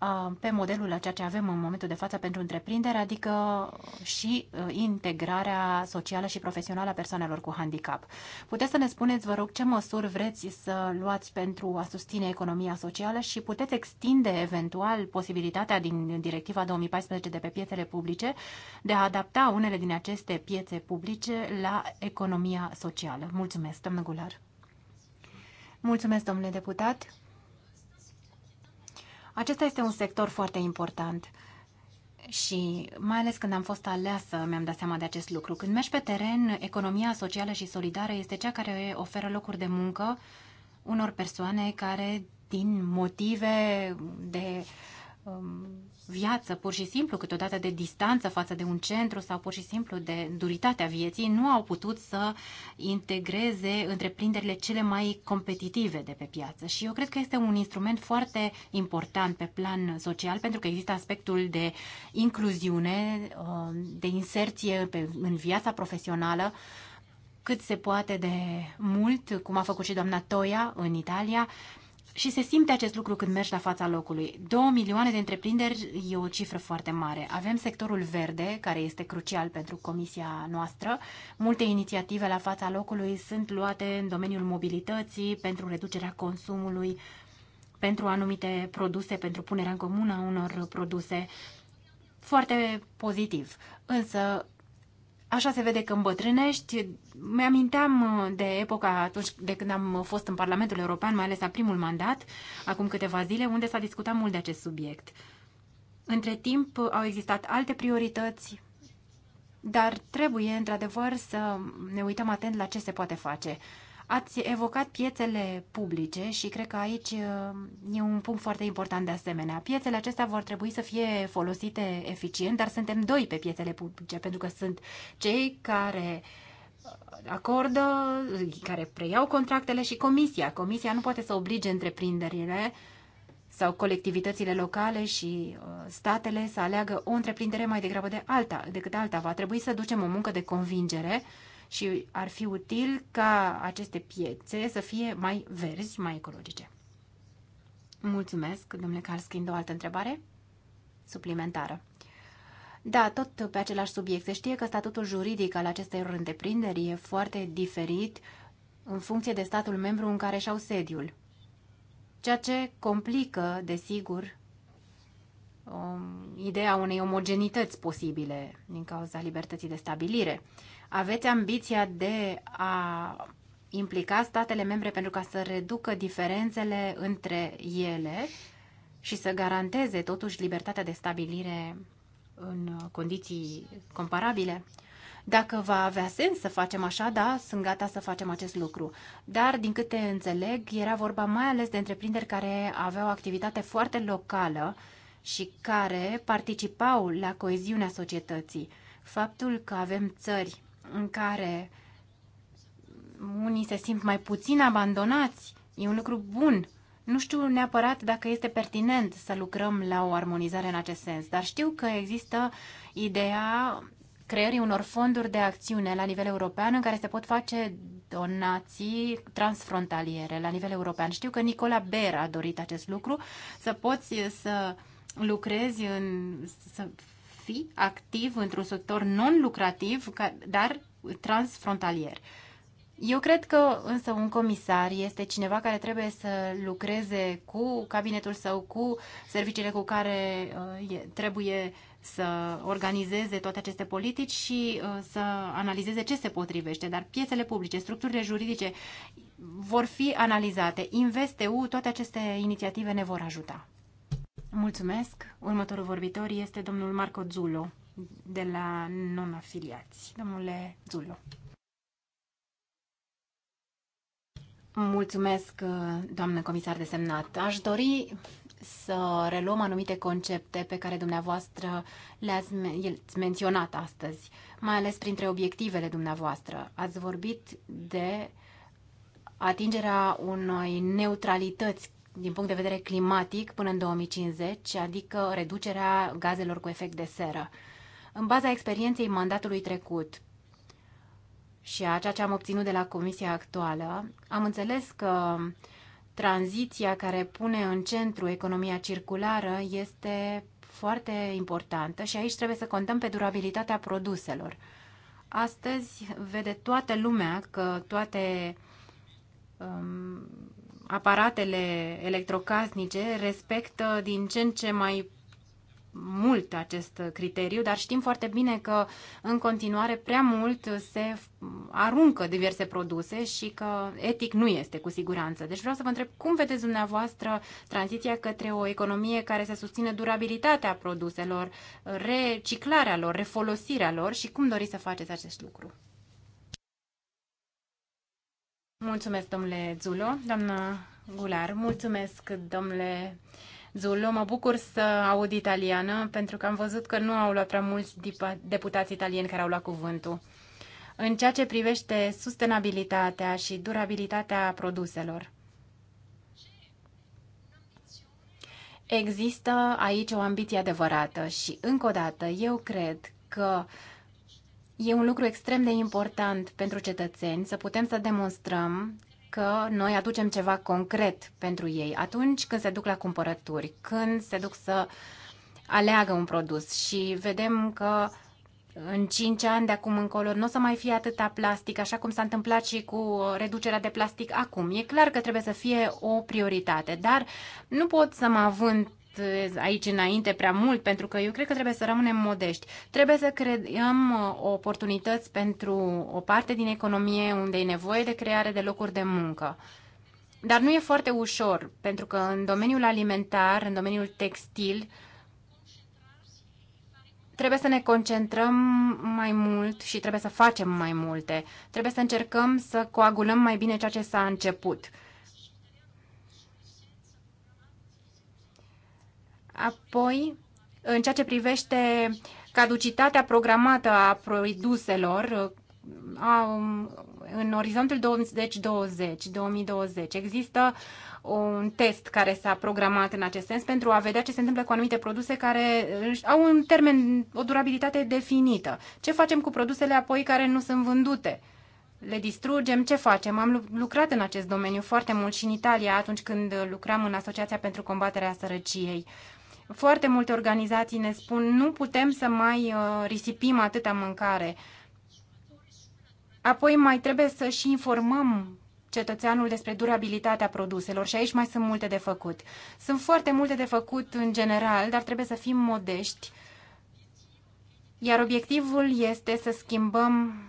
uh, pe modelul a ceea ce avem în momentul de față pentru întreprindere, adică uh, și uh, integrarea socială și profesională a persoanelor cu handicap. Puteți să ne spuneți, vă rog, ce măsuri vreți să luați pentru a susține economia socială și puteți extinde eventual posibilitatea din directiva 2014 de pe piețele publice de a adapta unele din aceste piețe publice la economia socială. Mulțumesc, doamnă Gular. Mulțumesc, domnule deputat. Acesta este un sector foarte important și mai ales când am fost aleasă mi-am dat seama de acest lucru. Când mergi pe teren, economia socială și solidară este cea care oferă locuri de muncă unor persoane care din motive de Um, viață, pur și simplu, câteodată de distanță față de un centru sau pur și simplu de duritatea vieții, nu au putut să integreze întreprinderile cele mai competitive de pe piață. Și eu cred că este un instrument foarte important pe plan social, pentru că există aspectul de incluziune, um, de inserție în viața profesională, cât se poate de mult, cum a făcut și doamna Toia în Italia, și se simte acest lucru când mergi la fața locului. 2 milioane de întreprinderi e o cifră foarte mare. Avem sectorul verde, care este crucial pentru comisia noastră. Multe inițiative la fața locului sunt luate în domeniul mobilității, pentru reducerea consumului, pentru anumite produse, pentru punerea în comună a unor produse. Foarte pozitiv. Însă, Așa se vede că îmbătrânești. Mi-aminteam uh, de epoca atunci de când am uh, fost în Parlamentul European, mai ales la primul mandat, acum câteva zile, unde s-a discutat mult de acest subiect. Între timp uh, au existat alte priorități, dar trebuie, într-adevăr, să ne uităm atent la ce se poate face. Ați evocat piețele publice și cred că aici uh, e un punct foarte important de asemenea. Piețele acestea vor trebui să fie folosite eficient, dar suntem doi pe piețele publice, pentru că sunt cei care uh, acordă, care preiau contractele și comisia. Comisia nu poate să oblige întreprinderile sau colectivitățile locale și uh, statele să aleagă o întreprindere mai degrabă de alta, decât alta. Va trebui să ducem o muncă de convingere uh, și ar fi util ca aceste piețe să fie mai verzi, mai ecologice. Mulțumesc, domnule Karskind, o altă întrebare suplimentară. Da, tot pe același subiect. Se știe că statutul juridic al acestor întreprinderi e foarte diferit în funcție de statul membru în care și-au sediul, ceea ce complică, desigur, um, ideea unei omogenități posibile din cauza libertății de stabilire aveți ambiția de a implica statele membre pentru ca să reducă diferențele între ele și să garanteze totuși libertatea de stabilire în condiții comparabile? Dacă va avea sens să facem așa, da, sunt gata să facem acest lucru. Dar, din câte înțeleg, era vorba mai ales de întreprinderi care aveau activitate foarte locală și care participau la coeziunea societății. Faptul că avem țări în care unii se simt mai puțin abandonați, e un lucru bun. Nu știu neapărat dacă este pertinent să lucrăm la o armonizare în acest sens, dar știu că există ideea creării unor fonduri de acțiune la nivel european în care se pot face donații transfrontaliere la nivel european. Știu că Nicola Ber a dorit acest lucru, să poți să lucrezi în, să fi activ într-un sector non-lucrativ, dar transfrontalier. Eu cred că însă un comisar este cineva care trebuie să lucreze cu cabinetul său, cu serviciile cu care uh, trebuie să organizeze toate aceste politici și uh, să analizeze ce se potrivește. Dar piețele publice, structurile juridice vor fi analizate. InvestEU, toate aceste inițiative ne vor ajuta. Mulțumesc. Următorul vorbitor este domnul Marco Zulo, de la non-afiliați. Domnule Zulo. Mulțumesc, doamnă comisar desemnat. Aș dori să reluăm anumite concepte pe care dumneavoastră le-ați menționat astăzi, mai ales printre obiectivele dumneavoastră. Ați vorbit de atingerea unei neutralități din punct de vedere climatic până în 2050, adică reducerea gazelor cu efect de seră. În baza experienței mandatului trecut și a ceea ce am obținut de la comisia actuală, am înțeles că tranziția care pune în centru economia circulară este foarte importantă și aici trebuie să contăm pe durabilitatea produselor. Astăzi vede toată lumea că toate um, aparatele electrocasnice respectă din ce în ce mai mult acest criteriu, dar știm foarte bine că în continuare prea mult se aruncă diverse produse și că etic nu este cu siguranță. Deci vreau să vă întreb cum vedeți dumneavoastră tranziția către o economie care să susține durabilitatea produselor, reciclarea lor, refolosirea lor și cum doriți să faceți acest lucru? Mulțumesc, domnule Zulo. Doamna Gular, mulțumesc, domnule Zulo. Mă bucur să aud italiană, pentru că am văzut că nu au luat prea mulți deputați italieni care au luat cuvântul. În ceea ce privește sustenabilitatea și durabilitatea produselor, există aici o ambiție adevărată și, încă o dată, eu cred că uh, E un lucru extrem de important pentru cetățeni să putem să demonstrăm că noi aducem ceva concret pentru ei atunci când se duc la cumpărături, când se duc să aleagă un produs și vedem că în 5 ani de acum încolo nu o să mai fie atâta plastic, așa cum s-a întâmplat și cu reducerea de plastic acum. E clar că trebuie să fie o prioritate, dar nu pot să mă avânt Eh, aici înainte prea mult, pentru că eu cred că trebuie să rămânem modești. Trebuie să creăm uh, oportunități pentru o parte din economie unde e nevoie de creare de locuri de muncă. Dar nu e foarte ușor, pentru că în domeniul alimentar, în domeniul textil, trebuie să ne concentrăm mai mult și trebuie să facem mai multe. Trebuie să încercăm să coagulăm mai bine ceea ce s-a început. Apoi, în ceea ce privește caducitatea programată a produselor, um, în orizontul 2020, 2020 deci există un test care s-a programat în acest sens pentru a vedea ce se întâmplă cu anumite produse care au un termen, o durabilitate definită. Ce facem cu produsele apoi care nu sunt vândute? Le distrugem? Ce facem? Am lucrat în acest domeniu foarte mult și în Italia atunci când lucram în Asociația pentru Combaterea Sărăciei. Uh, foarte multe organizații ne spun nu putem să mai uh, risipim atâta mâncare. Apoi mai trebuie să și informăm cetățeanul despre durabilitatea produselor și aici mai sunt multe de făcut. Sunt foarte multe de făcut în general, dar trebuie să fim modești, iar obiectivul este să schimbăm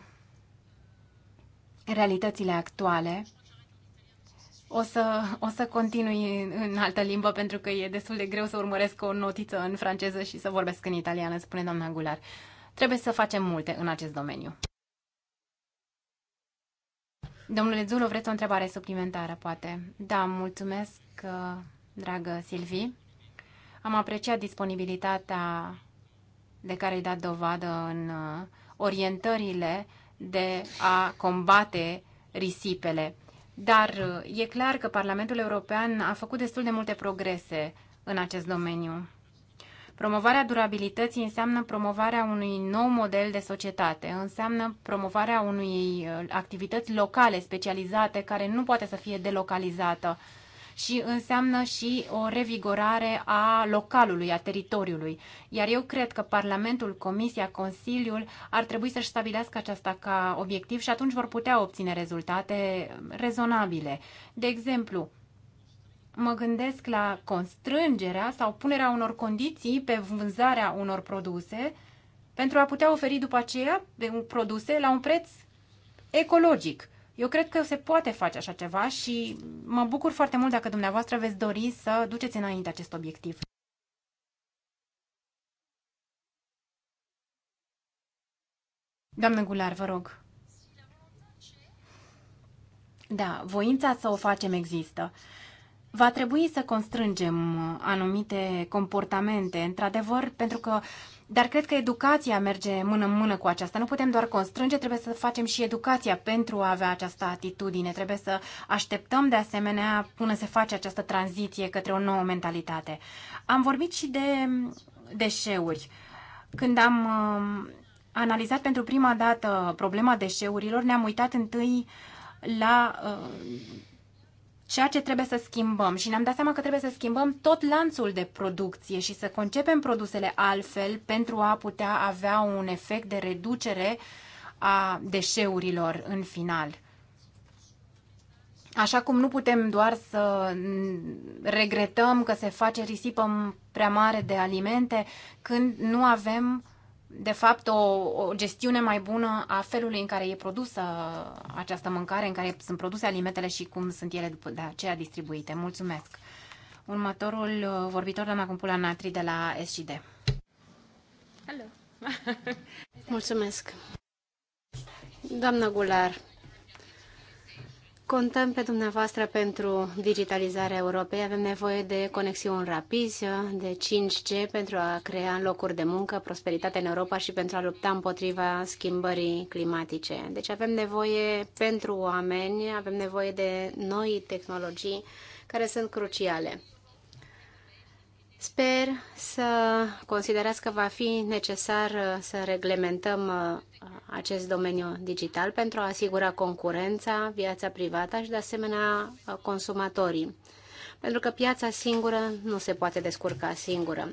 realitățile actuale o să, o să continui în altă limbă pentru că e destul de greu să urmăresc o notiță în franceză și să vorbesc în italiană, spune doamna Gular. Trebuie să facem multe în acest domeniu. Domnule Zulu, vreți o întrebare suplimentară, poate? Da, mulțumesc, uh, dragă Silvi. Am apreciat disponibilitatea de care ai dat dovadă în uh, orientările de a combate risipele dar e clar că Parlamentul European a făcut destul de multe progrese în acest domeniu. Promovarea durabilității înseamnă promovarea unui nou model de societate, înseamnă promovarea unui uh, activități locale specializate care nu poate să fie delocalizată și înseamnă și o revigorare a localului, a teritoriului. Iar eu cred că Parlamentul, Comisia, Consiliul ar trebui să-și stabilească aceasta ca obiectiv și atunci vor putea obține rezultate rezonabile. De exemplu, mă gândesc la constrângerea sau punerea unor condiții pe vânzarea unor produse pentru a putea oferi după aceea produse la un preț ecologic. Eu cred că se poate face așa ceva și mă bucur foarte mult dacă dumneavoastră veți dori să duceți înainte acest obiectiv. Doamnă Gular, vă rog. Da, voința să o facem există. Va trebui să constrângem anumite comportamente, într-adevăr, pentru că uh, dar cred că educația merge mână în mână cu aceasta. Nu putem doar constrânge, trebuie să facem și educația pentru a avea această atitudine. Trebuie să așteptăm de asemenea până se face această tranziție către o nouă mentalitate. Am vorbit și de deșeuri. Când am um, analizat pentru prima dată problema deșeurilor, ne-am uitat întâi la uh, ceea ce trebuie să schimbăm și ne-am dat seama că trebuie să schimbăm tot lanțul de producție și să concepem produsele altfel pentru a putea avea un efect de reducere a deșeurilor în final. Așa cum nu putem doar să regretăm că se face risipă prea mare de alimente când nu avem uh, de fapt, o, o gestiune mai bună a felului în care e produsă această mâncare, în care sunt produse alimentele și cum sunt ele după de aceea distribuite. Mulțumesc! Următorul uh, vorbitor, doamna Cumpula Natri de la SCD. Hello. Mulțumesc! Doamna Gular, Contăm pe dumneavoastră pentru digitalizarea Europei. Avem nevoie de conexiuni rapizi, de 5G pentru a crea locuri de muncă, prosperitate în Europa și pentru a lupta împotriva schimbării climatice. Deci avem nevoie pentru oameni, avem nevoie de noi tehnologii care sunt cruciale. Sper să considerați că va fi necesar uh, să reglementăm uh, acest domeniu digital pentru a asigura concurența, viața privată și, de asemenea, uh, consumatorii. Pentru că piața singură nu se poate descurca singură.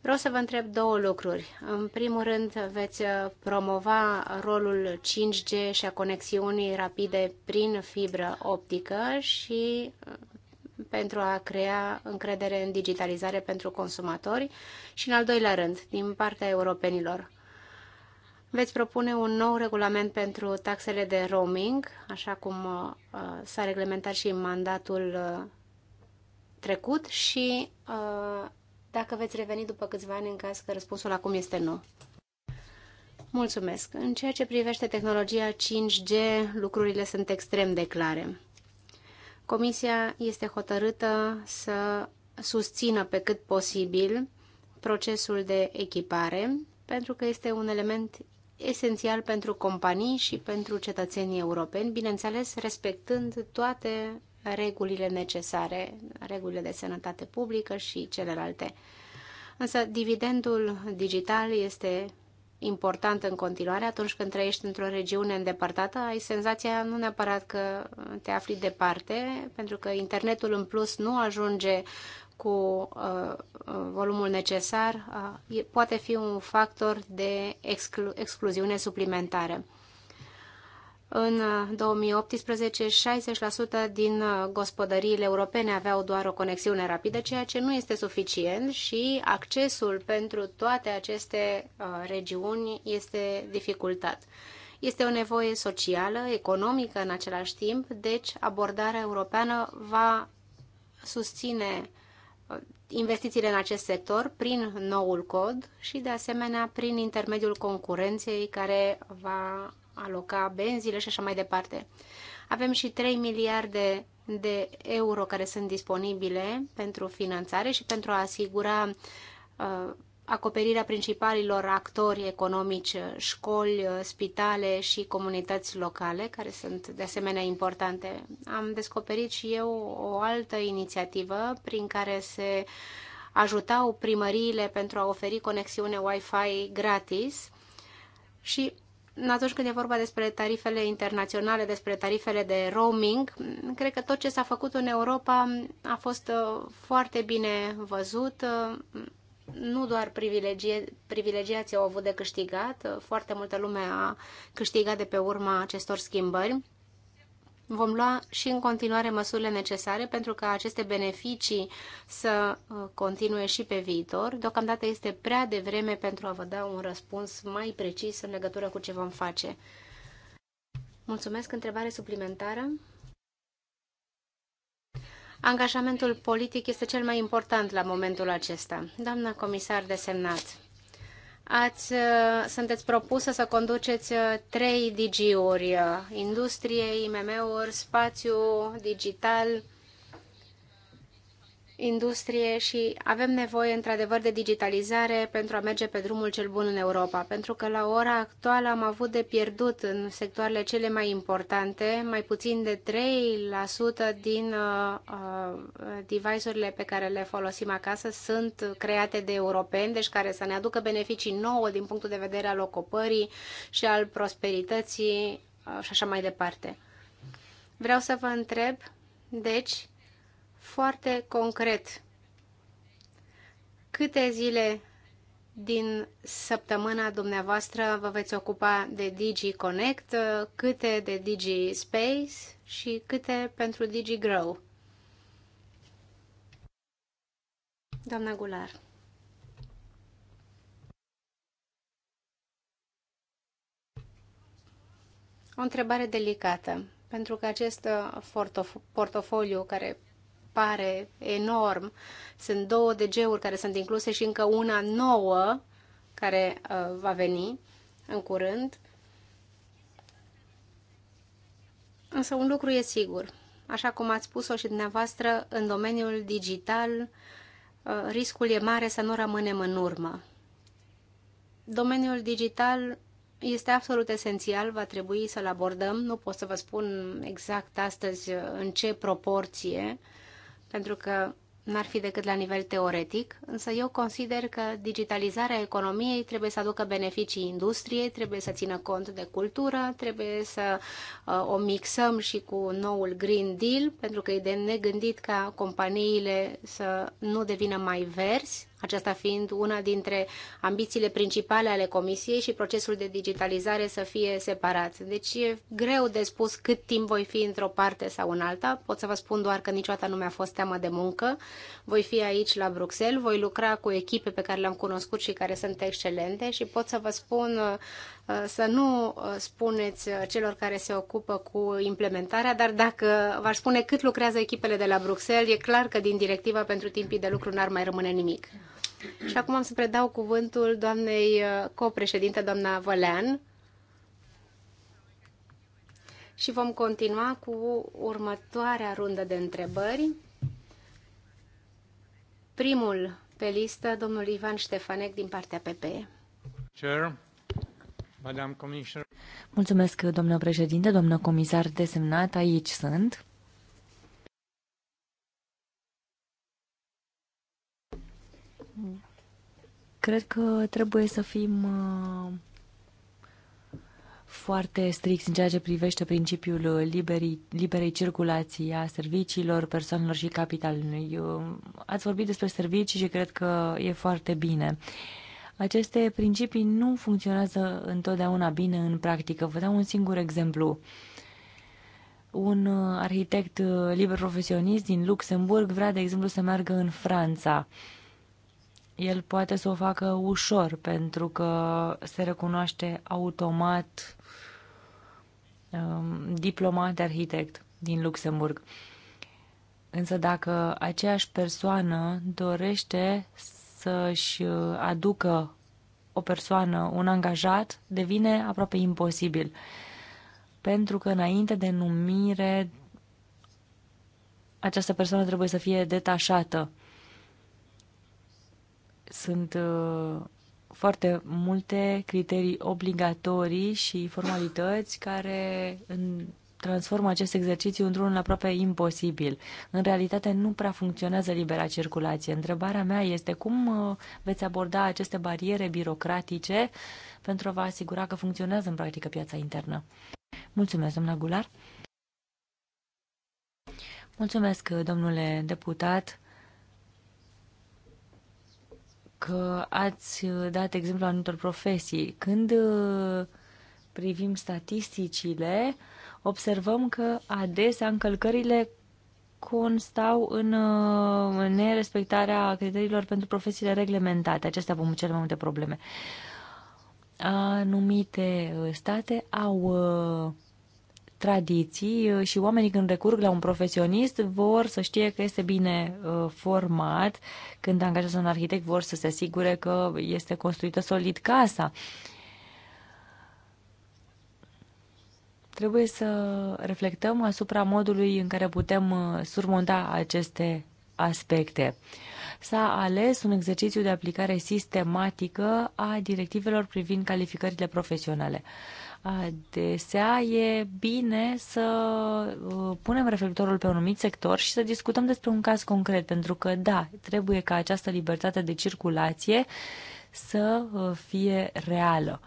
Vreau să vă întreb două lucruri. În primul rând, veți promova rolul 5G și a conexiunii rapide prin fibră optică și, pentru a crea încredere în digitalizare pentru consumatori și, în al doilea rând, din partea europenilor. Veți propune un nou regulament pentru taxele de roaming, așa cum uh, s-a reglementat și în mandatul uh, trecut și uh, dacă veți reveni după câțiva ani în caz că răspunsul acum este nu. Mulțumesc. În ceea ce privește tehnologia 5G, lucrurile sunt extrem de clare. Comisia este hotărâtă să susțină pe cât posibil procesul de echipare, pentru că este un element esențial pentru companii și pentru cetățenii europeni, bineînțeles respectând toate regulile necesare, regulile de sănătate publică și celelalte. Însă dividendul digital este important în continuare atunci când trăiești într-o regiune îndepărtată, ai senzația nu neapărat că te afli departe, pentru că internetul în plus nu ajunge cu uh, uh volumul necesar, uh, poate fi un factor de exclu- excluziune suplimentară. În 2018, uh, 60% din uh, gospodăriile europene aveau doar o conexiune rapidă, ceea ce nu este suficient și accesul pentru toate aceste uh, regiuni este dificultat. Este o nevoie socială, economică în același timp, deci abordarea europeană va susține investițiile în acest sector prin noul cod și, de asemenea, prin intermediul concurenței care va aloca benzile și așa mai departe. Avem și 3 miliarde de euro care sunt disponibile pentru finanțare și pentru a asigura uh, acoperirea principalilor actori economici, școli, uh, spitale și comunități locale, care sunt de asemenea importante. Am descoperit și eu o altă inițiativă prin care se ajutau primăriile pentru a oferi conexiune Wi-Fi gratis și atunci când e vorba despre tarifele internaționale, despre tarifele de roaming, cred că tot ce s-a făcut în Europa a fost uh, foarte bine văzut. Uh, nu doar privilegie, privilegiații au avut de câștigat, uh, foarte multă lume a câștigat de pe urma acestor schimbări vom lua și în continuare măsurile necesare pentru ca aceste beneficii să uh, continue și pe viitor. Deocamdată este prea devreme pentru a vă da un răspuns mai precis în legătură cu ce vom face. Mulțumesc. Întrebare suplimentară? Angajamentul politic este cel mai important la momentul acesta. Doamna comisar desemnat, ați, uh, sunteți propusă să conduceți uh, trei DG-uri, uh, industriei, IMM-uri, spațiu, digital industrie și avem nevoie într-adevăr de digitalizare pentru a merge pe drumul cel bun în Europa, pentru că la ora actuală am avut de pierdut în sectoarele cele mai importante, mai puțin de 3% din uh, uh, device-urile pe care le folosim acasă sunt create de europeni, deci care să ne aducă beneficii nouă din punctul de vedere al ocupării și al prosperității uh, și așa mai departe. Vreau să vă întreb, deci, foarte concret câte zile din săptămâna dumneavoastră vă veți ocupa de Digi Connect, câte de Digi Space și câte pentru Digi Grow. Doamna Gular. O întrebare delicată, pentru că acest uh, portofoliu care pare enorm. Sunt două DG-uri care sunt incluse și încă una nouă care uh, va veni în curând. Însă un lucru e sigur. Așa cum ați spus-o și dumneavoastră, în domeniul digital uh, riscul e mare să nu rămânem în urmă. Domeniul digital este absolut esențial, va trebui să-l abordăm. Nu pot să vă spun exact astăzi uh, în ce proporție, pentru că n-ar fi decât la nivel teoretic, însă eu consider că digitalizarea economiei trebuie să aducă beneficii industriei, trebuie să țină cont de cultură, trebuie să uh, o mixăm și cu noul Green Deal, pentru că e de negândit ca companiile să nu devină mai verzi, aceasta fiind una dintre ambițiile principale ale Comisiei și procesul de digitalizare să fie separat. Deci e greu de spus cât timp voi fi într-o parte sau în alta. Pot să vă spun doar că niciodată nu mi-a fost teamă de muncă. Voi fi aici la Bruxelles, voi lucra cu echipe pe care le-am cunoscut și care sunt excelente și pot să vă spun Uh, să nu uh, spuneți uh, celor care se ocupă cu implementarea, dar dacă v-aș spune cât lucrează echipele de la Bruxelles, e clar că din directiva pentru timpii de lucru n-ar mai rămâne nimic. Și acum am să predau cuvântul doamnei copreședinte, doamna Vălean, și vom continua cu următoarea rundă de întrebări. Primul pe listă, domnul Ivan Ștefanec din partea PPE. Chair. Mulțumesc, doamnă președinte, doamnă comisar desemnat, aici sunt. Cred că trebuie să fim uh, foarte strict în ceea ce privește principiul liberii, liberei circulații a serviciilor, persoanelor și capitalului. Uh, ați vorbit despre servicii și cred că e foarte bine. Uh, aceste principii nu funcționează întotdeauna bine în practică. Vă dau un singur exemplu. Un uh, arhitect uh, liber profesionist din Luxemburg vrea, de exemplu, să meargă în Franța. El poate să o facă ușor pentru că se recunoaște automat um, diplomat de arhitect din Luxemburg. Însă dacă aceeași persoană dorește să-și uh, aducă o persoană, un angajat, devine aproape imposibil. Pentru că înainte de numire, această persoană trebuie să fie detașată. Sunt uh, foarte multe criterii obligatorii și formalități care în, transform acest exercițiu într-unul aproape imposibil. În realitate nu prea funcționează libera circulație. Întrebarea mea este cum uh, veți aborda aceste bariere birocratice pentru a vă asigura că funcționează în practică piața internă. Mulțumesc, domnule Gular. Mulțumesc, domnule deputat, că ați dat exemplu anumitor profesii. Când uh, privim statisticile, uh, observăm că adesea încălcările constau uh, în nerespectarea criteriilor pentru profesiile reglementate. Acestea vom cele mai multe probleme. Anumite uh, state au uh, tradiții și oamenii când recurg la un profesionist vor să știe că este bine format. Când angajează un arhitect vor să se asigure că este construită solid casa. Uh, Trebuie să reflectăm asupra modului în care putem uh, surmonta aceste aspecte. S-a ales un exercițiu de aplicare sistematică a directivelor privind calificările profesionale. Adesea e bine să uh, punem reflectorul pe un anumit sector și să discutăm despre un caz concret, pentru că, da, trebuie ca această libertate de circulație să uh, fie reală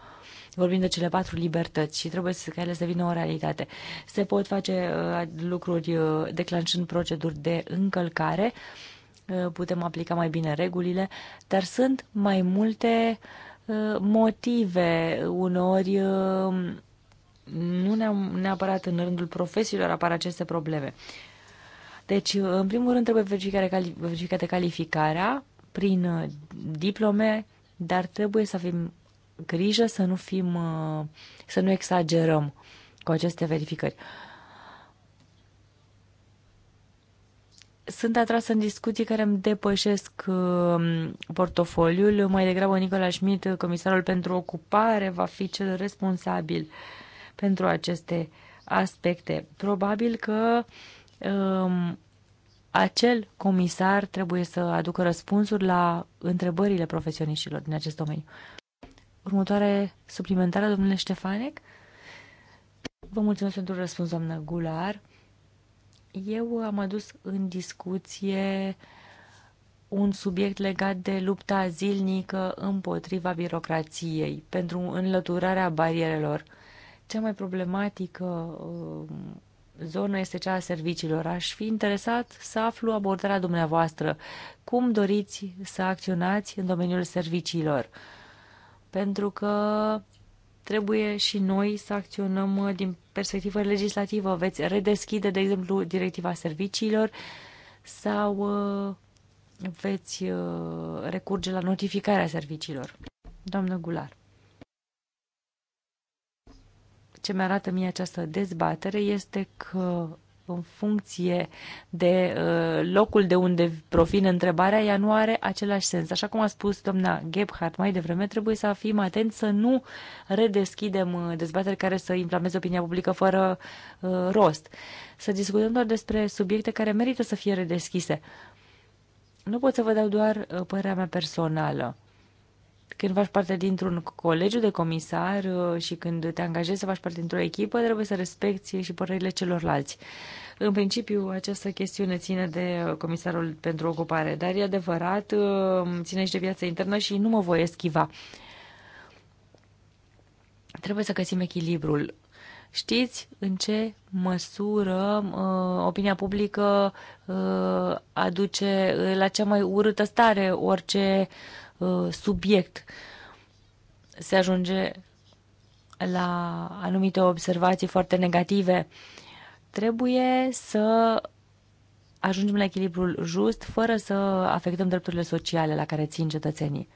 vorbim de cele patru libertăți și trebuie să ele să vină o realitate. Se pot face uh, lucruri uh, declanșând proceduri de încălcare, uh, putem aplica mai bine regulile, dar sunt mai multe motive uneori nu neapărat în rândul profesiilor apar aceste probleme. Deci, în primul rând, trebuie verificată calificarea prin diplome, dar trebuie să fim grijă să nu fim, uh, să nu exagerăm cu aceste verificări. Sunt atrasă în discuții care îmi depășesc um, portofoliul. Mai degrabă Nicola Schmidt, comisarul pentru ocupare, va fi cel responsabil pentru aceste aspecte. Probabil că um, acel comisar trebuie să aducă răspunsuri la întrebările profesioniștilor din acest domeniu. Următoare suplimentară, domnule Ștefanec? Vă mulțumesc pentru răspuns, doamnă Gular. Eu am adus în discuție un subiect legat de lupta zilnică împotriva birocrației, pentru înlăturarea barierelor. Cea mai problematică um, zonă este cea a serviciilor. Aș fi interesat să aflu abordarea dumneavoastră. Cum doriți să acționați în domeniul serviciilor? pentru că trebuie și noi să acționăm uh, din perspectivă legislativă. Veți redeschide, de exemplu, directiva serviciilor sau uh, veți uh, recurge la notificarea serviciilor. Doamnă Gular, ce mi arată mie această dezbatere este că în funcție de uh, locul de unde provine întrebarea, ea nu are același sens. Așa cum a spus doamna Gebhardt mai devreme, trebuie să fim atenți să nu redeschidem uh, dezbateri care să inflameze opinia publică fără uh, rost. Să discutăm doar despre subiecte care merită să fie redeschise. Nu pot să vă dau doar părerea mea personală când faci parte dintr-un colegiu de comisar uh, și când te angajezi să faci parte dintr-o echipă, trebuie să respecti și părerile celorlalți. În principiu, această chestiune ține de comisarul pentru ocupare, dar e adevărat, uh, ține și de viața internă și nu mă voi eschiva. Trebuie să găsim echilibrul. Știți în ce măsură uh, opinia publică uh, aduce uh, la cea mai urâtă stare orice uh, Uh, subiect. Se ajunge la anumite observații foarte negative. Trebuie să ajungem la echilibrul just, fără să afectăm drepturile sociale la care țin cetățenii.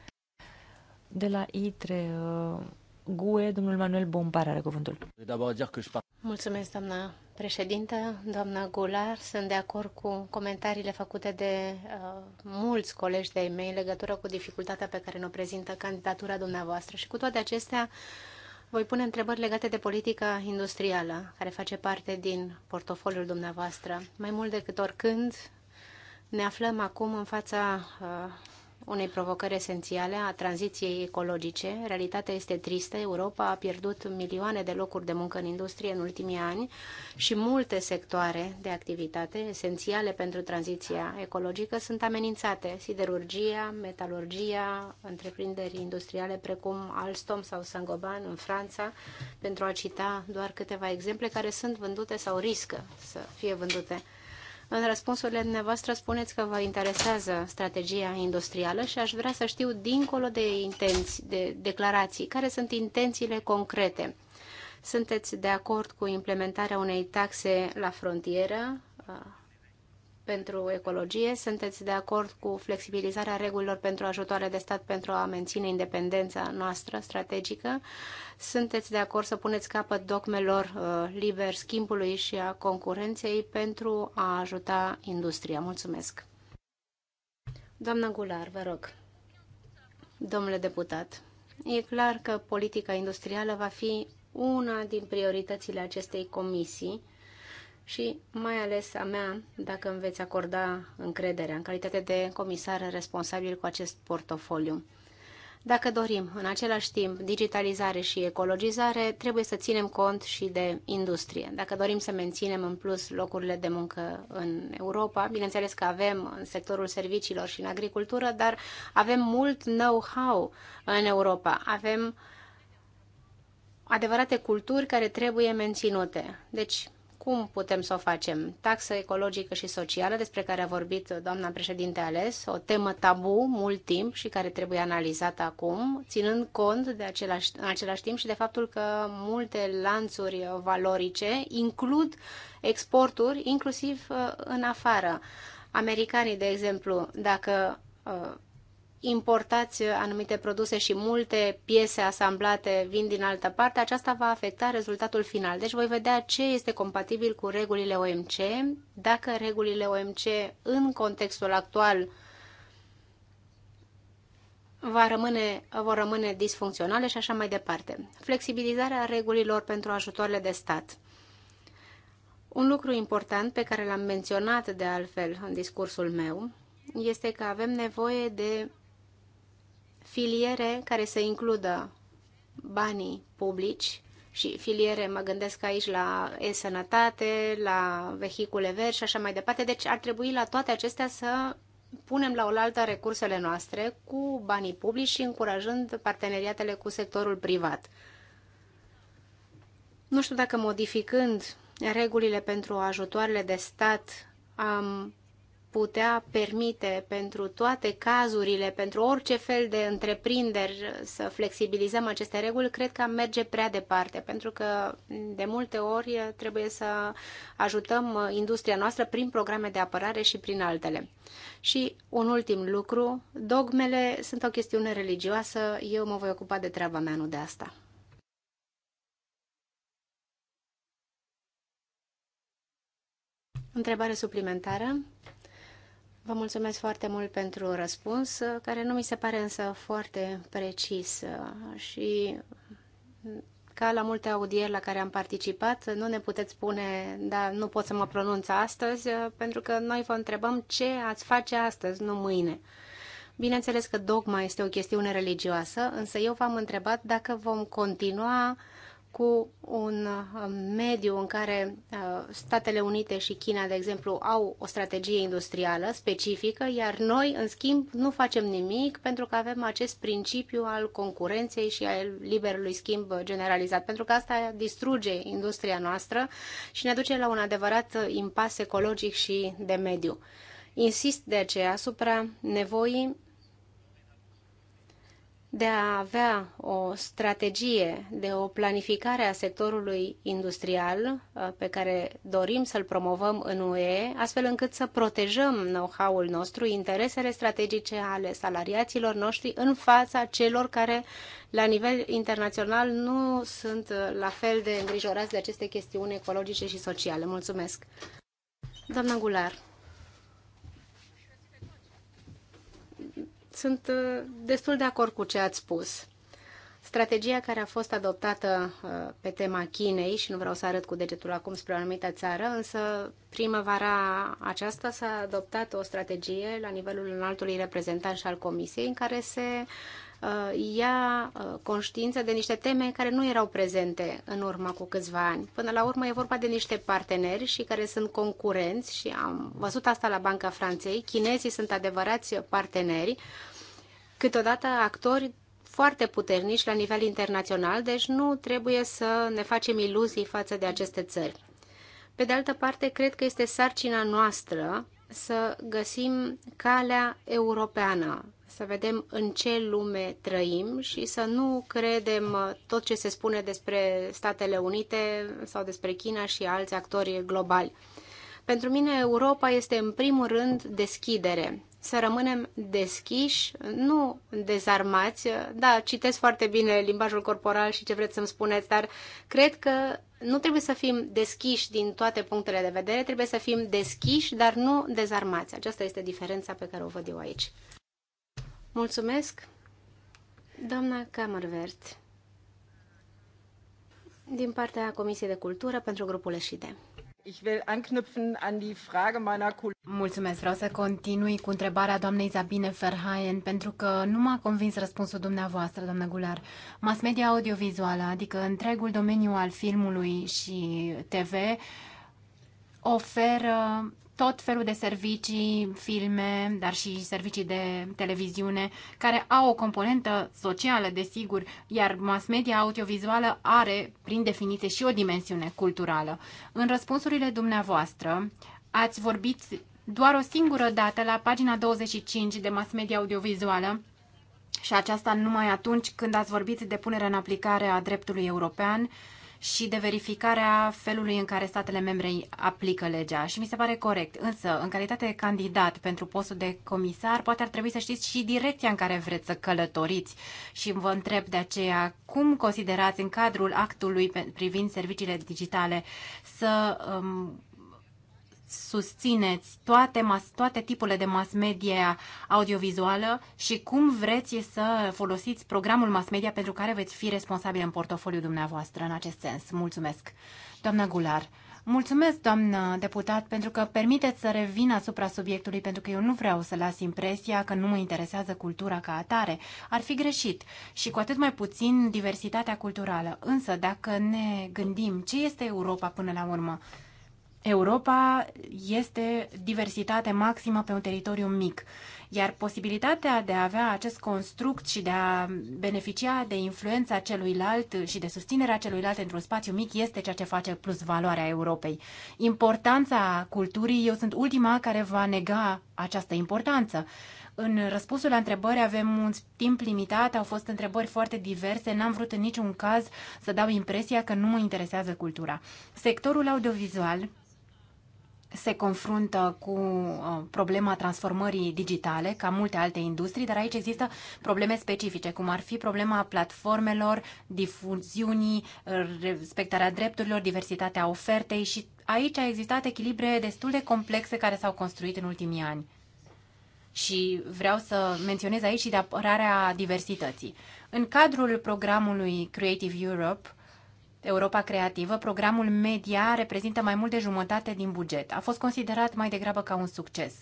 De la ITRE, uh, GUE, domnul Manuel Bompar are cuvântul. Mulțumesc, doamna președintă, doamnă Gular, sunt de acord cu comentariile făcute de uh, mulți colegi de-ai mei în legătură cu dificultatea pe care ne prezintă candidatura dumneavoastră și cu toate acestea voi pune întrebări legate de politica industrială, care face parte din portofoliul dumneavoastră. Mai mult decât oricând, ne aflăm acum în fața uh, unei provocări esențiale a tranziției ecologice. Realitatea este tristă. Europa a pierdut milioane de locuri de muncă în industrie în ultimii ani și multe sectoare de activitate esențiale pentru tranziția ecologică sunt amenințate. Siderurgia, metalurgia, întreprinderi industriale precum Alstom sau Sangoban în Franța, pentru a cita doar câteva exemple care sunt vândute sau riscă să fie vândute. În răspunsurile dumneavoastră spuneți că vă interesează strategia industrială și aș vrea să știu, dincolo de intenții, de declarații, care sunt intențiile concrete. Sunteți de acord cu implementarea unei taxe la frontieră pentru ecologie. Sunteți de acord cu flexibilizarea regulilor pentru ajutoare de stat pentru a menține independența noastră strategică? Sunteți de acord să puneți capăt dogmelor uh, liber schimbului și a concurenței pentru a ajuta industria? Mulțumesc! Doamna Gular, vă rog. Domnule deputat, e clar că politica industrială va fi una din prioritățile acestei comisii și mai ales a mea, dacă îmi veți acorda încrederea în calitate de comisar responsabil cu acest portofoliu. Dacă dorim, în același timp, digitalizare și ecologizare, trebuie să ținem cont și de industrie. Dacă dorim să menținem în plus locurile de muncă în Europa, bineînțeles că avem în sectorul serviciilor și în agricultură, dar avem mult know-how în Europa. Avem adevărate culturi care trebuie menținute. Deci, cum putem să o facem? Taxă ecologică și socială, despre care a vorbit doamna președinte ales, o temă tabu mult timp și care trebuie analizată acum, ținând cont de același, în același timp și de faptul că multe lanțuri valorice includ exporturi, inclusiv uh, în afară. Americanii, de exemplu, dacă uh, importați anumite produse și multe piese asamblate vin din altă parte, aceasta va afecta rezultatul final. Deci voi vedea ce este compatibil cu regulile OMC, dacă regulile OMC în contextul actual va rămâne, vor rămâne disfuncționale și așa mai departe. Flexibilizarea regulilor pentru ajutoarele de stat. Un lucru important pe care l-am menționat de altfel în discursul meu este că avem nevoie de filiere care să includă banii publici și filiere, mă gândesc aici la e-sănătate, la vehicule verzi și așa mai departe. Deci ar trebui la toate acestea să punem la oaltă recursele noastre cu banii publici și încurajând parteneriatele cu sectorul privat. Nu știu dacă modificând regulile pentru ajutoarele de stat am putea permite pentru toate cazurile, pentru orice fel de întreprinderi să flexibilizăm aceste reguli, cred că merge prea departe, pentru că de multe ori trebuie să ajutăm industria noastră prin programe de apărare și prin altele. Și un ultim lucru, dogmele sunt o chestiune religioasă, eu mă voi ocupa de treaba mea, nu de asta. Întrebare suplimentară? Vă mulțumesc foarte mult pentru răspuns, care nu mi se pare însă foarte precis și ca la multe audieri la care am participat, nu ne puteți spune, dar nu pot să mă pronunț astăzi, pentru că noi vă întrebăm ce ați face astăzi, nu mâine. Bineînțeles că dogma este o chestiune religioasă, însă eu v-am întrebat dacă vom continua uh, cu un um, mediu în care uh, Statele Unite și China, de exemplu, au o strategie industrială specifică, iar noi, în schimb, nu facem nimic pentru că avem acest principiu al concurenței și al liberului schimb generalizat, pentru că asta distruge industria noastră și ne duce la un adevărat uh, impas ecologic și de mediu. Insist de aceea asupra nevoii de a avea o strategie de o planificare a sectorului industrial uh, pe care dorim să-l promovăm în UE, astfel încât să protejăm know-how-ul nostru, interesele strategice ale salariaților noștri în fața celor care la nivel internațional nu sunt uh, la fel de îngrijorați de aceste chestiuni ecologice și sociale. Mulțumesc! Doamna Gular sunt uh, destul de acord cu ce ați spus. Strategia care a fost adoptată uh, pe tema Chinei, și nu vreau să arăt cu degetul acum spre o anumită țară, însă primăvara aceasta s-a adoptat o strategie la nivelul înaltului reprezentant și al Comisiei în care se Uh, ia uh, conștiință de niște teme care nu erau prezente în urmă cu câțiva ani. Până la urmă e vorba de niște parteneri și care sunt concurenți și am văzut asta la Banca Franței. Chinezii sunt adevărați parteneri, câteodată actori foarte puternici la nivel internațional, deci nu trebuie să ne facem iluzii față de aceste țări. Pe de altă parte, cred că este sarcina noastră să găsim calea europeană, să vedem în ce lume trăim și să nu credem uh, tot ce se spune despre Statele Unite sau despre China și alți actori globali. Pentru mine Europa este în primul rând deschidere, să rămânem deschiși, nu dezarmați. Da, citesc foarte bine limbajul corporal și ce vreți să-mi spuneți, dar cred că nu trebuie să fim deschiși din toate punctele de vedere, trebuie să fim deschiși, dar nu dezarmați. Aceasta este diferența pe care o văd eu aici. Mulțumesc, doamna Camervert, din partea Comisiei de Cultură pentru grupul Eșide. Ich will anknüpfen an die Frage meiner Mulțumesc, vreau să continui cu întrebarea doamnei Zabine Ferhaien, pentru că nu m-a convins răspunsul dumneavoastră, doamnă Gular. Mass media audiovizuală, adică întregul domeniu al filmului și TV, oferă tot felul de servicii, filme, dar și servicii de televiziune, care au o componentă socială, desigur, iar mass media audiovizuală are, prin definiție, și o dimensiune culturală. În răspunsurile dumneavoastră, ați vorbit doar o singură dată la pagina 25 de mass media audiovizuală, și aceasta numai atunci când ați vorbit de punerea în aplicare a dreptului european, și de verificarea felului în care statele membre aplică legea și mi se pare corect. Însă, în calitate de candidat pentru postul de comisar, poate ar trebui să știți și direcția în care vreți să călătoriți și vă întreb de aceea cum considerați în cadrul actului privind serviciile digitale să um, susțineți toate, mas, toate tipurile de mass media audiovizuală și cum vreți să folosiți programul mass media pentru care veți fi responsabil în portofoliul dumneavoastră în acest sens. Mulțumesc, doamna Gular. Mulțumesc, doamnă deputat, pentru că permiteți să revin asupra subiectului, pentru că eu nu vreau să las impresia că nu mă interesează cultura ca atare. Ar fi greșit și cu atât mai puțin diversitatea culturală. Însă, dacă ne gândim ce este Europa până la urmă, Europa este diversitate maximă pe un teritoriu mic, iar posibilitatea de a avea acest construct și de a beneficia de influența celuilalt și de susținerea celuilalt într-un spațiu mic este ceea ce face plus valoarea Europei. Importanța culturii, eu sunt ultima care va nega această importanță. În răspunsul la întrebări avem un timp limitat, au fost întrebări foarte diverse, n-am vrut în niciun caz să dau impresia că nu mă interesează cultura. Sectorul audiovizual se confruntă cu uh, problema transformării digitale, ca multe alte industrii, dar aici există probleme specifice, cum ar fi problema platformelor, difuziunii, respectarea drepturilor, diversitatea ofertei și aici a existat echilibre destul de complexe care s-au construit în ultimii ani. Și vreau să menționez aici și de apărarea diversității. În cadrul programului Creative Europe, Europa Creativă, programul media reprezintă mai mult de jumătate din buget. A fost considerat mai degrabă ca un succes.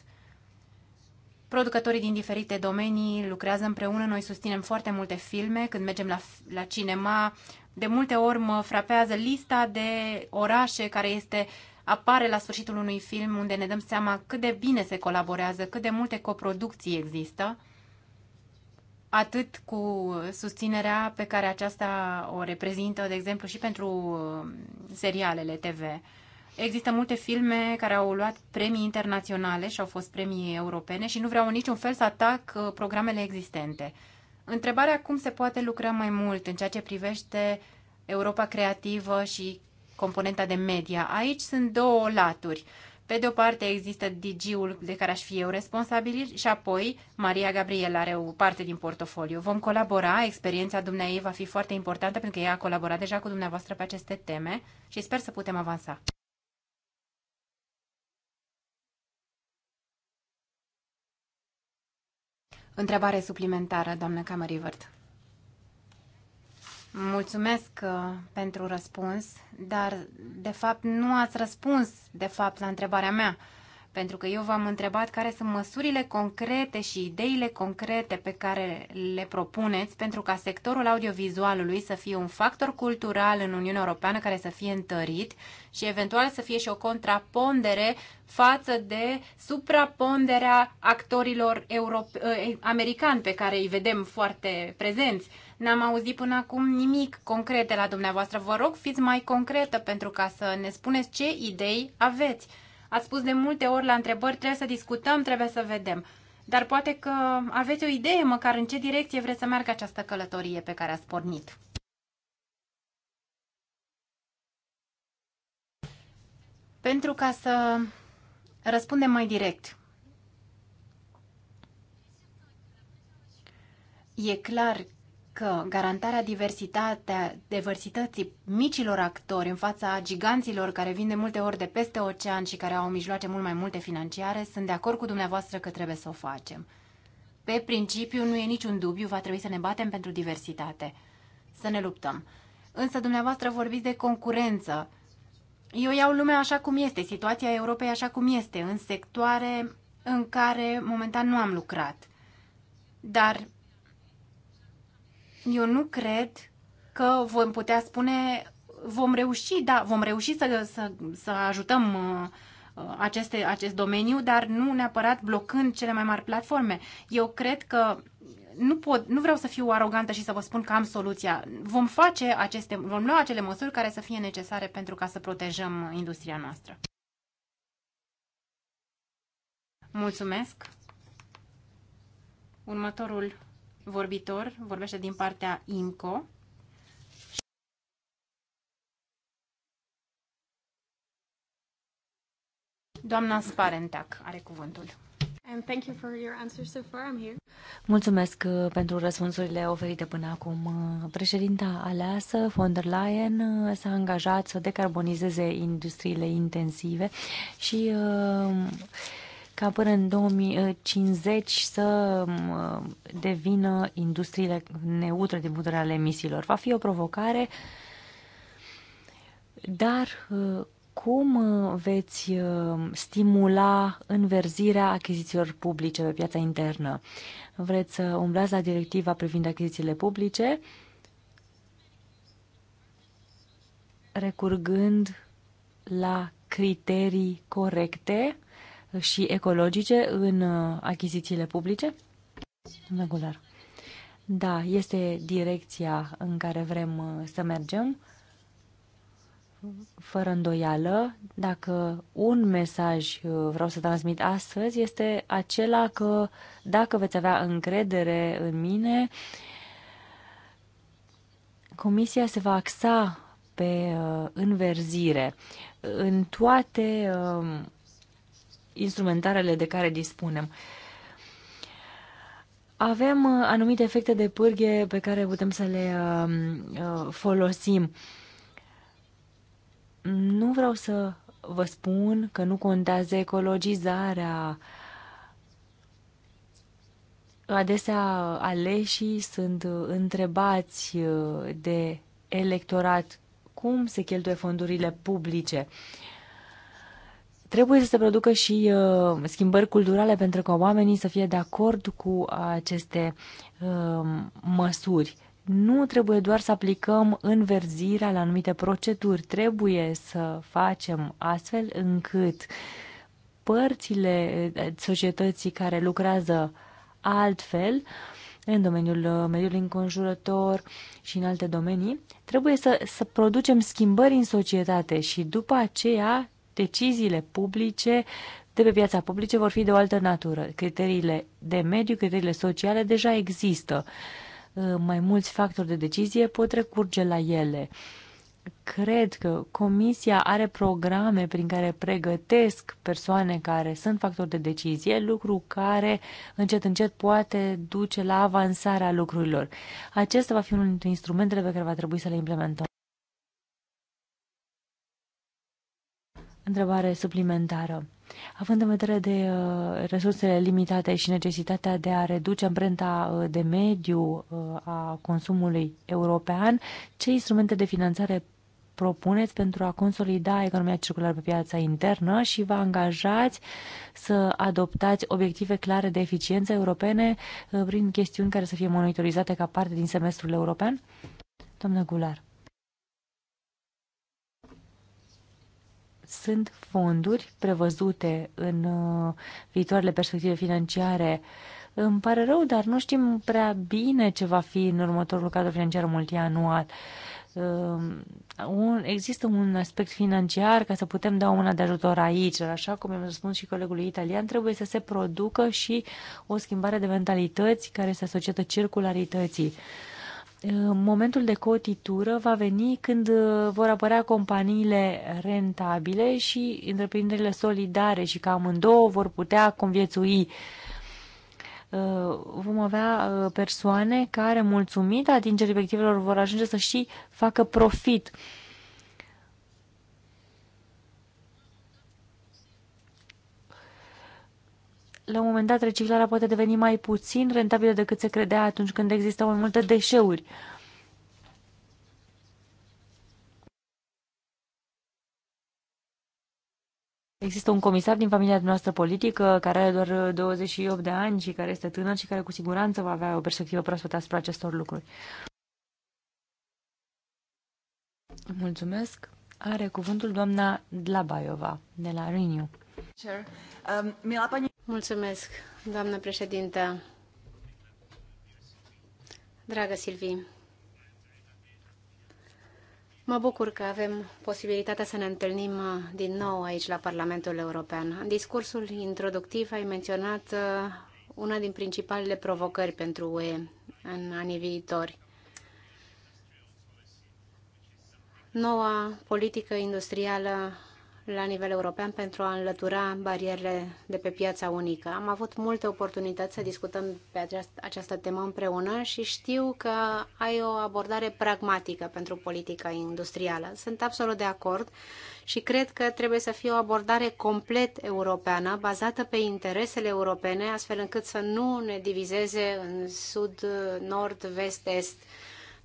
Producătorii din diferite domenii lucrează împreună, noi susținem foarte multe filme. Când mergem la, la cinema, de multe ori mă frapează lista de orașe care este apare la sfârșitul unui film unde ne dăm seama cât de bine se colaborează, cât de multe coproducții există atât cu susținerea pe care aceasta o reprezintă, de exemplu, și pentru um, serialele TV. Există multe filme care au luat premii internaționale și au fost premii europene și nu vreau în niciun fel să atac uh, programele existente. Întrebarea cum se poate lucra mai mult în ceea ce privește Europa creativă și componenta de media. Aici sunt două laturi. Pe de o parte există DG-ul de care aș fi eu responsabil și apoi Maria Gabriel are o parte din portofoliu. Vom colabora, experiența dumneavoastră va fi foarte importantă pentru că ea a colaborat deja cu dumneavoastră pe aceste teme și sper să putem avansa. Întrebare suplimentară, doamnă Camerivert. Mulțumesc uh, pentru răspuns, dar de fapt nu ați răspuns de fapt la întrebarea mea pentru că eu v-am întrebat care sunt măsurile concrete și ideile concrete pe care le propuneți pentru ca sectorul audiovizualului să fie un factor cultural în Uniunea Europeană care să fie întărit și eventual să fie și o contrapondere față de supraponderea actorilor europe- ă, americani pe care îi vedem foarte prezenți. N-am auzit până acum nimic concret de la dumneavoastră. Vă rog, fiți mai concretă pentru ca să ne spuneți ce idei aveți Ați spus de multe ori la întrebări, trebuie să discutăm, trebuie să vedem. Dar poate că aveți o idee măcar în ce direcție vreți să meargă această călătorie pe care ați pornit. Pentru ca să răspundem mai direct. E clar că garantarea diversității micilor actori în fața giganților care vin de multe ori de peste ocean și care au mijloace mult mai multe financiare, sunt de acord cu dumneavoastră că trebuie să o facem. Pe principiu, nu e niciun dubiu, va trebui să ne batem pentru diversitate, să ne luptăm. Însă dumneavoastră vorbiți de concurență. Eu iau lumea așa cum este, situația Europei așa cum este, în sectoare în care momentan nu am lucrat. Dar eu nu cred că vom putea spune vom reuși, da, vom reuși să, să, să ajutăm uh, uh, aceste, acest domeniu, dar nu neapărat blocând cele mai mari platforme. Eu cred că nu, pot, nu vreau să fiu arogantă și să vă spun că am soluția. Vom face aceste, vom lua acele măsuri care să fie necesare pentru ca să protejăm industria noastră. Mulțumesc. Următorul vorbitor vorbește din partea IMCO. Doamna Sparentac are cuvântul. Mulțumesc uh, pentru răspunsurile oferite până acum. Uh, președinta aleasă, von der Leyen, uh, s-a angajat să decarbonizeze industriile intensive și uh, ca până în 2050 să devină industriile neutre din punct de vedere al emisiilor. Va fi o provocare, dar ă, cum ă, veți ă, stimula înverzirea achizițiilor publice pe piața internă? Vreți să umblați la directiva privind achizițiile publice, recurgând la criterii corecte și ecologice în uh, achizițiile publice? Regular. Da, este direcția în care vrem uh, să mergem. Fără îndoială, dacă un mesaj uh, vreau să transmit astăzi este acela că dacă veți avea încredere în mine, Comisia se va axa pe înverzire în toate instrumentarele de care dispunem. Avem uh, anumite efecte de pârghie pe care putem să le um, uh, folosim. Nu vreau să vă spun că nu contează ecologizarea. Adesea aleșii sunt uh, întrebați de electorat cum se cheltuie fondurile publice. Uh, Trebuie să se producă și uh, schimbări culturale pentru că oamenii să fie de acord cu aceste uh, măsuri. Nu trebuie doar să aplicăm înverzirea la anumite proceduri, trebuie să facem astfel încât părțile uh, societății care lucrează altfel în domeniul uh, mediului înconjurător și în alte domenii, trebuie să, să producem schimbări în societate și după aceea deciziile publice de pe piața publice vor fi de o altă natură. Criteriile de mediu, criteriile sociale deja există. Uh, mai mulți factori de decizie pot recurge la ele. Cred că comisia are programe prin care pregătesc persoane care sunt factori de decizie, lucru care încet încet poate duce la avansarea lucrurilor. Acesta va fi unul dintre instrumentele pe care va trebui să le implementăm. Întrebare suplimentară. Având în vedere de uh, resursele limitate și necesitatea de a reduce amprenta uh, de mediu uh, a consumului european, ce instrumente de finanțare propuneți pentru a consolida economia circulară pe piața internă și vă angajați să adoptați obiective clare de eficiență europene prin chestiuni care să fie monitorizate ca parte din semestrul european? Doamna Gular. sunt fonduri prevăzute în uh, viitoarele perspective financiare. Îmi pare rău, dar nu știm prea bine ce va fi în următorul cadru financiar multianual. Uh, există un aspect financiar ca să putem da o mână de ajutor aici, așa cum am spus și colegului italian, trebuie să se producă și o schimbare de mentalități care se asocietă circularității momentul de cotitură va veni când uh, vor apărea companiile rentabile și întreprinderile solidare și că amândouă vor putea conviețui. Uh, vom avea uh, persoane care, mulțumit atingerii obiectivelor, vor ajunge să și facă profit la un moment dat reciclarea poate deveni mai puțin rentabilă decât se credea atunci când existau mai multe deșeuri. Există un comisar din familia noastră politică care are doar 28 de ani și care este tânăr și care cu siguranță va avea o perspectivă proaspătă asupra acestor lucruri. Mulțumesc. Are cuvântul doamna Dlabaiova de la Renew. Um, Mulțumesc, doamnă președintă. Dragă Silvi, mă bucur că avem posibilitatea să ne întâlnim uh, din nou aici la Parlamentul European. În discursul introductiv ai menționat uh, una din principalele provocări pentru UE în anii viitori. Noua politică industrială la nivel european pentru a înlătura barierele de pe piața unică. Am avut multe oportunități să discutăm pe această, această temă împreună și știu că ai o abordare pragmatică pentru politica industrială. Sunt absolut de acord și cred că trebuie să fie o abordare complet europeană, bazată pe interesele europene, astfel încât să nu ne divizeze în sud, nord, vest, est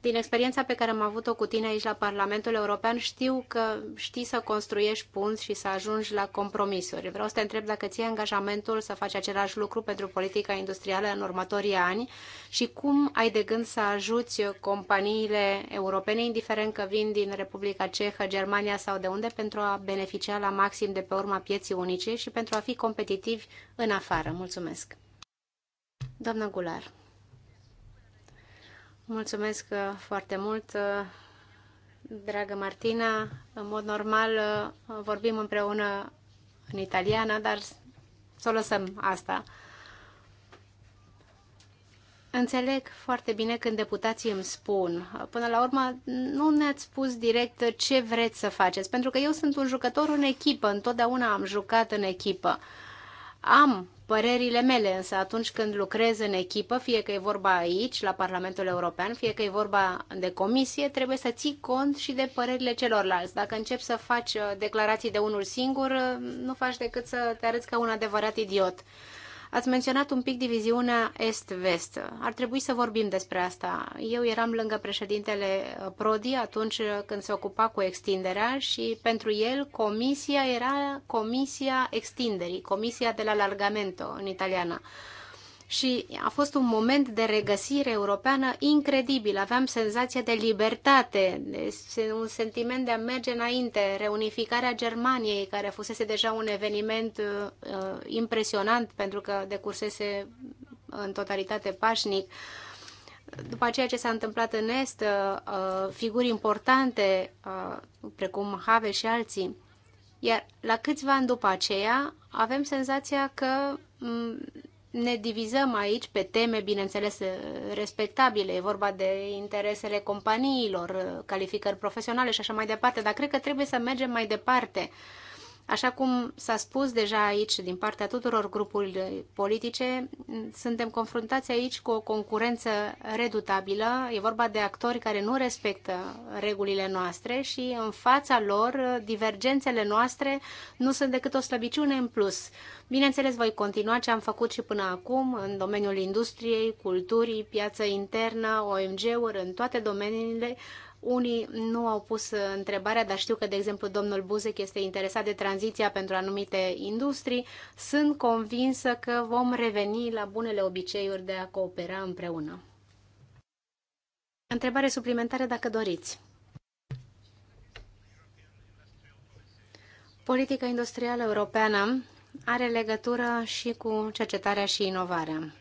din experiența pe care am avut-o cu tine aici la Parlamentul European, știu că știi să construiești punți și să ajungi la compromisuri. Vreau să te întreb dacă ți-ai angajamentul să faci același lucru pentru politica industrială în următorii ani și cum ai de gând să ajuți companiile europene, indiferent că vin din Republica Cehă, Germania sau de unde, pentru a beneficia la maxim de pe urma pieții unice și pentru a fi competitivi în afară. Mulțumesc! Doamna Gular. Mulțumesc uh, foarte mult, uh, dragă Martina. În mod normal uh, vorbim împreună în italiană, dar să o lăsăm asta. Înțeleg foarte bine când deputații îmi spun. Până la urmă, nu ne-ați spus direct ce vreți să faceți, pentru că eu sunt un jucător în echipă, întotdeauna am jucat în echipă. Am părerile mele, însă atunci când lucrez în echipă, fie că e vorba aici, la Parlamentul European, fie că e vorba de comisie, trebuie să ții cont și de părerile celorlalți. Dacă începi să faci uh, declarații de unul singur, uh, nu faci decât să te arăți ca un adevărat idiot. Ați menționat un pic diviziunea Est-Vest. Ar trebui să vorbim despre asta. Eu eram lângă președintele Prodi atunci când se ocupa cu extinderea și pentru el comisia era comisia extinderii, comisia de la largamento în italiană și a fost un moment de regăsire europeană incredibil. Aveam senzația de libertate, un sentiment de a merge înainte, reunificarea Germaniei, care fusese deja un eveniment uh, uh impresionant pentru că decursese în totalitate pașnic. După ceea ce s-a întâmplat în Est, uh, uh, figuri importante, uh, precum Havel și alții, iar la câțiva ani după aceea avem senzația că ne divizăm aici pe teme, bineînțeles, respectabile. E vorba de interesele companiilor, calificări profesionale și așa mai departe, dar cred că trebuie să mergem mai departe. Uh, Așa cum s-a spus deja aici din partea tuturor grupurilor politice, suntem confruntați aici cu o concurență redutabilă. E vorba de actori care nu respectă regulile noastre și în fața lor divergențele noastre nu sunt decât o slăbiciune în plus. Bineînțeles, voi continua ce am făcut și până acum în domeniul industriei, culturii, piață internă, OMG-uri, în toate domeniile unii nu au pus întrebarea, dar știu că, de exemplu, domnul Buzek este interesat de tranziția pentru anumite industrii. Sunt convinsă că vom reveni la bunele obiceiuri de a coopera împreună. Întrebare suplimentară dacă doriți. Politica industrială europeană are legătură și cu cercetarea și inovarea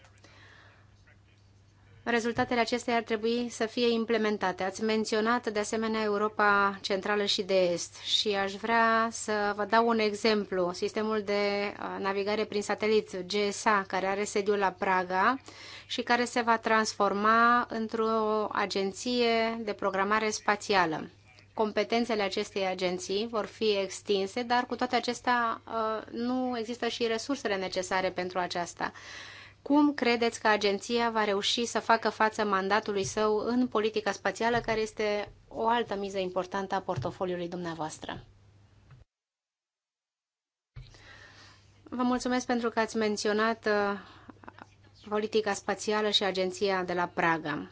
rezultatele acesteia ar trebui să fie implementate. Ați menționat de asemenea Europa Centrală și de Est și aș vrea să vă dau un exemplu. Sistemul de uh, navigare prin satelit GSA, care are sediul la Praga și care se va transforma într-o agenție de programare spațială competențele acestei agenții vor fi extinse, dar cu toate acestea uh, nu există și resursele necesare pentru aceasta. Cum credeți că agenția va reuși să facă față mandatului său în politica spațială, care este o altă miză importantă a portofoliului dumneavoastră? Vă mulțumesc pentru că ați menționat uh, politica spațială și agenția de la Praga.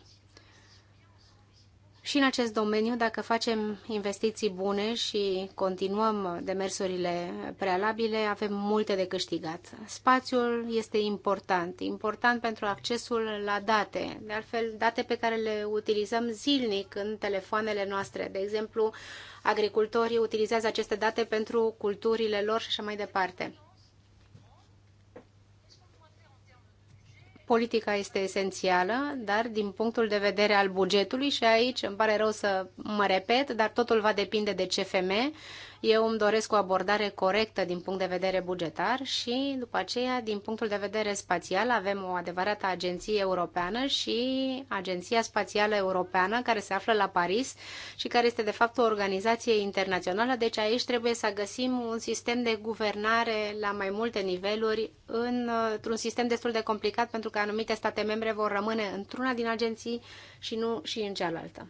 Și în acest domeniu, dacă facem investiții bune și continuăm demersurile prealabile, avem multe de câștigat. Spațiul este important, important pentru accesul la date, de altfel date pe care le utilizăm zilnic în telefoanele noastre. De exemplu, agricultorii utilizează aceste date pentru culturile lor și așa mai departe. politica este esențială, dar din punctul de vedere al bugetului și aici îmi pare rău să mă repet, dar totul va depinde de CFM eu îmi doresc o abordare corectă din punct de vedere bugetar și după aceea, din punctul de vedere spațial, avem o adevărată agenție europeană și Agenția Spațială Europeană care se află la Paris și care este de fapt o organizație internațională, deci aici trebuie să găsim un sistem de guvernare la mai multe niveluri într-un sistem destul de complicat pentru că anumite state membre vor rămâne într-una din agenții și nu și în cealaltă.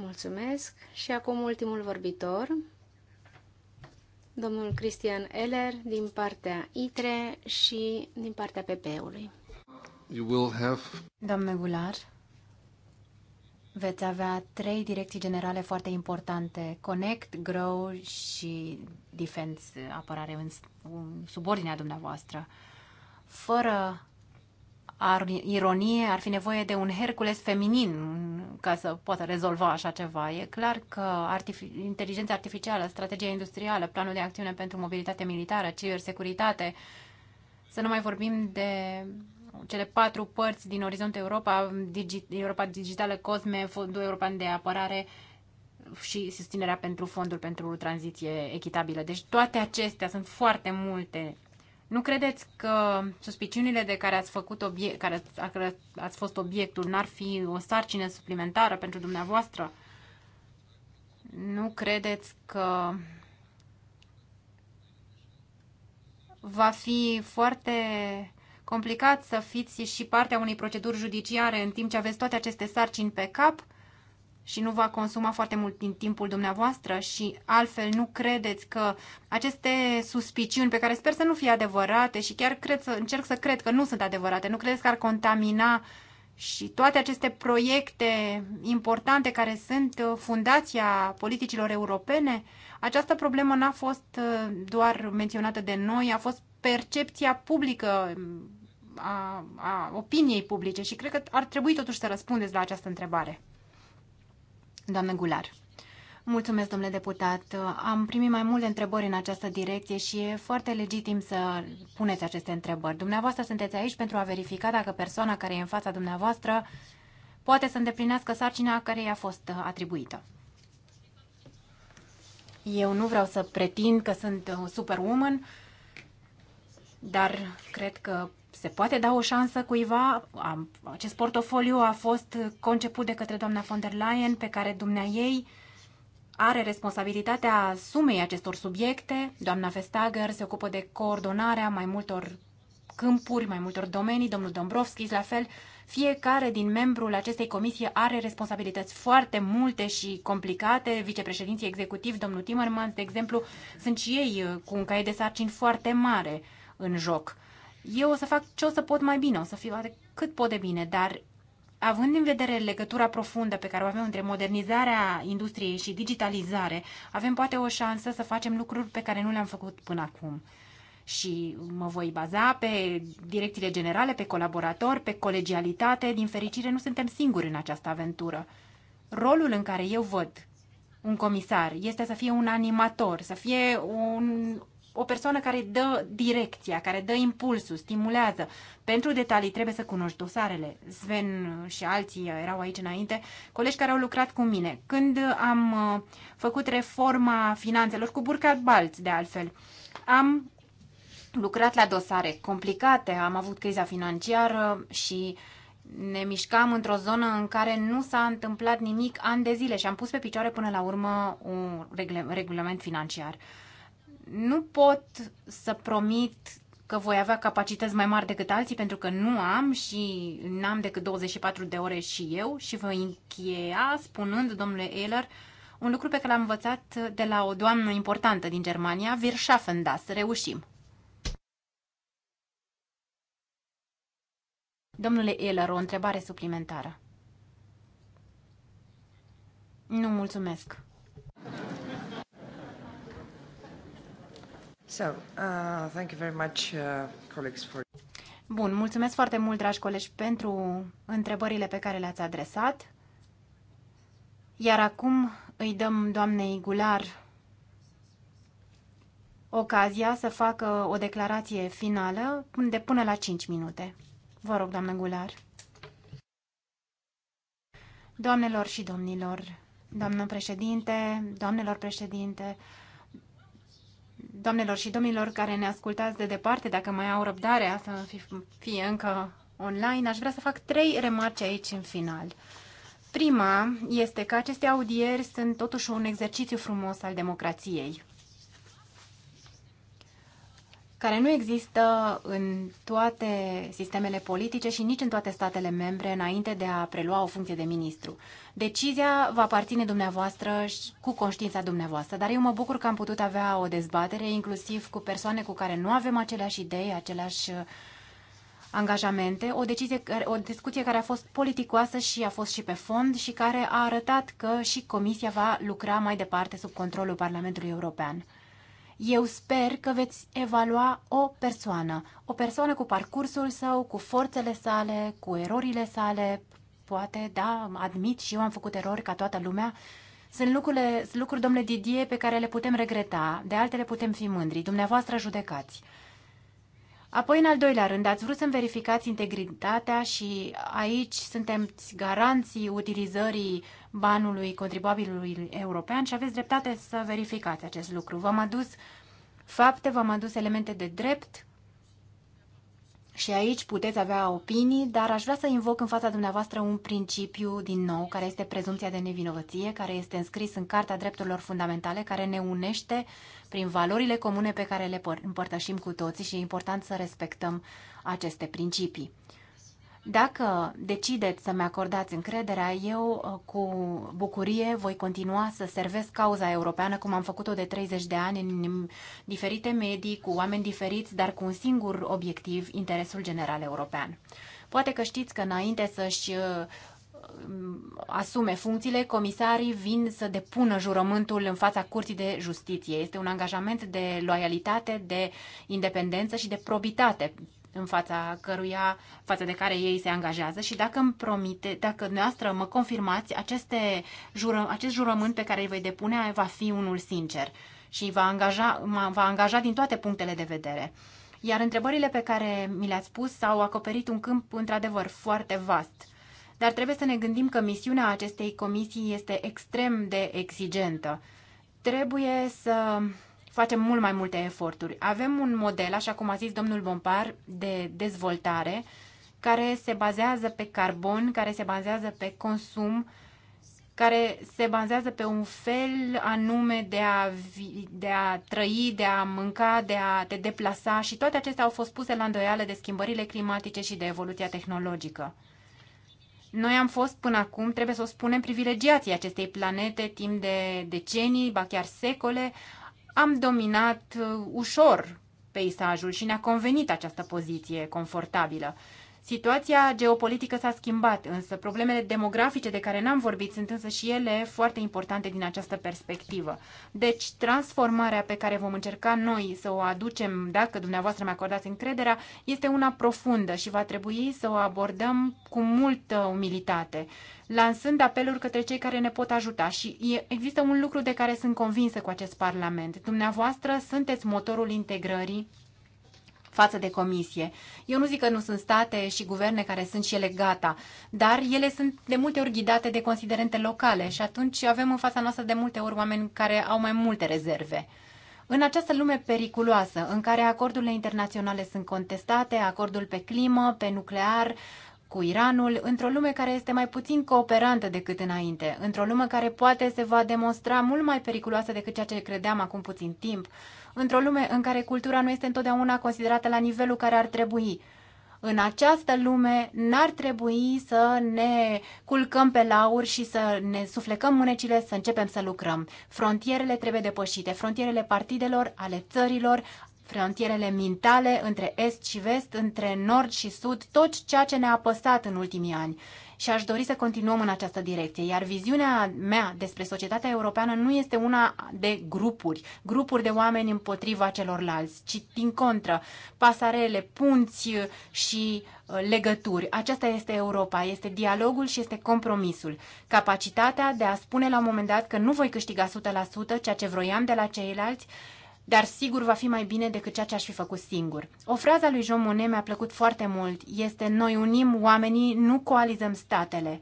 Mulțumesc. Și acum ultimul vorbitor, domnul Cristian Eller, din partea ITRE și din partea PP-ului. Have... Domnule Gular, veți avea trei direcții generale foarte importante, Connect, Grow și Defense, apărare în subordinea dumneavoastră. Fără ar, ironie, ar fi nevoie de un Hercules feminin ca să poată rezolva așa ceva. E clar că artific- inteligența artificială, strategia industrială, planul de acțiune pentru mobilitate militară, cibersecuritate, să nu mai vorbim de cele patru părți din Orizont Europa, Digi- Europa Digitală, COSME, Fondul European de Apărare și susținerea pentru fondul pentru tranziție echitabilă. Deci toate acestea sunt foarte multe nu credeți că suspiciunile de care ați, făcut obiect, care ați fost obiectul n-ar fi o sarcină suplimentară pentru dumneavoastră? Nu credeți că va fi foarte complicat să fiți și partea unei proceduri judiciare în timp ce aveți toate aceste sarcini pe cap? și nu va consuma foarte mult din timpul dumneavoastră și altfel nu credeți că aceste suspiciuni pe care sper să nu fie adevărate și chiar cred să, încerc să cred că nu sunt adevărate, nu credeți că ar contamina și toate aceste proiecte importante care sunt uh, fundația politicilor europene, această problemă n-a fost uh, doar menționată de noi, a fost percepția publică um, a, a opiniei publice și cred că ar trebui totuși să răspundeți la această întrebare. Doamne Gular. Mulțumesc, domnule deputat. Am primit mai multe întrebări în această direcție și e foarte legitim să puneți aceste întrebări. Dumneavoastră sunteți aici pentru a verifica dacă persoana care e în fața dumneavoastră poate să îndeplinească sarcina care i-a fost atribuită. Eu nu vreau să pretind că sunt superwoman, dar cred că se poate da o șansă cuiva. Acest portofoliu a fost conceput de către doamna von der Leyen, pe care dumnea ei are responsabilitatea sumei acestor subiecte. Doamna Vestager se ocupă de coordonarea mai multor câmpuri, mai multor domenii, domnul Dombrovskis la fel. Fiecare din membrul acestei comisii are responsabilități foarte multe și complicate. Vicepreședinții executivi, domnul Timmermans, de exemplu, sunt și ei uh, cu un caiet de sarcini foarte mare în joc eu o să fac ce o să pot mai bine, o să fiu cât pot de bine, dar având în vedere legătura profundă pe care o avem între modernizarea industriei și digitalizare, avem poate o șansă să facem lucruri pe care nu le-am făcut până acum. Și mă voi baza pe direcțiile generale, pe colaboratori, pe colegialitate. Din fericire, nu suntem singuri în această aventură. Rolul în care eu văd un comisar este să fie un animator, să fie un o persoană care dă direcția, care dă impulsul, stimulează. Pentru detalii trebuie să cunoști dosarele. Sven și alții erau aici înainte, colegi care au lucrat cu mine. Când am uh, făcut reforma finanțelor cu Burkhard Balț, de altfel, am lucrat la dosare complicate, am avut criza financiară și ne mișcam într-o zonă în care nu s-a întâmplat nimic ani de zile și am pus pe picioare până la urmă un regulament financiar nu pot să promit că voi avea capacități mai mari decât alții pentru că nu am și n-am decât 24 de ore și eu și voi încheia spunând, domnule Ehler, un lucru pe care l-am învățat de la o doamnă importantă din Germania, Wir schaffen das, reușim. Domnule Ehler, o întrebare suplimentară. Nu, mulțumesc. So, uh, thank you very much, uh, colleagues, for... Bun, mulțumesc foarte mult, dragi colegi, pentru întrebările pe care le-ați adresat. Iar acum îi dăm doamnei Gular ocazia să facă o declarație finală de până la 5 minute. Vă rog, doamnă Gular. Doamnelor și domnilor, doamnă președinte, doamnelor președinte, doamnelor și domnilor care ne ascultați de departe, dacă mai au răbdare să fie încă online, aș vrea să fac trei remarci aici în final. Prima este că aceste audieri sunt totuși un exercițiu frumos al democrației care nu există în toate sistemele politice și nici în toate statele membre înainte de a prelua o funcție de ministru. Decizia va aparține dumneavoastră cu conștiința dumneavoastră, dar eu mă bucur că am putut avea o dezbatere inclusiv cu persoane cu care nu avem aceleași idei, aceleași uh, angajamente, o, decizie, o discuție care a fost politicoasă și a fost și pe fond și care a arătat că și Comisia va lucra mai departe sub controlul Parlamentului European. Eu sper că veți evalua o persoană, o persoană cu parcursul său, cu forțele sale, cu erorile sale, poate, da, admit și eu am făcut erori ca toată lumea, sunt lucrurile, lucruri, domnule Didier, pe care le putem regreta, de altele putem fi mândri, dumneavoastră judecați. Apoi, în al doilea rând, ați vrut să-mi verificați integritatea și aici suntem garanții utilizării banului contribuabilului european și aveți dreptate să verificați acest lucru. V-am adus fapte, v-am adus elemente de drept și aici puteți avea opinii, dar aș vrea să invoc în fața dumneavoastră un principiu din nou, care este prezumția de nevinovăție, care este înscris în Carta Drepturilor Fundamentale, care ne unește prin valorile comune pe care le împărtășim cu toții și e important să respectăm aceste principii. Dacă decideți să-mi acordați încrederea, eu uh, cu bucurie voi continua să servesc cauza europeană cum am făcut-o de 30 de ani în diferite medii, cu oameni diferiți, dar cu un singur obiectiv, interesul general european. Poate că știți că înainte să-și uh, um, asume funcțiile, comisarii vin să depună jurământul în fața Curții de Justiție. Este un angajament de loialitate, de independență și de probitate în fața căruia, față de care ei se angajează și dacă îmi promite, dacă noastră mă confirmați, aceste jură, acest jurământ pe care îl voi depune va fi unul sincer și va angaja, va angaja din toate punctele de vedere. Iar întrebările pe care mi le-ați pus s-au acoperit un câmp într-adevăr foarte vast. Dar trebuie să ne gândim că misiunea acestei comisii este extrem de exigentă. Trebuie să facem mult mai multe eforturi. Avem un model, așa cum a zis domnul Bompar, de dezvoltare care se bazează pe carbon, care se bazează pe consum, care se bazează pe un fel anume de a, vi, de a trăi, de a mânca, de a te deplasa și toate acestea au fost puse la îndoială de schimbările climatice și de evoluția tehnologică. Noi am fost până acum, trebuie să o spunem, privilegiații acestei planete timp de decenii, ba chiar secole am dominat uh, ușor peisajul și ne-a convenit această poziție confortabilă. Situația geopolitică s-a schimbat, însă problemele demografice de care n-am vorbit sunt însă și ele foarte importante din această perspectivă. Deci, transformarea pe care vom încerca noi să o aducem, dacă dumneavoastră mi acordați încrederea, este una profundă și va trebui să o abordăm cu multă umilitate, lansând apeluri către cei care ne pot ajuta. Și există un lucru de care sunt convinsă cu acest Parlament. Dumneavoastră sunteți motorul integrării față de comisie. Eu nu zic că nu sunt state și guverne care sunt și ele gata, dar ele sunt de multe ori ghidate de considerente locale și atunci avem în fața noastră de multe ori oameni care au mai multe rezerve. În această lume periculoasă, în care acordurile internaționale sunt contestate, acordul pe climă, pe nuclear, cu Iranul, într-o lume care este mai puțin cooperantă decât înainte, într-o lume care poate se va demonstra mult mai periculoasă decât ceea ce credeam acum puțin timp, într-o lume în care cultura nu este întotdeauna considerată la nivelul care ar trebui. În această lume n-ar trebui să ne culcăm pe lauri și să ne suflecăm mânecile, să începem să lucrăm. Frontierele trebuie depășite, frontierele partidelor, ale țărilor, frontierele mentale între est și vest, între nord și sud, tot ceea ce ne-a apăsat în ultimii ani și aș dori să continuăm în această direcție. Iar viziunea mea despre societatea europeană nu este una de grupuri, grupuri de oameni împotriva celorlalți, ci din contră, pasarele, punți și uh, legături. Aceasta este Europa, este dialogul și este compromisul. Capacitatea de a spune la un moment dat că nu voi câștiga 100% ceea ce vroiam de la ceilalți, dar sigur va fi mai bine decât ceea ce aș fi făcut singur. O frază a lui Jean Monnet mi-a plăcut foarte mult. Este noi unim oamenii, nu coalizăm statele.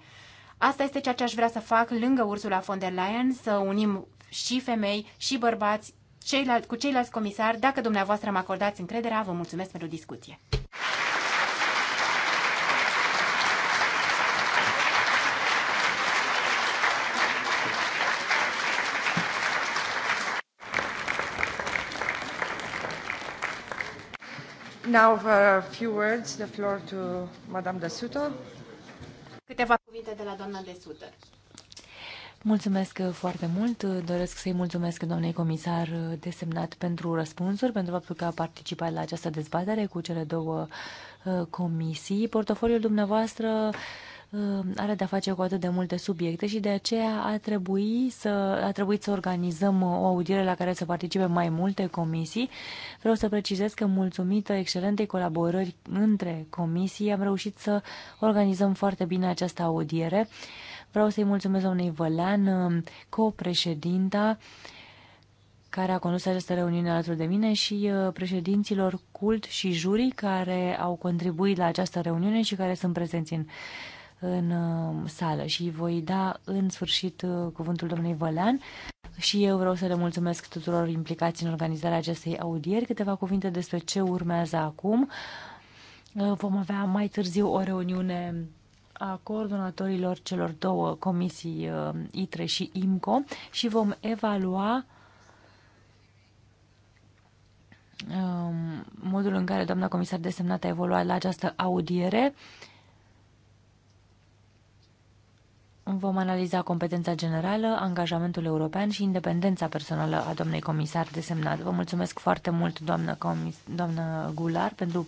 Asta este ceea ce aș vrea să fac lângă Ursula von der Leyen, să unim și femei și bărbați ceilalți, cu ceilalți comisari. Dacă dumneavoastră mă acordați încrederea, vă mulțumesc pentru discuție. Now a uh, few words, the floor to Madame de Sutter. Câteva cuvinte de la doamna de Sutter. Mulțumesc foarte mult. Doresc să-i mulțumesc doamnei comisar desemnat pentru răspunsuri, pentru faptul că a participat la această dezbatere cu cele două uh, comisii. Portofoliul dumneavoastră Uh, are de-a face cu atât de multe subiecte și de aceea a trebuit să, a trebuit să organizăm uh, o audiere la care să participe mai multe comisii. Vreau să precizez că mulțumită excelentei colaborări între comisii am reușit să organizăm foarte bine această audiere. Vreau să-i mulțumesc doamnei Vălean, uh, copreședinta, care a condus această reuniune alături de mine și președinților cult și jurii care au contribuit la această reuniune și care sunt prezenți în în um, sală și voi da în sfârșit uh, cuvântul domnului Vălean și eu vreau să le mulțumesc tuturor implicați în organizarea acestei audieri. Câteva cuvinte despre ce urmează acum. Uh, vom avea mai târziu o reuniune a coordonatorilor celor două comisii uh, ITRE și IMCO și vom evalua um, modul în care doamna comisar desemnată a evoluat la această audiere Vom analiza competența generală, angajamentul european și independența personală a doamnei comisar desemnat. Vă mulțumesc foarte mult, doamnă, comis- doamnă Gular, pentru